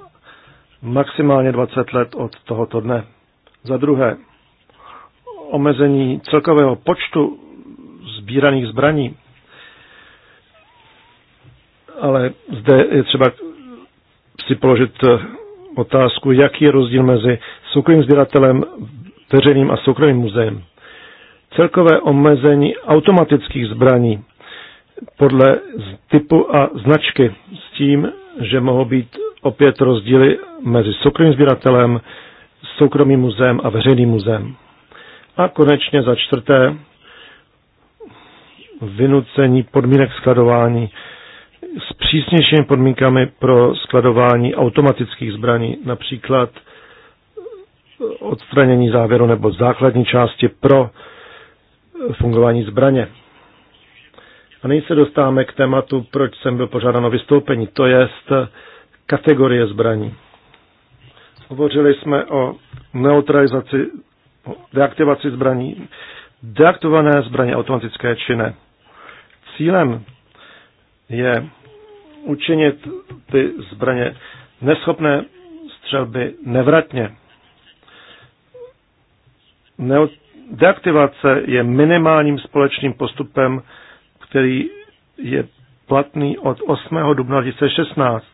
maximálně 20 let od tohoto dne. Za druhé, omezení celkového počtu sbíraných zbraní, ale zde je třeba si položit eh, otázku, jaký je rozdíl mezi soukromým sběratelem, veřejným a soukromým muzeem. Celkové omezení automatických zbraní podle typu a značky s tím, že mohou být opět rozdíly mezi soukromým sběratelem, soukromým muzeem a veřejným muzeem. A konečně za čtvrté, vynucení podmínek skladování s přísnějšími podmínkami pro skladování automatických zbraní, například odstranění závěru nebo základní části pro fungování zbraně. A nyní se dostáváme k tématu, proč jsem byl požádán o vystoupení, to jest kategorie zbraní. Hovořili jsme o neutralizaci deaktivaci zbraní, deaktivované zbraně automatické či ne. Cílem je učinit ty zbraně neschopné střelby nevratně. Neo- deaktivace je minimálním společným postupem, který je platný od 8. dubna 2016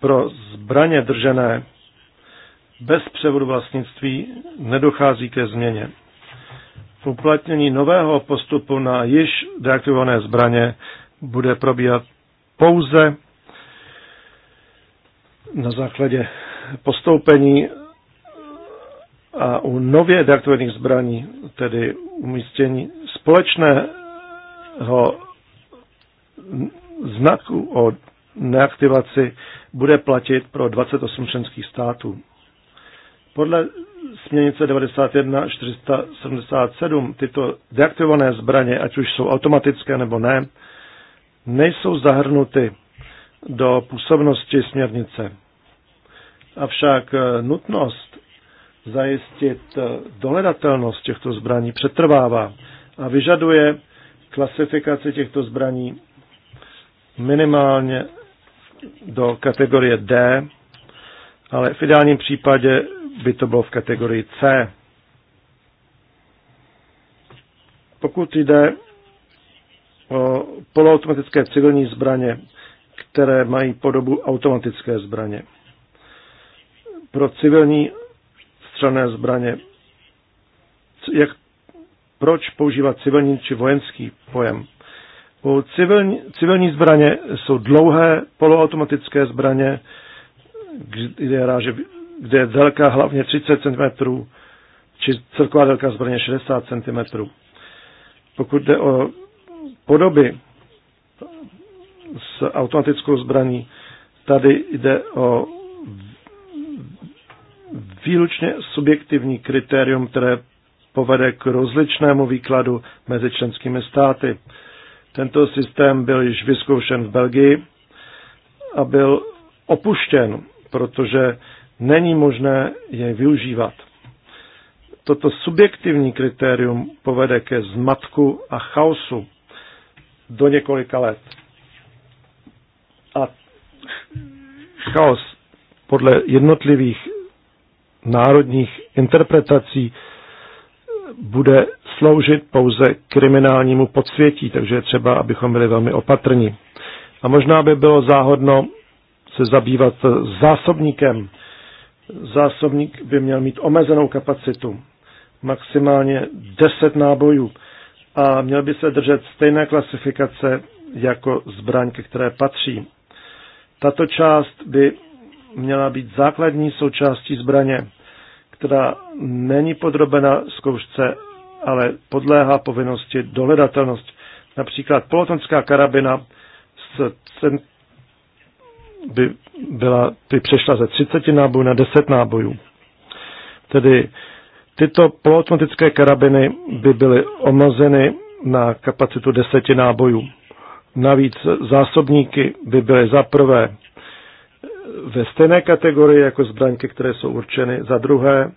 pro zbraně držené bez převodu vlastnictví nedochází ke změně. V uplatnění nového postupu na již deaktivované zbraně bude probíhat pouze na základě postoupení a u nově deaktivovaných zbraní, tedy umístění společného znaku o neaktivaci, bude platit pro 28 členských států. Podle směnice 91 477 tyto deaktivované zbraně, ať už jsou automatické nebo ne, nejsou zahrnuty do působnosti směrnice. Avšak eh, nutnost zajistit eh, dohledatelnost těchto zbraní přetrvává a vyžaduje klasifikaci těchto zbraní minimálně do kategorie D, ale v ideálním případě by to bylo v kategorii C. Pokud jde o poloautomatické civilní zbraně, které mají podobu automatické zbraně. Pro civilní střelné zbraně, jak, proč používat civilní či vojenský pojem? U civilní, civilní zbraně jsou dlouhé poloautomatické zbraně, kde ráže kde je délka hlavně 30 cm, či celková délka zbraně 60 cm. Pokud jde o podoby s automatickou zbraní, tady jde o výlučně subjektivní kritérium, které povede k rozličnému výkladu mezi členskými státy. Tento systém byl již vyzkoušen v Belgii a byl opuštěn, protože není možné je využívat. Toto subjektivní kritérium povede ke zmatku a chaosu do několika let. A chaos podle jednotlivých národních interpretací bude sloužit pouze kriminálnímu podsvětí, takže je třeba, abychom byli velmi opatrní. A možná by bylo záhodno se zabývat zásobníkem zásobník by měl mít omezenou kapacitu, maximálně 10 nábojů a měl by se držet stejné klasifikace jako zbraň, ke které patří. Tato část by měla být základní součástí zbraně, která není podrobena zkoušce, ale podléhá povinnosti dohledatelnost. Například polotonská karabina s by, byla, by přešla ze 30 nábojů na 10 nábojů. Tedy tyto poloautomatické karabiny by byly omezeny na kapacitu 10 nábojů. Navíc zásobníky by byly za prvé ve stejné kategorii jako zbraňky, které jsou určeny, za druhé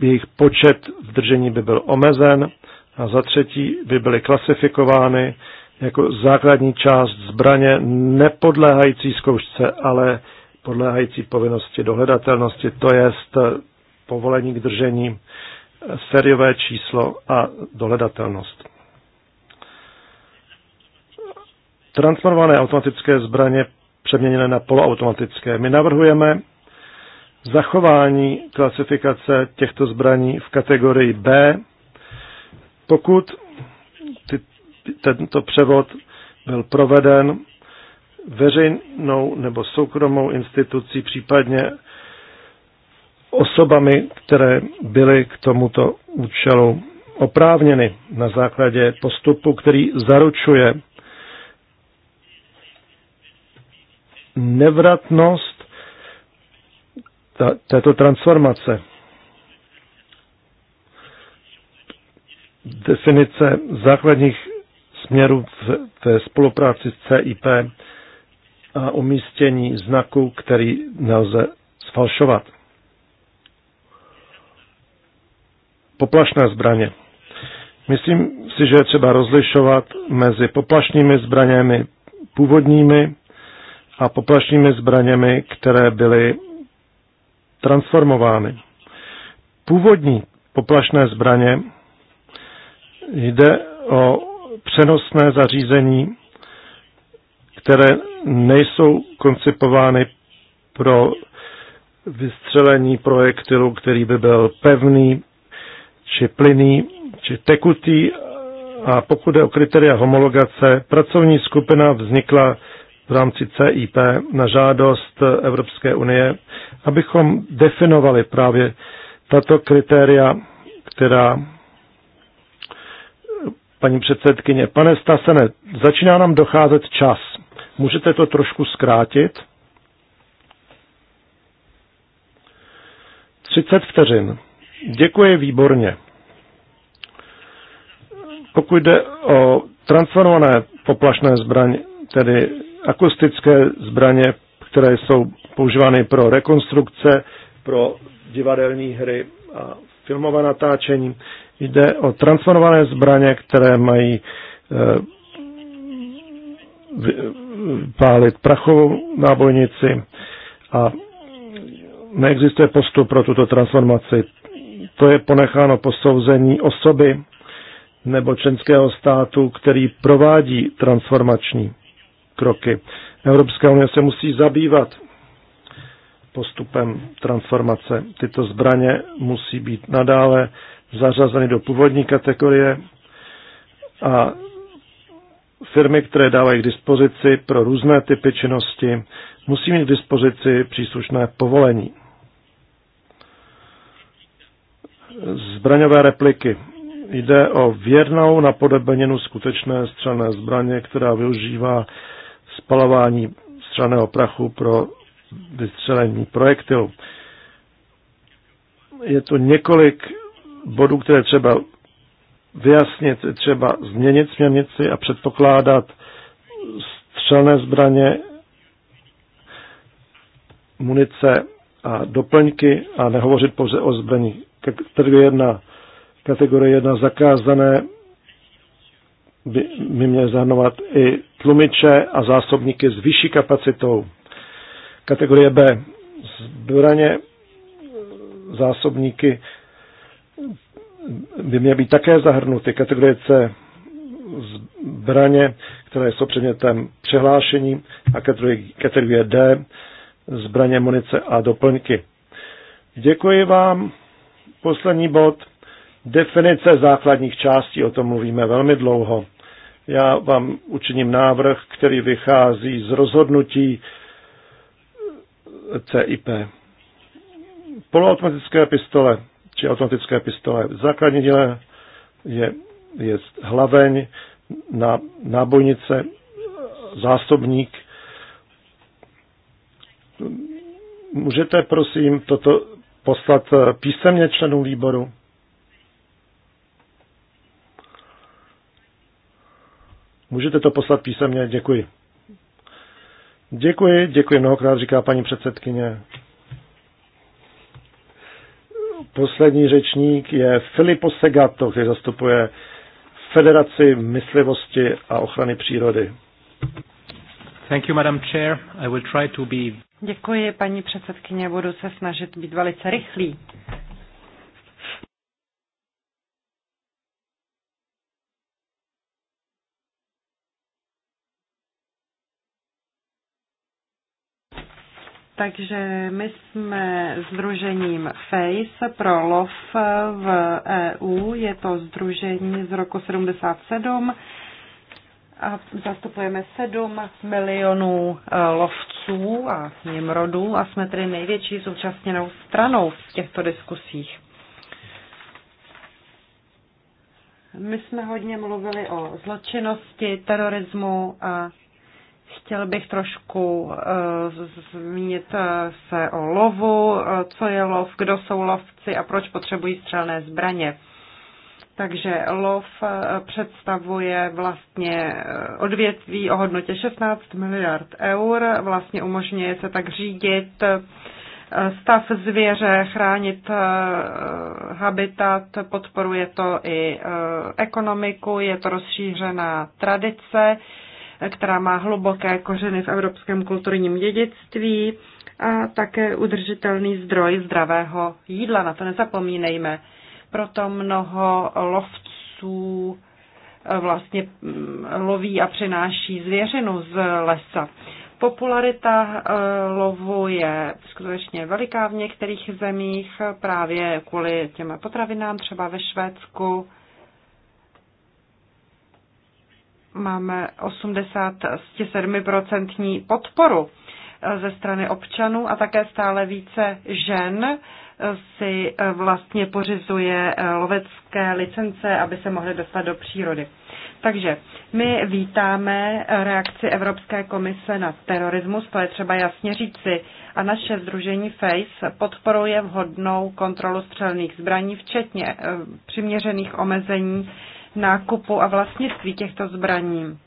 jejich počet v držení by byl omezen a za třetí by byly klasifikovány jako základní část zbraně nepodléhající zkoušce, ale podléhající povinnosti dohledatelnosti, to jest eh, povolení k držení, eh, seriové číslo a dohledatelnost. Transformované automatické zbraně přeměněné na poloautomatické. My navrhujeme zachování klasifikace těchto zbraní v kategorii B, pokud ty tento převod byl proveden veřejnou nebo soukromou institucí, případně osobami, které byly k tomuto účelu oprávněny na základě postupu, který zaručuje nevratnost této transformace. Definice základních rozměru ve spolupráci s CIP a umístění znaku, který nelze sfalšovat. Poplašné zbraně. Myslím si, že je třeba rozlišovat mezi poplašnými zbraněmi původními a poplašnými zbraněmi, které byly transformovány. Původní poplašné zbraně jde o přenosné zařízení, které nejsou koncipovány pro vystřelení projektilu, který by byl pevný, či plyný, či tekutý. A pokud je o kritéria homologace, pracovní skupina vznikla v rámci CIP na žádost Evropské unie, abychom definovali právě tato kritéria, která paní předsedkyně. Pane Stasene, začíná nám docházet čas. Můžete to trošku zkrátit? 30 vteřin. Děkuji výborně. Pokud jde o transformované poplašné zbraně, tedy akustické zbraně, které jsou používány pro rekonstrukce, pro divadelní hry a filmové natáčení. Jde o transformované zbraně, které mají eh, pálit prachovou nábojnici a neexistuje postup pro tuto transformaci. To je ponecháno posouzení osoby nebo členského státu, který provádí transformační kroky. Evropská unie se musí zabývat postupem transformace. Tyto zbraně musí být nadále zařazeny do původní kategorie a firmy, které dávají k dispozici pro různé typy činnosti, musí mít k dispozici příslušné povolení. Zbraňové repliky. Jde o věrnou napodobeninu skutečné střelné zbraně, která využívá spalování střelného prachu pro vystřelení projektilu. Je to několik bodů, které třeba vyjasnit, třeba změnit směrnici a předpokládat střelné zbraně, munice a doplňky a nehovořit pouze o zbraní. Kategorie 1, kategorie 1 zakázané by, by měly zahrnovat i tlumiče a zásobníky s vyšší kapacitou. Kategorie B, zbraně, zásobníky by měly být také zahrnuty kategorie C zbraně, které jsou předmětem přihlášení a kategorie D zbraně, munice a doplňky. Děkuji vám. Poslední bod. Definice základních částí, o tom mluvíme velmi dlouho. Já vám učiním návrh, který vychází z rozhodnutí CIP. Poloautomatické pistole či automatické pistole. Základní díle je, je hlaveň, na, nábojnice, zásobník. Můžete, prosím, toto poslat eh, písemně členům výboru? Můžete to poslat písemně, děkuji. Děkuji, děkuji mnohokrát, říká paní předsedkyně. Poslední řečník je Filipo Segato, který zastupuje Federaci myslivosti a ochrany přírody. Thank you, Madam Chair. I will try to be... Děkuji, paní předsedkyně, budu se snažit být velice rychlý. Takže my jsme združením FACE pro lov v EU. Je to združení z roku 77 a zastupujeme 7 milionů e, lovců a jim rodů a jsme tedy největší zúčastněnou stranou v těchto diskusích. My jsme hodně mluvili o zločinnosti, terorismu a Chtěl bych trošku eh, zmínit eh, se o lovu, eh, co je lov, kdo jsou lovci a proč potřebují střelné zbraně. Takže lov představuje vlastně odvětví o hodnotě 16 miliard eur. Vlastně umožňuje se tak řídit stav zvěře, chránit habitat, podporuje to i ekonomiku, je to rozšířená tradice která má hluboké kořeny v evropském kulturním dědictví a také udržitelný zdroj zdravého jídla. Na to nezapomínejme. Proto mnoho lovců eh, vlastně mm, loví a přináší zvěřinu z lesa. Popularita eh, lovu je skutečně veliká v některých zemích eh, právě kvůli těm potravinám, třeba ve Švédsku máme 87% podporu eh, ze strany občanů a také stále více žen eh, si eh, vlastně pořizuje lovecké licence, aby se mohly dostat do přírody. Takže my vítáme reakci Evropské komise na terorismus, to je třeba jasně říci, a naše združení FACE podporuje vhodnou kontrolu střelných zbraní, včetně přiměřených omezení nákupu a vlastnictví těchto zbraní.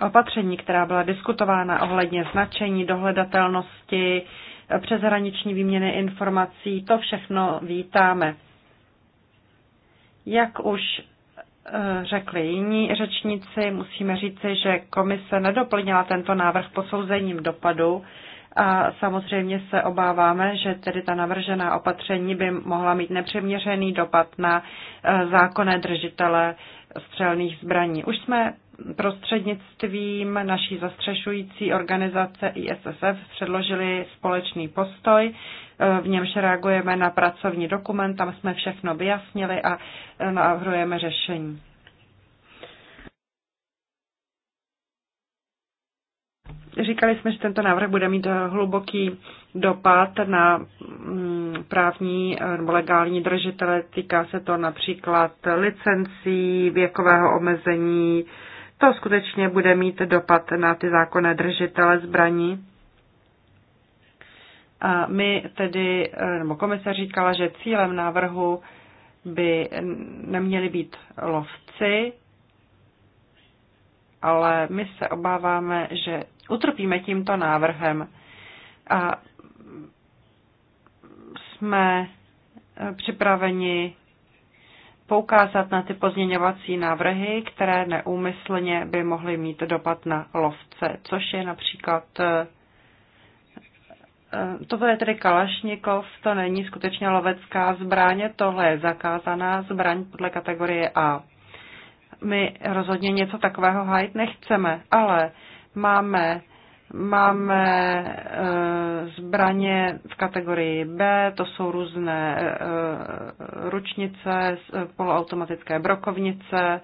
Opatření, která byla diskutována ohledně značení, dohledatelnosti, přeshraniční výměny informací, to všechno vítáme. Jak už eh, řekli jiní řečníci, musíme říci, že komise nedoplnila tento návrh posouzením dopadu, a samozřejmě se obáváme, že tedy ta navržená opatření by mohla mít nepřeměřený dopad na eh, zákonné držitele střelných zbraní. Už jsme prostřednictvím naší zastřešující organizace ISSF předložili společný postoj, eh, v němž reagujeme na pracovní dokument, tam jsme všechno vyjasnili a eh, navrhujeme řešení. Říkali jsme, že tento návrh bude mít eh, hluboký dopad na mm, právní eh, nebo legální držitele. Týká se to například licencí, věkového omezení. To skutečně bude mít dopad na ty zákonné držitele zbraní. A my tedy, eh, nebo komise říkala, že cílem návrhu by neměli být lovci, ale my se obáváme, že utrpíme tímto návrhem. A jsme eh, připraveni poukázat na ty pozměňovací návrhy, které neúmyslně by mohly mít dopad na lovce, což je například eh, eh, to je tedy Kalašnikov, to není skutečně lovecká zbraň, tohle je zakázaná zbraň podle kategorie A. My rozhodně něco takového hájit nechceme, ale Máme Máme eh, zbraně v kategorii B, to jsou různé eh, ručnice, eh, poloautomatické brokovnice,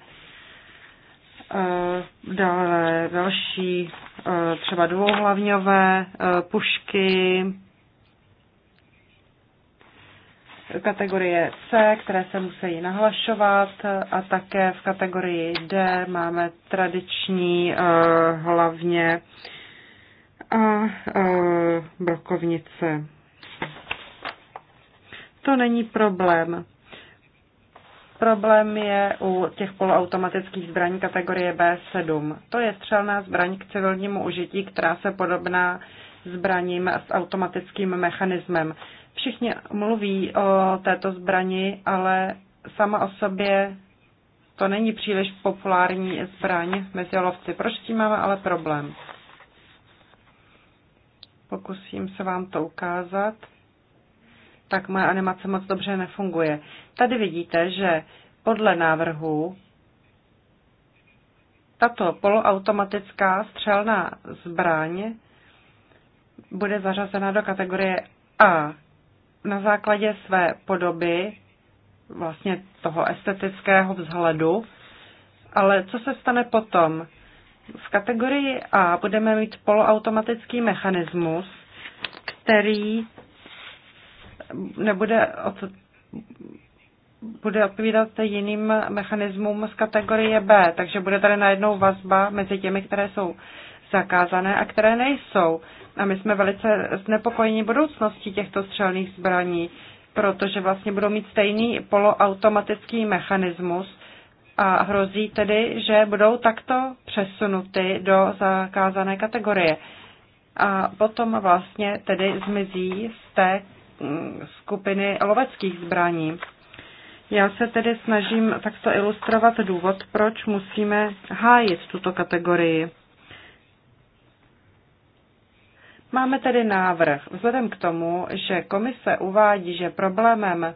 dále další třeba dvouhlavňové pušky, kategorie C, které se musí nahlašovat a také v kategorii D máme tradiční eh, hlavně a eh, brokovnice. To není problém. Problém je u těch poloautomatických zbraní kategorie B7. To je střelná zbraň k civilnímu užití, která se podobná zbraním s automatickým mechanismem. Všichni mluví o této zbrani, ale sama o sobě to není příliš populární zbraň mezi lovci. Proč tím máme ale problém? Pokusím se vám to ukázat. Tak moje animace moc dobře nefunguje. Tady vidíte, že podle návrhu tato poloautomatická střelná zbraň bude zařazena do kategorie A, na základě své podoby, vlastně toho estetického vzhledu, ale co se stane potom? V kategorii A budeme mít poloautomatický mechanismus, který nebude od, bude odpovídat jiným mechanismům z kategorie B, takže bude tady najednou vazba mezi těmi, které jsou zakázané a které nejsou. A my jsme velice znepokojeni budoucností těchto střelných zbraní, protože vlastně budou mít stejný poloautomatický mechanismus a hrozí tedy, že budou takto přesunuty do zakázané kategorie. A potom vlastně tedy zmizí z té mm, skupiny loveckých zbraní. Já se tedy snažím takto ilustrovat důvod, proč musíme hájit tuto kategorii. Máme tedy návrh. Vzhledem k tomu, že komise uvádí, že problémem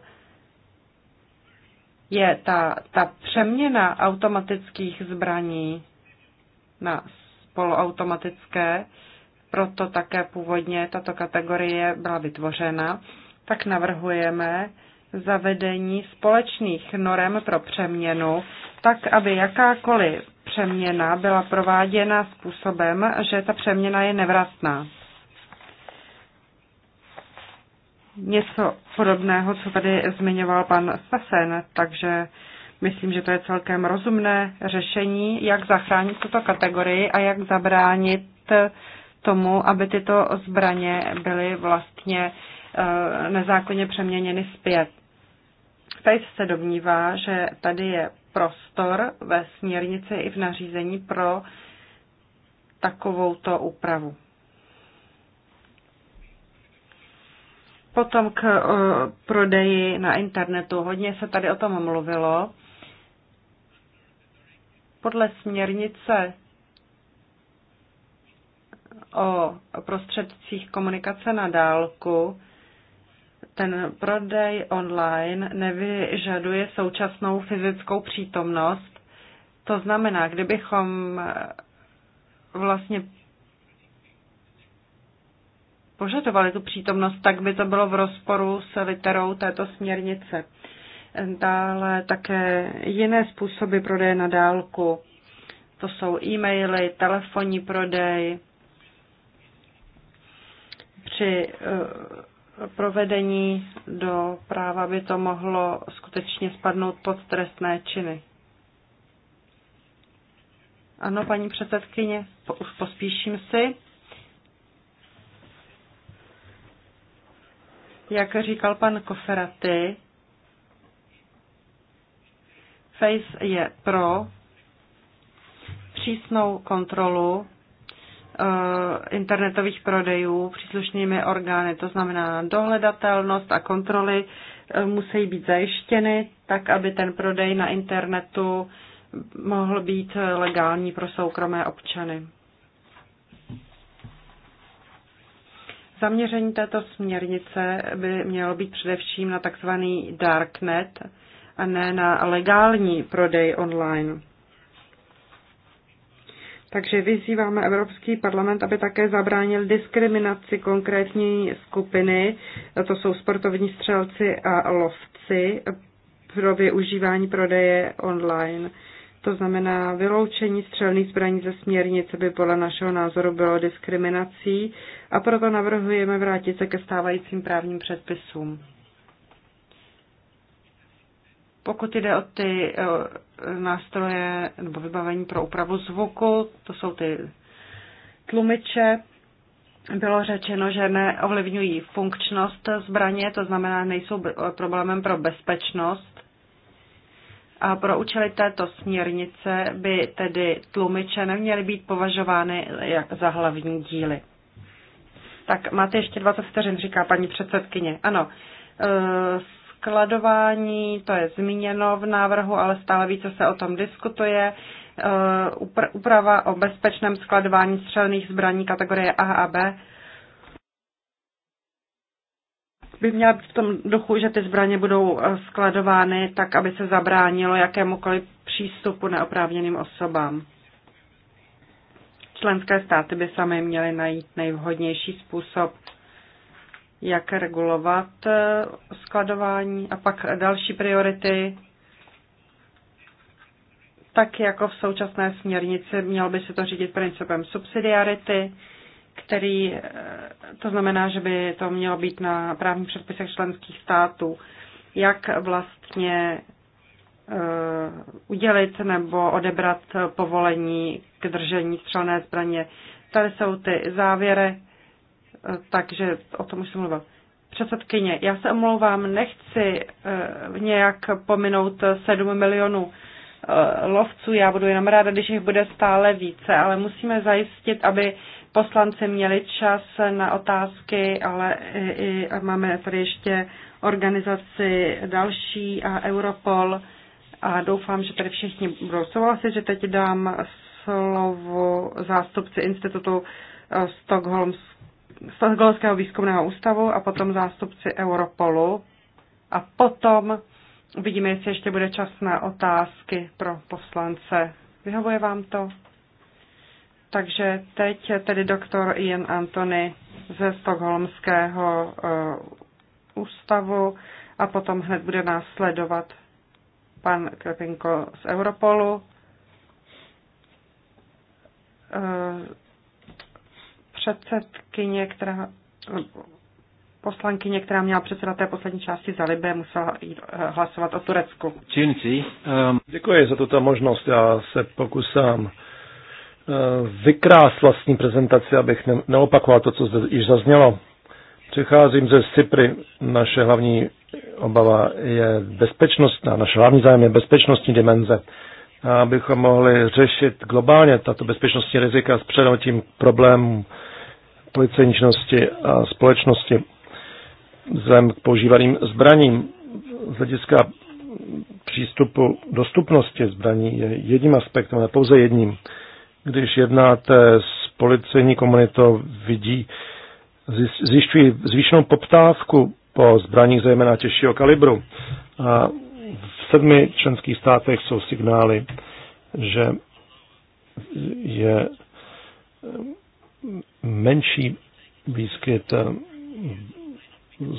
je ta, ta přeměna automatických zbraní na spoluautomatické, proto také původně tato kategorie byla vytvořena, tak navrhujeme zavedení společných norem pro přeměnu, tak aby jakákoliv přeměna byla prováděna způsobem, že ta přeměna je nevratná. něco podobného, co tady zmiňoval pan Sasen, takže myslím, že to je celkem rozumné řešení, jak zachránit tuto kategorii a jak zabránit tomu, aby tyto zbraně byly vlastně eh, nezákonně přeměněny zpět. Tady se domnívá, že tady je prostor ve směrnici i v nařízení pro takovouto úpravu. Potom k eh, prodeji na internetu. Hodně se tady o tom mluvilo. Podle směrnice o prostředcích komunikace na dálku ten prodej online nevyžaduje současnou fyzickou přítomnost. To znamená, kdybychom eh, vlastně požadovali tu přítomnost, tak by to bylo v rozporu s literou této směrnice. Dále také jiné způsoby prodeje na dálku. To jsou e-maily, telefonní prodej. Při eh, provedení do práva by to mohlo skutečně spadnout pod trestné činy. Ano, paní předsedkyně, už pospíším si. jak říkal pan Koferaty, Face je pro přísnou kontrolu eh, internetových prodejů příslušnými orgány, to znamená dohledatelnost a kontroly eh, musí být zajištěny, tak aby ten prodej na internetu mohl být eh, legální pro soukromé občany. Zaměření této směrnice by mělo být především na takzvaný darknet a ne na legální prodej online. Takže vyzýváme Evropský parlament, aby také zabránil diskriminaci konkrétní skupiny, to jsou sportovní střelci a lovci, pro využívání prodeje online. To znamená, vyloučení střelných zbraní ze směrnice by podle našeho názoru bylo diskriminací a proto navrhujeme vrátit se ke stávajícím právním předpisům. Pokud jde o ty eh, nástroje nebo vybavení pro úpravu zvuku, to jsou ty tlumiče, bylo řečeno, že neovlivňují funkčnost zbraně, to znamená, nejsou problémem pro bezpečnost, a pro účely této směrnice by tedy tlumiče neměly být považovány jak za hlavní díly. Tak máte ještě 20 vteřin, říká paní předsedkyně. Ano, e, skladování, to je zmíněno v návrhu, ale stále více se o tom diskutuje. E, úprava o bezpečném skladování střelných zbraní kategorie A a B by měla být v tom duchu, že ty zbraně budou eh, skladovány tak, aby se zabránilo jakémukoliv přístupu neoprávněným osobám. Členské státy by samé měly najít nejvhodnější způsob, jak regulovat eh, skladování a pak další priority. Tak jako v současné směrnici měl by se to řídit principem subsidiarity, který, eh, to znamená, že by to mělo být na právních předpisech členských států, jak vlastně eh, udělit nebo odebrat povolení k držení střelné zbraně. Tady jsou ty závěry, eh, takže o tom už jsem mluvil. Předsedkyně, já se omlouvám, nechci nějak pominout 7 milionů lovců, já budu jenom ráda, když jich bude stále více, ale musíme zajistit, aby poslanci měli čas na otázky, ale i, i máme tady ještě organizaci další a Europol a doufám, že tady všichni budou souhlasit, že teď dám slovo zástupci institutu eh, Stockholmského výzkumného ústavu a potom zástupci Europolu a potom uvidíme, jestli ještě bude čas na otázky pro poslance. Vyhovuje vám to? Takže teď tedy doktor Ian Antony ze Stockholmského eh, ústavu a potom hned bude následovat pan Krepinko z Europolu. Eh, předsedkyně, která poslankyně, která měla předseda té poslední části za Libé, musela jít eh, hlasovat o Turecku. Činci, um... Děkuji za tuto možnost. Já se pokusám Eh, vykrást vlastní prezentaci, abych ne, neopakoval to, co zde již zaznělo. Přicházím ze Cypry. Naše hlavní obava je bezpečnost, a naše hlavní zájem je bezpečnostní dimenze. A abychom mohli řešit globálně tato bezpečnostní rizika s přenotím problémů policejní činnosti a společnosti vzhledem k používaným zbraním. Z hlediska přístupu dostupnosti zbraní je jedním aspektem, ale pouze jedním když jednáte s policejní komunitou, vidí, zjišťují zvýšenou poptávku po zbraních zejména těžšího kalibru. A v sedmi členských státech jsou signály, že je menší výskyt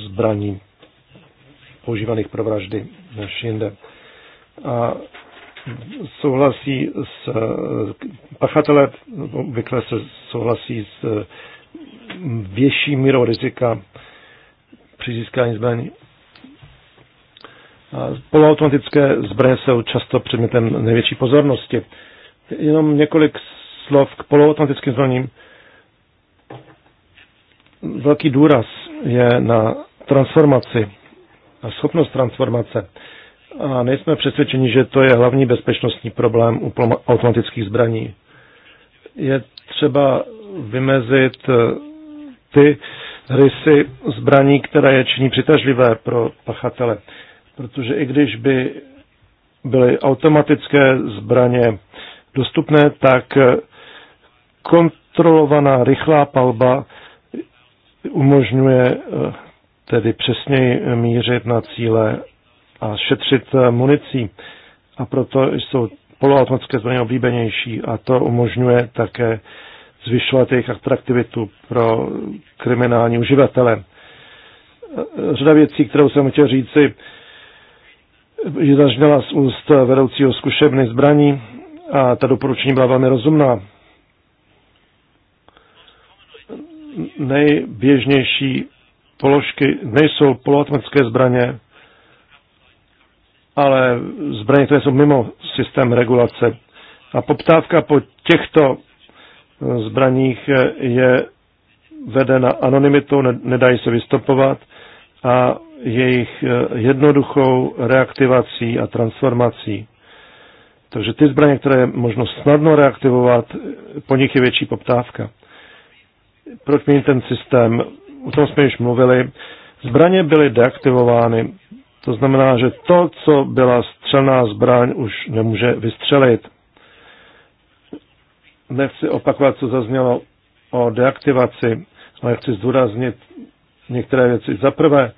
zbraní používaných pro vraždy než jinde. A souhlasí s pachatele, obvykle se souhlasí s větší mírou rizika při získání zbraní. A poloautomatické zbraně jsou často předmětem největší pozornosti. Jenom několik slov k poloautomatickým zbraním. Velký důraz je na transformaci a schopnost transformace. A nejsme přesvědčeni, že to je hlavní bezpečnostní problém u automatických zbraní. Je třeba vymezit eh, ty rysy zbraní, které je činí přitažlivé pro pachatele. Protože i když by byly automatické zbraně dostupné, tak eh, kontrolovaná rychlá palba umožňuje eh, tedy přesněji mířit na cíle a šetřit eh, municí. A proto jsou poloautomatické zbraně oblíbenější a to umožňuje také zvyšovat jejich atraktivitu pro kriminální uživatele. Eh, řada věcí, kterou jsem chtěl říci, ji zažněla z úst vedoucího zkušebny zbraní a ta doporučení byla velmi rozumná. Nejběžnější položky nejsou poloautomatické zbraně, ale zbraně, které jsou mimo systém regulace. A poptávka po těchto e, zbraních e, je vedena anonymitou, nedají se vystopovat a jejich e, jednoduchou reaktivací a transformací. Takže ty zbraně, které je možno snadno reaktivovat, po nich je větší poptávka. Proč mění ten systém? O tom jsme již mluvili. Zbraně byly deaktivovány to znamená, že to, co byla střelná zbraň, už nemůže vystřelit. Nechci opakovat, co zaznělo o deaktivaci, ale chci zdůraznit některé věci. Za prvé,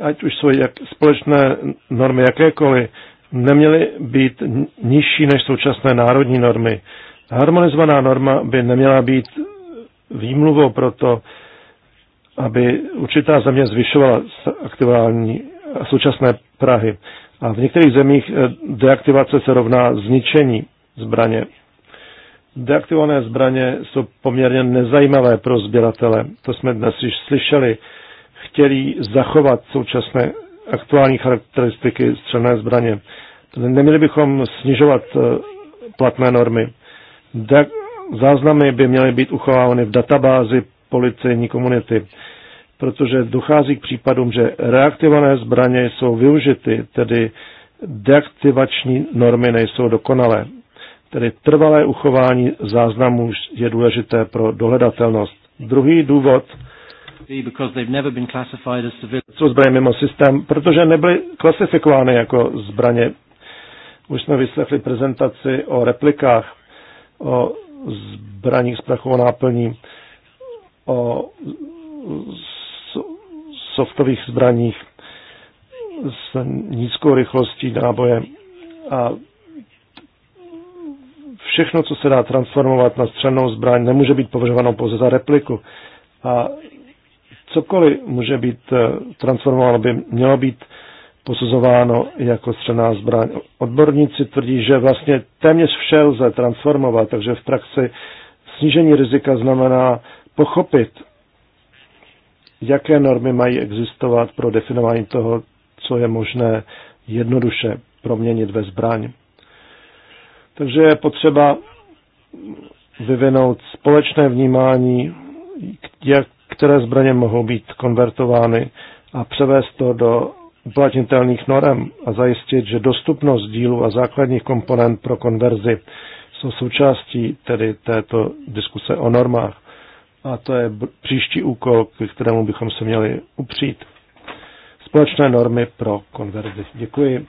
ať už jsou jak společné normy jakékoliv, neměly být nižší než současné národní normy. Harmonizovaná norma by neměla být výmluvou pro to, aby určitá země zvyšovala aktuální současné Prahy. A v některých zemích eh, deaktivace se rovná zničení zbraně. Deaktivované zbraně jsou poměrně nezajímavé pro sběratele. To jsme dnes již slyšeli. Chtěli zachovat současné aktuální charakteristiky střelné zbraně. Neměli bychom snižovat eh, platné normy. Záznamy by měly být uchovávány v databázi policejní komunity protože dochází k případům, že reaktivované zbraně jsou využity, tedy deaktivační normy nejsou dokonalé. Tedy trvalé uchování záznamů je důležité pro dohledatelnost. Druhý důvod jsou zbraně mimo systém, protože nebyly klasifikovány jako zbraně. Už jsme vyslechli prezentaci o replikách, o zbraních s prachovou náplní, o softových zbraních s nízkou rychlostí náboje a všechno, co se dá transformovat na střelnou zbraň, nemůže být považováno pouze za repliku. A cokoliv může být eh, transformováno, by mělo být posuzováno jako střelná zbraň. Odborníci tvrdí, že vlastně téměř vše lze transformovat, takže v praxi snížení rizika znamená pochopit jaké normy mají existovat pro definování toho, co je možné jednoduše proměnit ve zbraň. Takže je potřeba vyvinout společné vnímání, jak, které zbraně mohou být konvertovány a převést to do uplatnitelných norem a zajistit, že dostupnost dílů a základních komponent pro konverzi jsou součástí tedy této diskuse o normách. A to je příští úkol, k kterému bychom se měli upřít. Společné normy pro konverzi. Děkuji.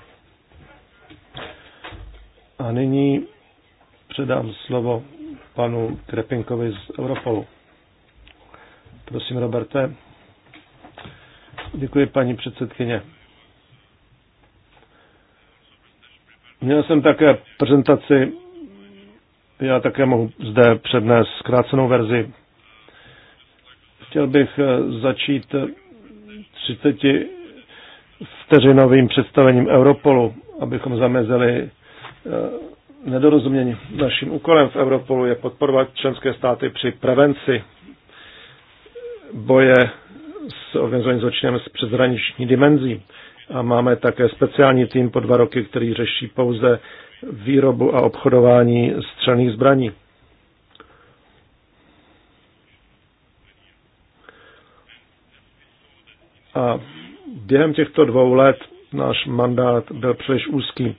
A nyní předám slovo panu Krepinkovi z Europolu. Prosím, Roberte. Děkuji, paní předsedkyně. Měl jsem také prezentaci, já také mohu zde přednést zkrácenou verzi Chtěl bych eh, začít 30 eh, vteřinovým představením Europolu, abychom zamezili eh, nedorozumění. Naším úkolem v Europolu je podporovat členské státy při prevenci boje s organizovaným zločinem s přeshraniční dimenzí. A máme také speciální tým po dva roky, který řeší pouze výrobu a obchodování střelných zbraní. A během těchto dvou let náš mandát byl příliš úzký.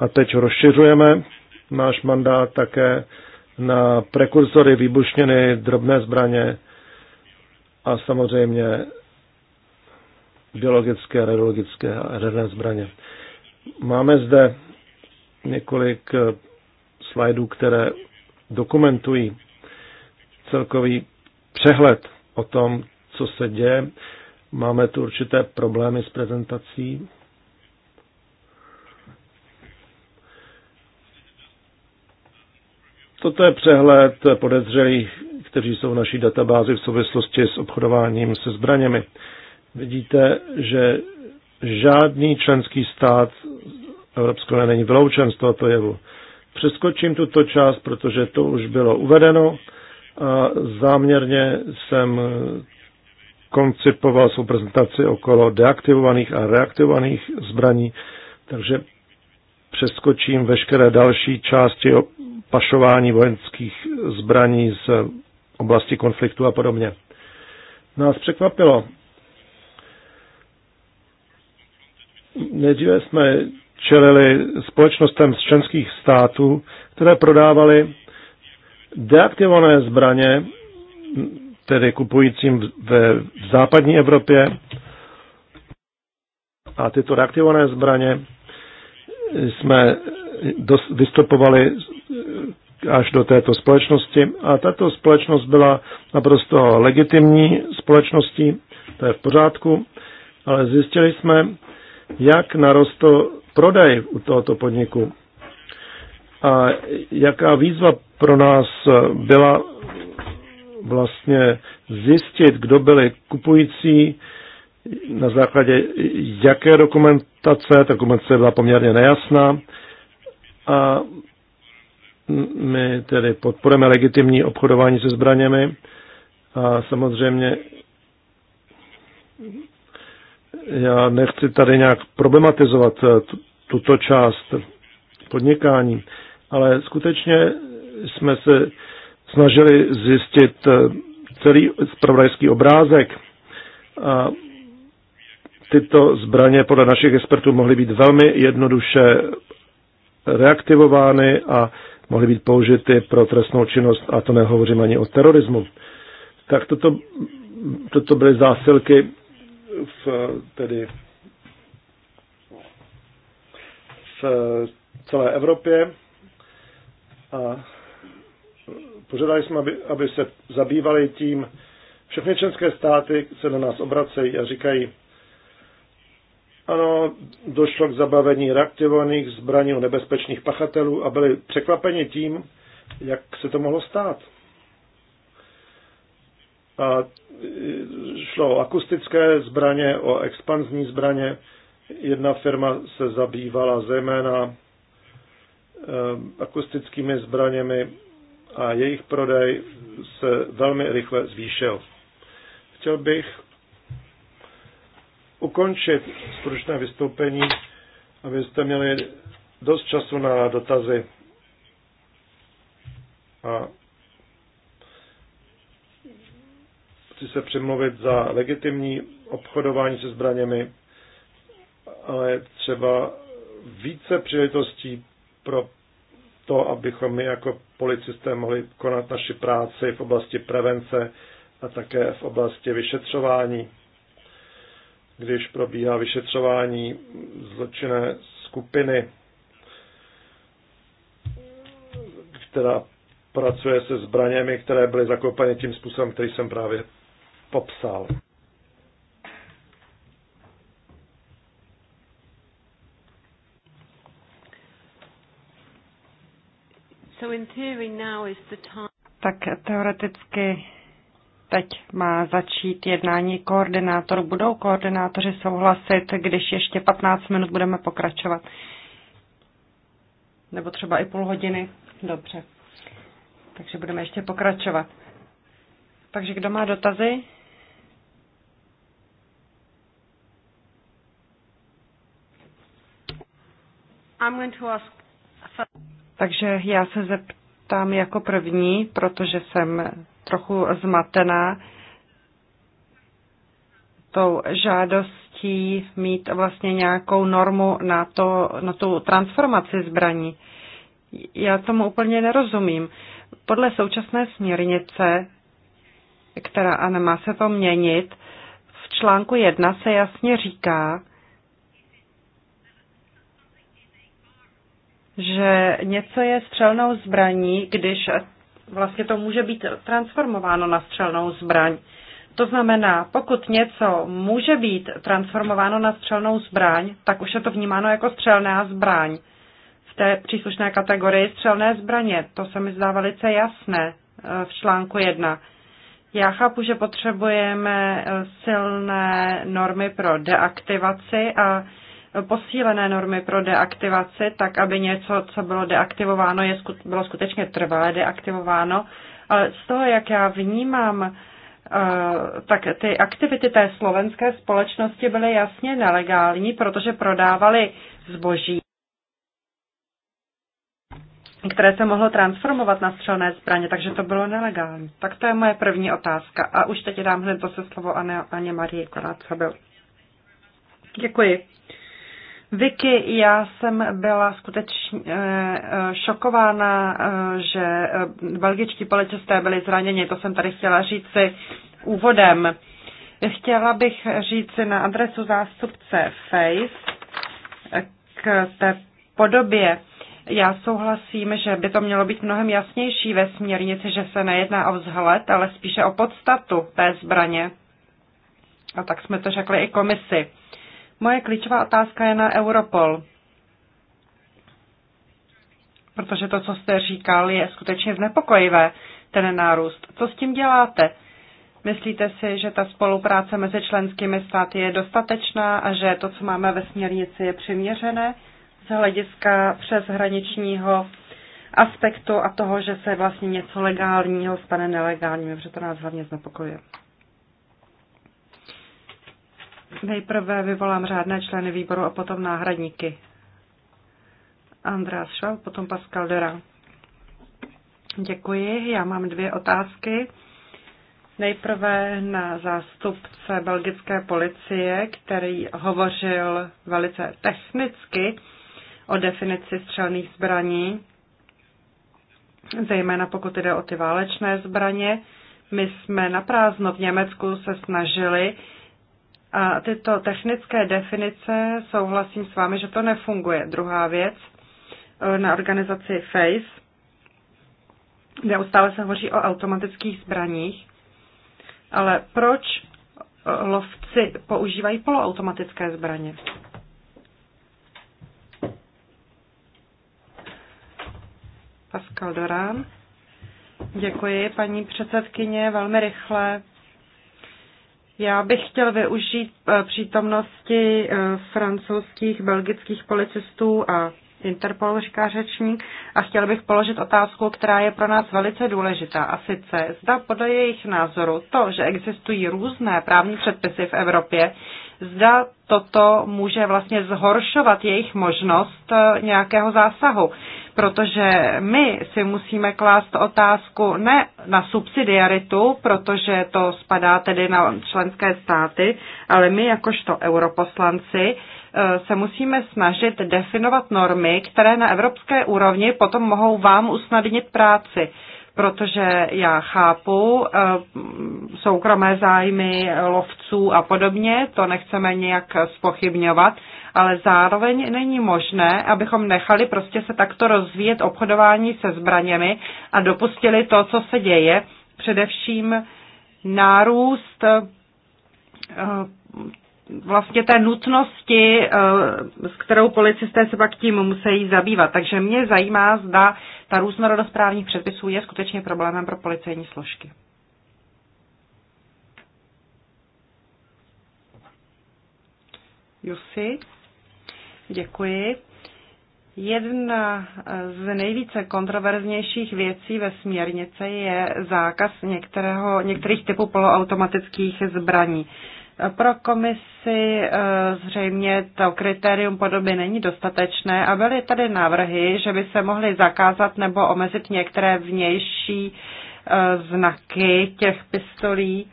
A teď rozšiřujeme náš mandát také na prekurzory výbušněny, drobné zbraně a samozřejmě biologické, radiologické a jaderné zbraně. Máme zde několik eh, slajdů, které dokumentují celkový přehled o tom, co se děje Máme tu určité problémy s prezentací. Toto je přehled podezřelých, kteří jsou v naší databázi v souvislosti s obchodováním se zbraněmi. Vidíte, že žádný členský stát Evropské unie není vyloučen z tohoto jevu. Přeskočím tuto část, protože to už bylo uvedeno a záměrně jsem koncipoval svou prezentaci okolo deaktivovaných a reaktivovaných zbraní, takže přeskočím veškeré další části o pašování vojenských zbraní z oblasti konfliktu a podobně. Nás překvapilo. Nejdříve jsme čelili společnostem z členských států, které prodávaly deaktivované zbraně tedy kupujícím v, v západní Evropě. A tyto reaktivované zbraně jsme dos, vystupovali až do této společnosti. A tato společnost byla naprosto legitimní společností, to je v pořádku, ale zjistili jsme, jak narostl prodej u tohoto podniku. A jaká výzva pro nás byla vlastně zjistit, kdo byli kupující, na základě jaké dokumentace, ta dokumentace byla poměrně nejasná a my tedy podporujeme legitimní obchodování se zbraněmi a samozřejmě já nechci tady nějak problematizovat tuto část podnikání, ale skutečně jsme se snažili zjistit eh, celý spravodajský obrázek. A tyto zbraně podle našich expertů mohly být velmi jednoduše reaktivovány a mohly být použity pro trestnou činnost, a to nehovořím ani o terorismu. Tak toto, toto byly zásilky v, tedy v celé Evropě a Požadali jsme, aby, aby se zabývali tím, všechny členské státy se na nás obracejí a říkají, ano, došlo k zabavení reaktivovaných zbraní u nebezpečných pachatelů a byli překvapeni tím, jak se to mohlo stát. A e, šlo o akustické zbraně, o expanzní zbraně. Jedna firma se zabývala zejména e, akustickými zbraněmi a jejich prodej se velmi rychle zvýšil. Chtěl bych ukončit stručné vystoupení, abyste měli dost času na dotazy. A chci se přemluvit za legitimní obchodování se zbraněmi, ale třeba více příležitostí pro to, abychom my jako policisté mohli konat naši práci v oblasti prevence a také v oblasti vyšetřování. Když probíhá vyšetřování zločinné skupiny, která pracuje se zbraněmi, které byly zakoupeny tím způsobem, který jsem právě popsal. Tak teoreticky teď má začít jednání koordinátorů. Budou koordinátoři souhlasit, když ještě 15 minut budeme pokračovat? Nebo třeba i půl hodiny? Dobře. Takže budeme ještě pokračovat. Takže kdo má dotazy? I'm going to ask takže já se zeptám jako první, protože jsem trochu zmatená tou žádostí mít vlastně nějakou normu na, to, na tu transformaci zbraní. Já tomu úplně nerozumím. Podle současné směrnice, která a nemá se to měnit, v článku 1 se jasně říká, že něco je střelnou zbraní, když vlastně to může být transformováno na střelnou zbraň. To znamená, pokud něco může být transformováno na střelnou zbraň, tak už je to vnímáno jako střelná zbraň. V té příslušné kategorii střelné zbraně, to se mi zdá velice jasné eh, v článku 1. Já chápu, že potřebujeme silné normy pro deaktivaci a posílené normy pro deaktivaci, tak aby něco, co bylo deaktivováno, je, bylo skutečně trvalé deaktivováno. Ale z toho, jak já vnímám, eh, tak ty aktivity té slovenské společnosti byly jasně nelegální, protože prodávali zboží, které se mohlo transformovat na střelné zbraně, takže to bylo nelegální. Tak to je moje první otázka. A už teď dám hned se slovo Aně Marie Konácobil. Děkuji. Vicky, já jsem byla skutečně eh, eh, šokována, eh, že belgičtí policisté byli zraněni, to jsem tady chtěla říci úvodem. Chtěla bych říci na adresu zástupce FACE k té podobě. Já souhlasím, že by to mělo být mnohem jasnější ve směrnici, že se nejedná o vzhled, ale spíše o podstatu té zbraně. A tak jsme to řekli i komisi. Moje klíčová otázka je na Europol. Protože to, co jste říkal, je skutečně znepokojivé, ten nárůst. Co s tím děláte? Myslíte si, že ta spolupráce mezi členskými státy je dostatečná a že to, co máme ve směrnici, je přiměřené z hlediska přeshraničního aspektu a toho, že se vlastně něco legálního stane nelegálním, protože to nás hlavně znepokojuje? Nejprve vyvolám řádné členy výboru a potom náhradníky. András Šval, potom Pascal Dera. Děkuji. Já mám dvě otázky. Nejprve na zástupce belgické policie, který hovořil velice technicky o definici střelných zbraní, zejména pokud jde o ty válečné zbraně. My jsme na prázdno v Německu se snažili uh, a tyto technické definice, souhlasím s vámi, že to nefunguje. Druhá věc, eh, na organizaci FACE, neustále se hovoří o automatických zbraních, ale proč eh, lovci používají poloautomatické zbraně? Pascal Doran. Děkuji, paní předsedkyně, velmi rychle. Já bych chtěl využít eh, přítomnosti eh, francouzských, belgických policistů a Interpol, říká řečník, a chtěl bych položit otázku, která je pro nás velice důležitá, a sice zda podle jejich názoru to, že existují různé právní předpisy v Evropě, zda toto může vlastně zhoršovat jejich možnost eh, nějakého zásahu. Protože my si musíme klást otázku ne na subsidiaritu, protože to spadá tedy na členské státy, ale my jakožto europoslanci eh, se musíme snažit definovat normy, které na evropské úrovni potom mohou vám usnadnit práci protože já chápu eh, soukromé zájmy lovců a podobně, to nechceme nějak spochybňovat, ale zároveň není možné, abychom nechali prostě se takto rozvíjet obchodování se zbraněmi a dopustili to, co se děje, především nárůst eh, vlastně té nutnosti, eh, s kterou policisté se pak tím musí zabývat. Takže mě zajímá, zda ta různorodost právních předpisů je skutečně problémem pro policejní složky. Jusy, děkuji. Jedna eh, z nejvíce kontroverznějších věcí ve směrnice je zákaz některého, některých typů poloautomatických zbraní. Uh, pro komisi eh, zřejmě to kritérium podoby není dostatečné a byly tady návrhy, že by se mohly zakázat nebo omezit některé vnější eh, znaky těch pistolí,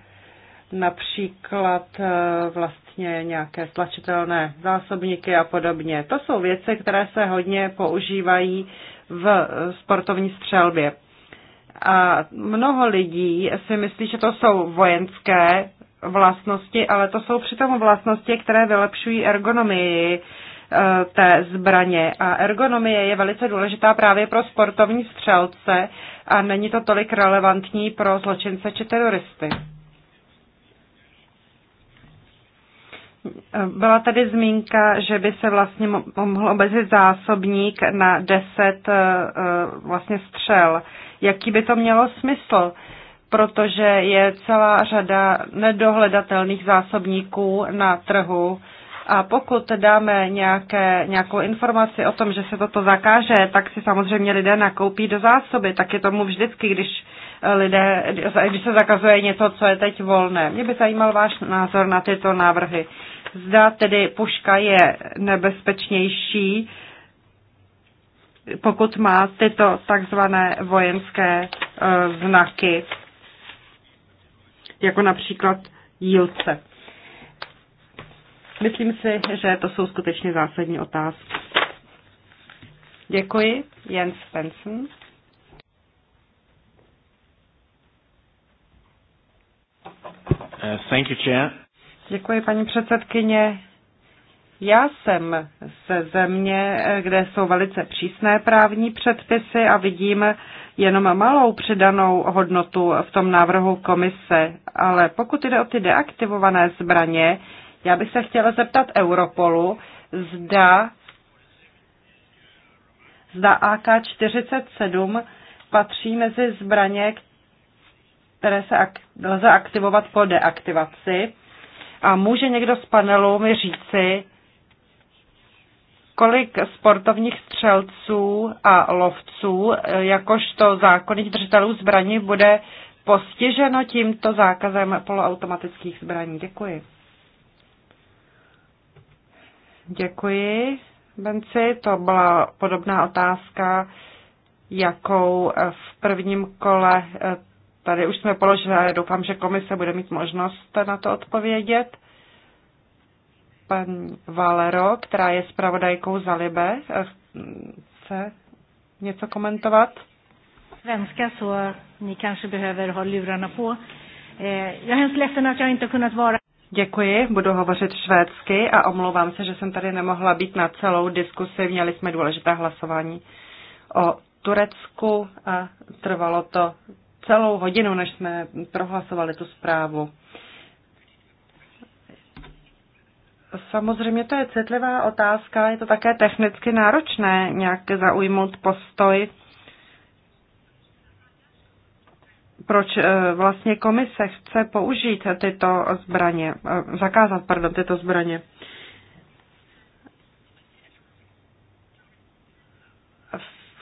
například eh, vlastně nějaké stlačitelné zásobníky a podobně. To jsou věci, které se hodně používají v sportovní střelbě. A mnoho lidí si myslí, že to jsou vojenské vlastnosti, ale to jsou přitom vlastnosti, které vylepšují ergonomii eh, té zbraně. A ergonomie je velice důležitá právě pro sportovní střelce a není to tolik relevantní pro zločince či teroristy. Byla tady zmínka, že by se vlastně mohl obezit zásobník na 10 eh, eh, vlastně střel. Jaký by to mělo smysl? protože je celá řada nedohledatelných zásobníků na trhu. A pokud dáme nějaké, nějakou informaci o tom, že se toto zakáže, tak si samozřejmě lidé nakoupí do zásoby. Tak je tomu vždycky, když, eh, lidé, když se zakazuje něco, co je teď volné. Mě by zajímal váš názor na tyto návrhy. Zda tedy puška je nebezpečnější, pokud má tyto takzvané vojenské eh, znaky jako například jílce. Myslím si, že to jsou skutečně zásadní otázky. Děkuji, Jens Benson. Uh, thank you, Chair. Děkuji, paní předsedkyně. Já jsem ze země, kde jsou velice přísné právní předpisy a vidím, jenom malou přidanou hodnotu v tom návrhu komise. Ale pokud jde o ty deaktivované zbraně, já bych se chtěla zeptat Europolu, zda, zda AK-47 patří mezi zbraně, které se ak- lze aktivovat po deaktivaci. A může někdo z panelu mi říci, kolik sportovních střelců a lovců, eh, jakožto zákonných držitelů zbraní, bude postiženo tímto zákazem poloautomatických zbraní. Děkuji. Děkuji, Benci. To byla podobná otázka, jakou eh, v prvním kole eh, tady už jsme položili. Doufám, že komise bude mít možnost na to odpovědět paní Valero, která je zpravodajkou za Libe, chce něco komentovat? Svenska, så ni kanske behöver ha lurarna på. Eh, jag är hemskt ledsen att jag inte kunnat vara Děkuji, budu hovořit švédsky a omlouvám se, že jsem tady nemohla být na celou diskusi. Měli jsme důležité hlasování o Turecku a trvalo to celou hodinu, než jsme prohlasovali tu zprávu. Samozřejmě to je citlivá otázka, je to také technicky náročné nějak zaujmout postoj, proč eh, vlastně komise chce použít tyto zbraně, eh, zakázat, pardon, tyto zbraně.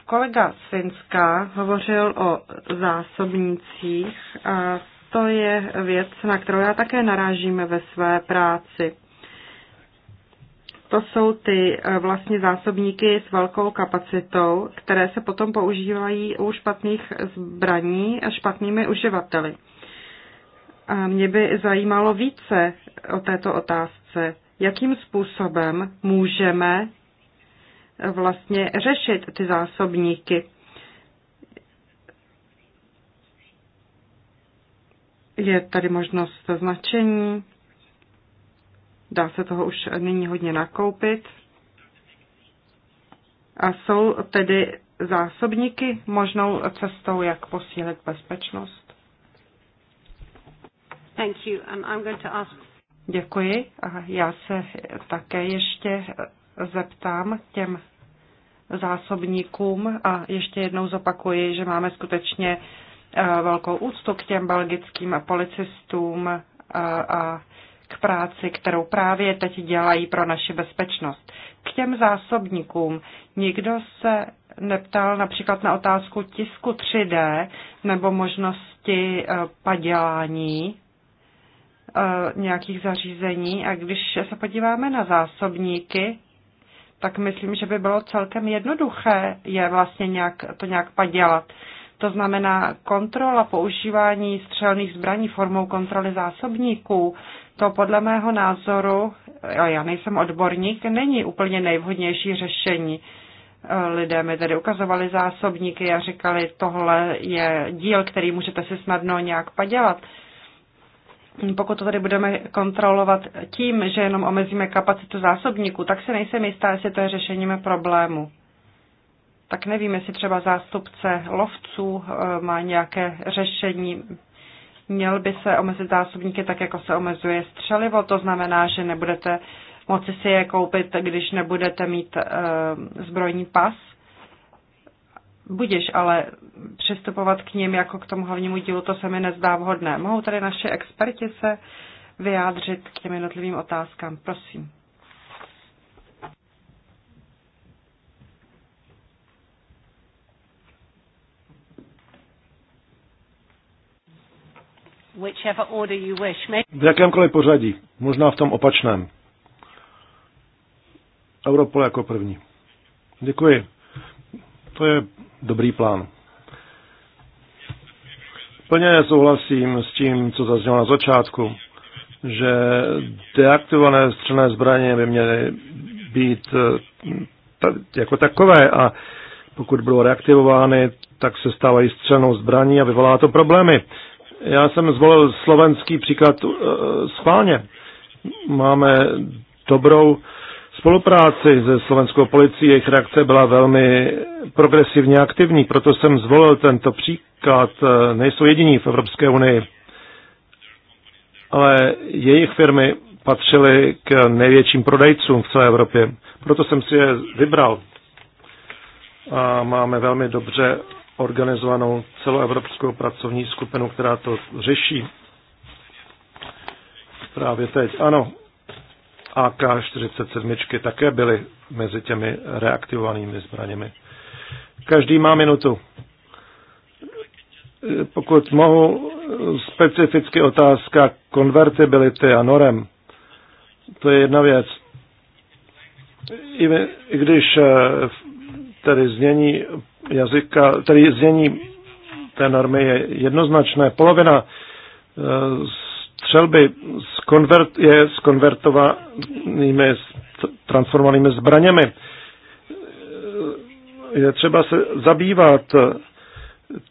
Kolega z Finska hovořil o zásobnících a to je věc, na kterou já také narážíme ve své práci. To jsou ty eh, vlastně zásobníky s velkou kapacitou, které se potom používají u špatných zbraní a špatnými uživateli. A mě by zajímalo více o této otázce. Jakým způsobem můžeme eh, vlastně řešit ty zásobníky? Je tady možnost značení, Dá se toho už nyní hodně nakoupit. A jsou tedy zásobníky možnou cestou, jak posílit bezpečnost? Thank you. Um, I'm going to ask... Děkuji. A já se také ještě zeptám těm zásobníkům a ještě jednou zopakuji, že máme skutečně eh, velkou úctu k těm belgickým policistům eh, a k práci, kterou právě teď dělají pro naši bezpečnost. K těm zásobníkům. Nikdo se neptal například na otázku tisku 3D nebo možnosti eh, padělání eh, nějakých zařízení. A když se podíváme na zásobníky, tak myslím, že by bylo celkem jednoduché je vlastně nějak, to nějak padělat. To znamená kontrola používání střelných zbraní formou kontroly zásobníků, to podle mého názoru, a já nejsem odborník, není úplně nejvhodnější řešení. Lidé mi tedy ukazovali zásobníky a říkali, tohle je díl, který můžete si snadno nějak padělat. Pokud to tady budeme kontrolovat tím, že jenom omezíme kapacitu zásobníků, tak se nejsem jistá, jestli to je řešením problému. Tak nevím, jestli třeba zástupce lovců eh, má nějaké řešení. Měl by se omezit zásobníky tak, jako se omezuje střelivo, to znamená, že nebudete moci si je koupit, když nebudete mít uh, zbrojní pas. Budiš, ale přistupovat k ním jako k tomu hlavnímu dílu, to se mi nezdá vhodné. Mohou tady naše experti se vyjádřit k těm jednotlivým otázkám, prosím. whichever order you wish. V jakémkoliv pořadí, možná v tom opačném. Europol jako první. Děkuji. To je dobrý plán. Plně souhlasím s tím, co zaznělo na začátku, že deaktivované střelné zbraně by měly být eh, jako takové a pokud budou reaktivovány, tak se stávají střelnou zbraní a vyvolá to problémy. Já jsem zvolil slovenský příklad eh, schválně. Máme dobrou spolupráci se slovenskou policií, jejich reakce byla velmi progresivně aktivní, proto jsem zvolil tento příklad. Eh, nejsou jediní v Evropské unii, ale jejich firmy patřily k největším prodejcům v celé Evropě. Proto jsem si je vybral. A máme velmi dobře organizovanou celoevropskou pracovní skupinu, která to řeší právě teď. Ano, AK-47 také byly mezi těmi reaktivovanými zbraněmi. Každý má minutu. Pokud mohu, specificky otázka konvertibility a norem. To je jedna věc. I, když eh, tedy znění jazyka, tedy znění té normy je jednoznačné. Polovina eh, střelby z konvert, je s konvertovanými, transformovanými zbraněmi. Eh, je třeba se zabývat eh,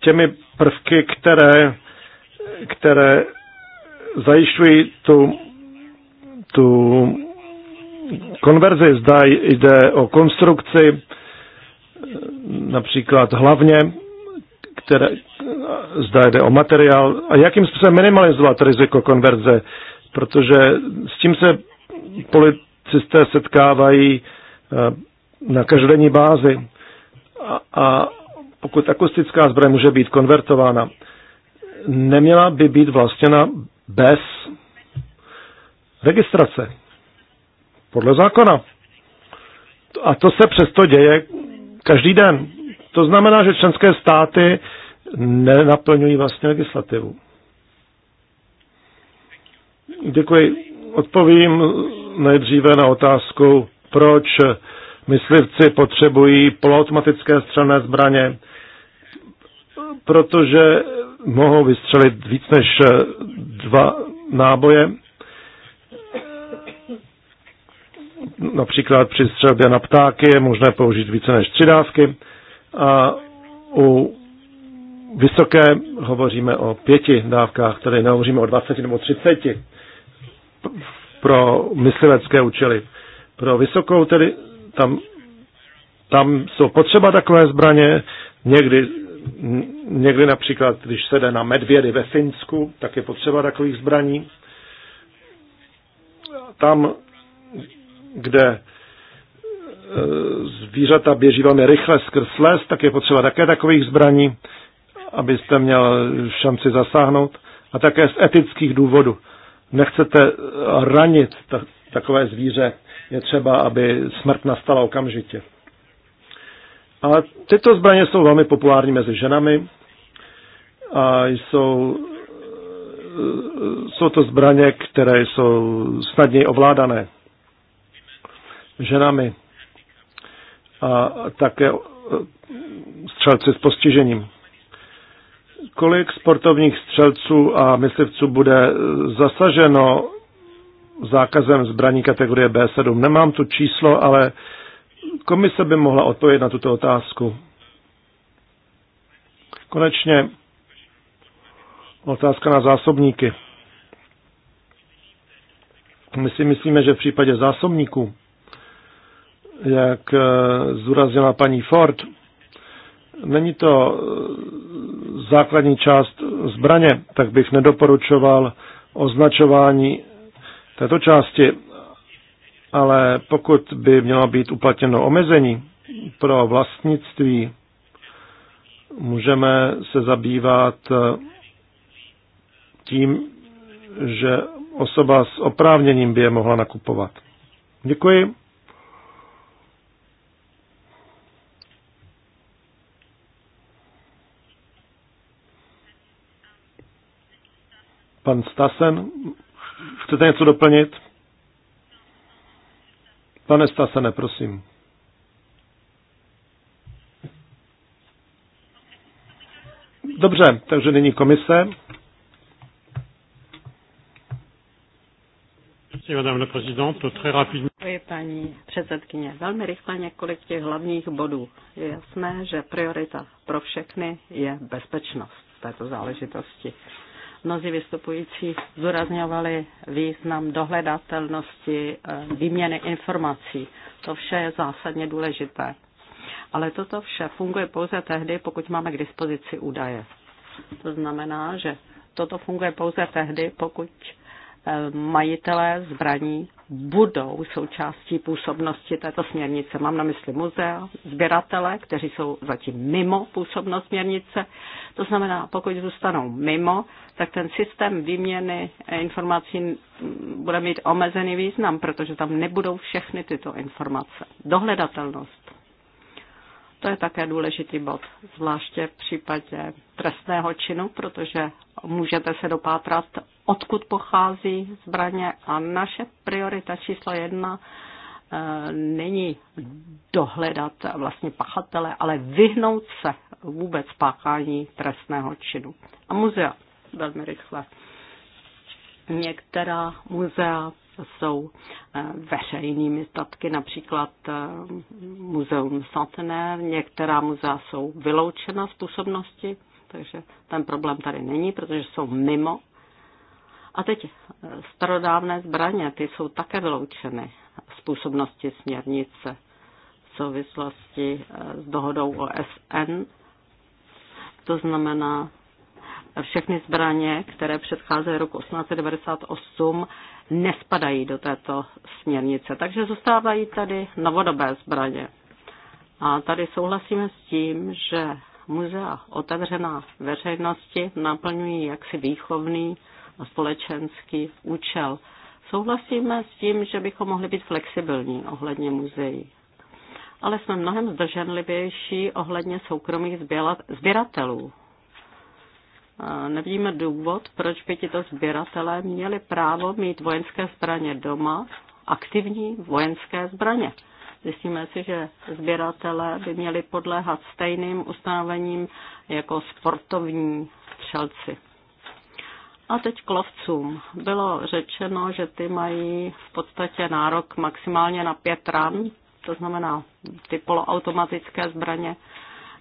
těmi prvky, které, které zajišťují tu, tu konverzi. Zda jde o konstrukci, například hlavně, které, zda jde o materiál a jakým způsobem minimalizovat riziko konverze, protože s tím se policisté setkávají eh, na každodenní bázi a, a pokud akustická zbraň může být konvertována, neměla by být vlastněna bez registrace. Podle zákona. A to se přesto děje každý den. To znamená, že členské státy nenaplňují vlastně legislativu. Děkuji. Odpovím nejdříve na otázku, proč myslivci potřebují poloautomatické střelné zbraně, protože mohou vystřelit víc než dva náboje Například při střelbě na ptáky je možné použít více než tři dávky a u vysoké hovoříme o pěti dávkách, tedy nehovoříme o 20 nebo 30 pro myslivecké účely. Pro vysokou tedy tam, tam jsou potřeba takové zbraně, někdy, někdy například, když se jde na medvědy ve Finsku, tak je potřeba takových zbraní. Tam kde e, zvířata běží velmi rychle skrz les, tak je potřeba také takových zbraní, abyste měl šanci zasáhnout. A také z etických důvodů. Nechcete ranit takové zvíře, je třeba, aby smrt nastala okamžitě. A tyto zbraně jsou velmi populární mezi ženami a jsou, e, e, jsou to zbraně, které jsou snadněji ovládané ženami a také e, střelci s postižením. Kolik sportovních střelců a myslivců bude e, zasaženo zákazem zbraní kategorie B7? Nemám tu číslo, ale komise by mohla odpovědět na tuto otázku. Konečně otázka na zásobníky. My si myslíme, že v případě zásobníků jak eh, zúraznila paní Ford, není to eh, základní část zbraně, tak bych nedoporučoval označování této části, ale pokud by mělo být uplatněno omezení pro vlastnictví, můžeme se zabývat eh, tím, že osoba s oprávněním by je mohla nakupovat. Děkuji. Pan Stasen, chcete něco doplnit? Pane Stasene, prosím. Dobře, takže nyní komise. Děkuji, paní předsedkyně. Velmi rychle několik těch hlavních bodů. Je jasné, že priorita pro všechny je bezpečnost této záležitosti. Mnozí vystupující zdůrazňovali význam dohledatelnosti eh, výměny informací. To vše je zásadně důležité. Ale toto vše funguje pouze tehdy, pokud máme k dispozici údaje. To znamená, že toto funguje pouze tehdy, pokud eh, majitelé zbraní budou součástí působnosti této směrnice. Mám na mysli muzea, sběratele, kteří jsou zatím mimo působnost směrnice. To znamená, pokud zůstanou mimo, tak ten systém výměny informací bude mít omezený význam, protože tam nebudou všechny tyto informace. Dohledatelnost. To je také důležitý bod, zvláště v případě trestného činu, protože můžete se dopátrat, odkud pochází zbraně a naše priorita číslo jedna eh, není dohledat vlastně pachatele, ale vyhnout se vůbec páchání trestného činu. A muzea, velmi rychle. Některá muzea jsou eh, veřejnými statky, například eh, muzeum Santener, některá muzea jsou vyloučena z působnosti, takže ten problém tady není, protože jsou mimo. A teď eh, starodávné zbraně, ty jsou také vyloučeny z působnosti směrnice v souvislosti s dohodou OSN. To znamená, všechny zbraně, které předcházejí roku 1898, nespadají do této směrnice. Takže zůstávají tady novodobé zbraně. A tady souhlasíme s tím, že muzea otevřená veřejnosti naplňují jaksi výchovný a společenský účel. Souhlasíme s tím, že bychom mohli být flexibilní ohledně muzeí. Ale jsme mnohem zdrženlivější ohledně soukromých sběratelů. Nevíme důvod, proč by tito sběratelé měli právo mít vojenské zbraně doma, aktivní vojenské zbraně. Zjistíme si, že sběratelé by měli podléhat stejným ustanovením jako sportovní střelci. A teď k lovcům. Bylo řečeno, že ty mají v podstatě nárok maximálně na pět ran, to znamená ty poloautomatické zbraně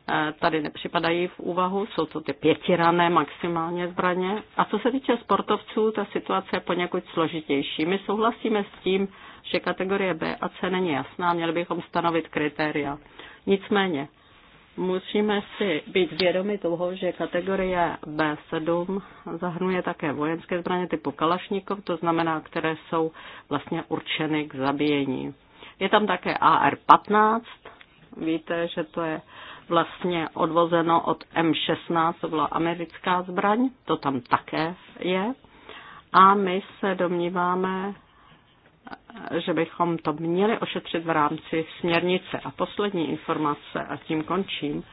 E, tady nepřipadají v úvahu, jsou to ty pětirané maximálně zbraně. A co se týče sportovců, ta situace je poněkud složitější. My souhlasíme s tím, že kategorie B a C není jasná, měli bychom stanovit kritéria. Nicméně, musíme si být vědomi toho, že kategorie B7 zahrnuje také vojenské zbraně typu Kalašníkov, to znamená, které jsou vlastně určeny k zabíjení. Je tam také AR-15, víte, že to je uh, vlastně odvozeno od M16, to byla americká zbraň, to tam také je. A my se domníváme, že bychom to měli ošetřit v rámci směrnice. A poslední informace, a tím končím,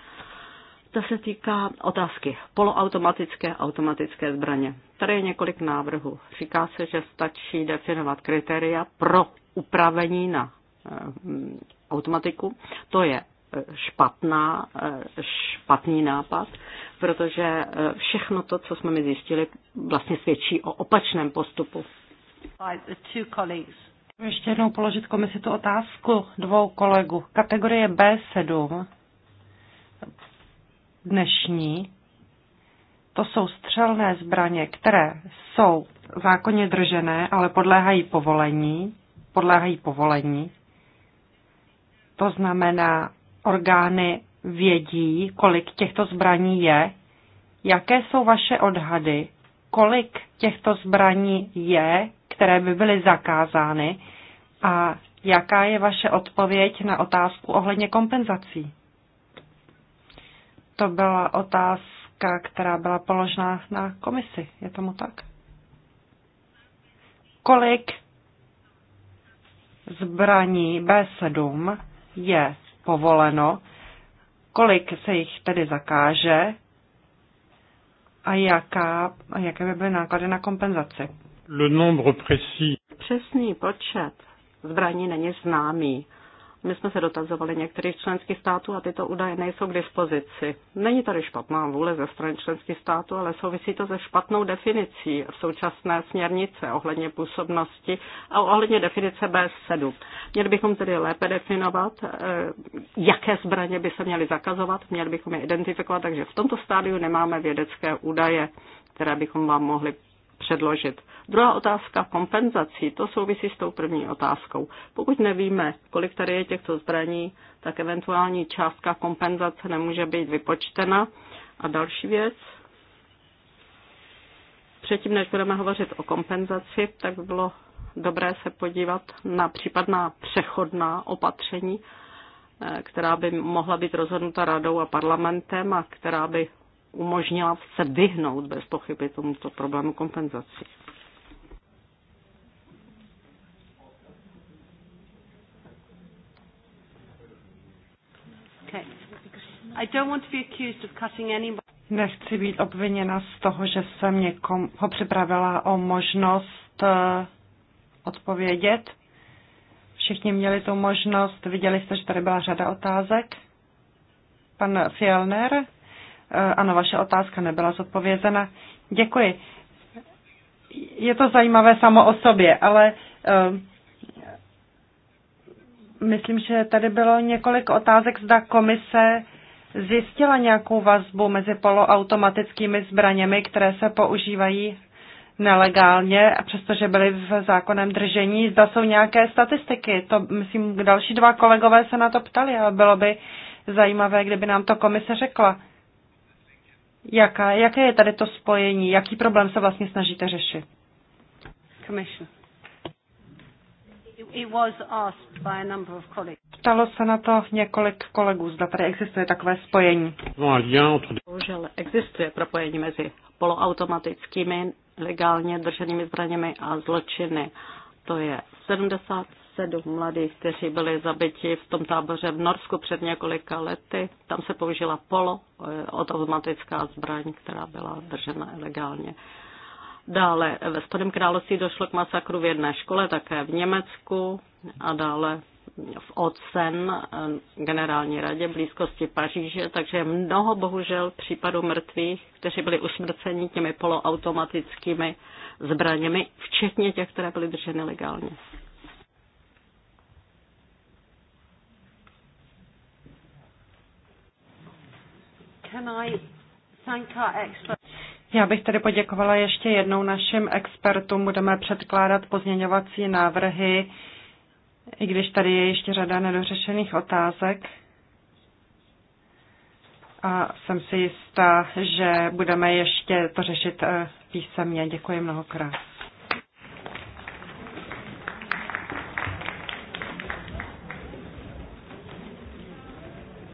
to se týká otázky poloautomatické a automatické zbraně. Tady je několik návrhů. Říká se, že stačí definovat kritéria pro upravení na eh, automatiku. To je špatná, eh, špatný nápad, protože eh, všechno to, co jsme mi zjistili, vlastně svědčí o opačném postupu. Ještě jednou položit komisi tu otázku dvou kolegů. Kategorie B7 dnešní, to jsou střelné zbraně, které jsou zákonně držené, ale podléhají povolení, podléhají povolení. To znamená, orgány vědí, kolik těchto zbraní je? Jaké jsou vaše odhady? Kolik těchto zbraní je, které by byly zakázány? A jaká je vaše odpověď na otázku ohledně kompenzací? To byla otázka, která byla položena na komisi. Je tomu tak? Kolik zbraní B7 je povoleno, kolik se jich tedy zakáže a jaká, a jaké by byly náklady na kompenzaci. Le nombre précis. Přesný počet zbraní není známý. My jsme se dotazovali některých členských států a tyto údaje nejsou k dispozici. Není tady špatná vůle ze strany členských států, ale souvisí to se špatnou definicí v současné směrnice ohledně působnosti a ohledně definice B7. Měli bychom tedy lépe definovat, eh, jaké zbraně by se měly zakazovat, měli bychom je identifikovat, takže v tomto stádiu nemáme vědecké údaje, které bychom vám mohli předložit. Druhá otázka kompenzací, to souvisí s tou první otázkou. Pokud nevíme, kolik tady je těchto zbraní, tak eventuální částka kompenzace nemůže být vypočtena. A další věc, předtím, než budeme hovořit o kompenzaci, tak by bylo dobré se podívat na případná přechodná opatření, eh, která by mohla být rozhodnuta radou a parlamentem a která by umožnila se vyhnout bez pochyby tomuto problému kompenzací. Okay. I don't want to be accused of cutting anybody. Nechci být obviněna z toho, že jsem někoho připravila o možnost eh, odpovědět. Všichni měli tu možnost, viděli jste, že tady byla řada otázek. Pan Fjellner? Ano, vaše otázka nebyla zodpovězena. Děkuji. Je to zajímavé samo o sobě, ale eh, myslím, že tady bylo několik otázek, zda komise zjistila nějakou vazbu mezi poloautomatickými zbraněmi, které se používají nelegálně, a přestože byly v zákonem držení. Zda jsou nějaké statistiky. To, myslím, další dva kolegové se na to ptali, ale bylo by zajímavé, kdyby nám to komise řekla. Jaká, jaké je tady to spojení? Jaký problém se vlastně snažíte řešit? Commission. Ptalo se na to několik kolegů, zda tady existuje takové spojení. Bohužel existuje propojení mezi poloautomatickými legálně drženými zbraněmi a zločiny. To je 70 sedm mladých, kteří byli zabiti v tom táboře v Norsku před několika lety. Tam se použila polo, eh, automatická zbraň, která byla držena ilegálně. Dále ve Spodem království došlo k masakru v jedné škole, také v Německu a dále v Ocen, eh, generální radě blízkosti Paříže, takže mnoho bohužel případů mrtvých, kteří byli usmrceni těmi poloautomatickými zbraněmi, včetně těch, které byly drženy legálně. Já bych tedy poděkovala ještě jednou našim expertům. Budeme předkládat pozměňovací návrhy, i když tady je ještě řada nedořešených otázek. A jsem si jistá, že budeme ještě to řešit eh, písemně. Děkuji mnohokrát.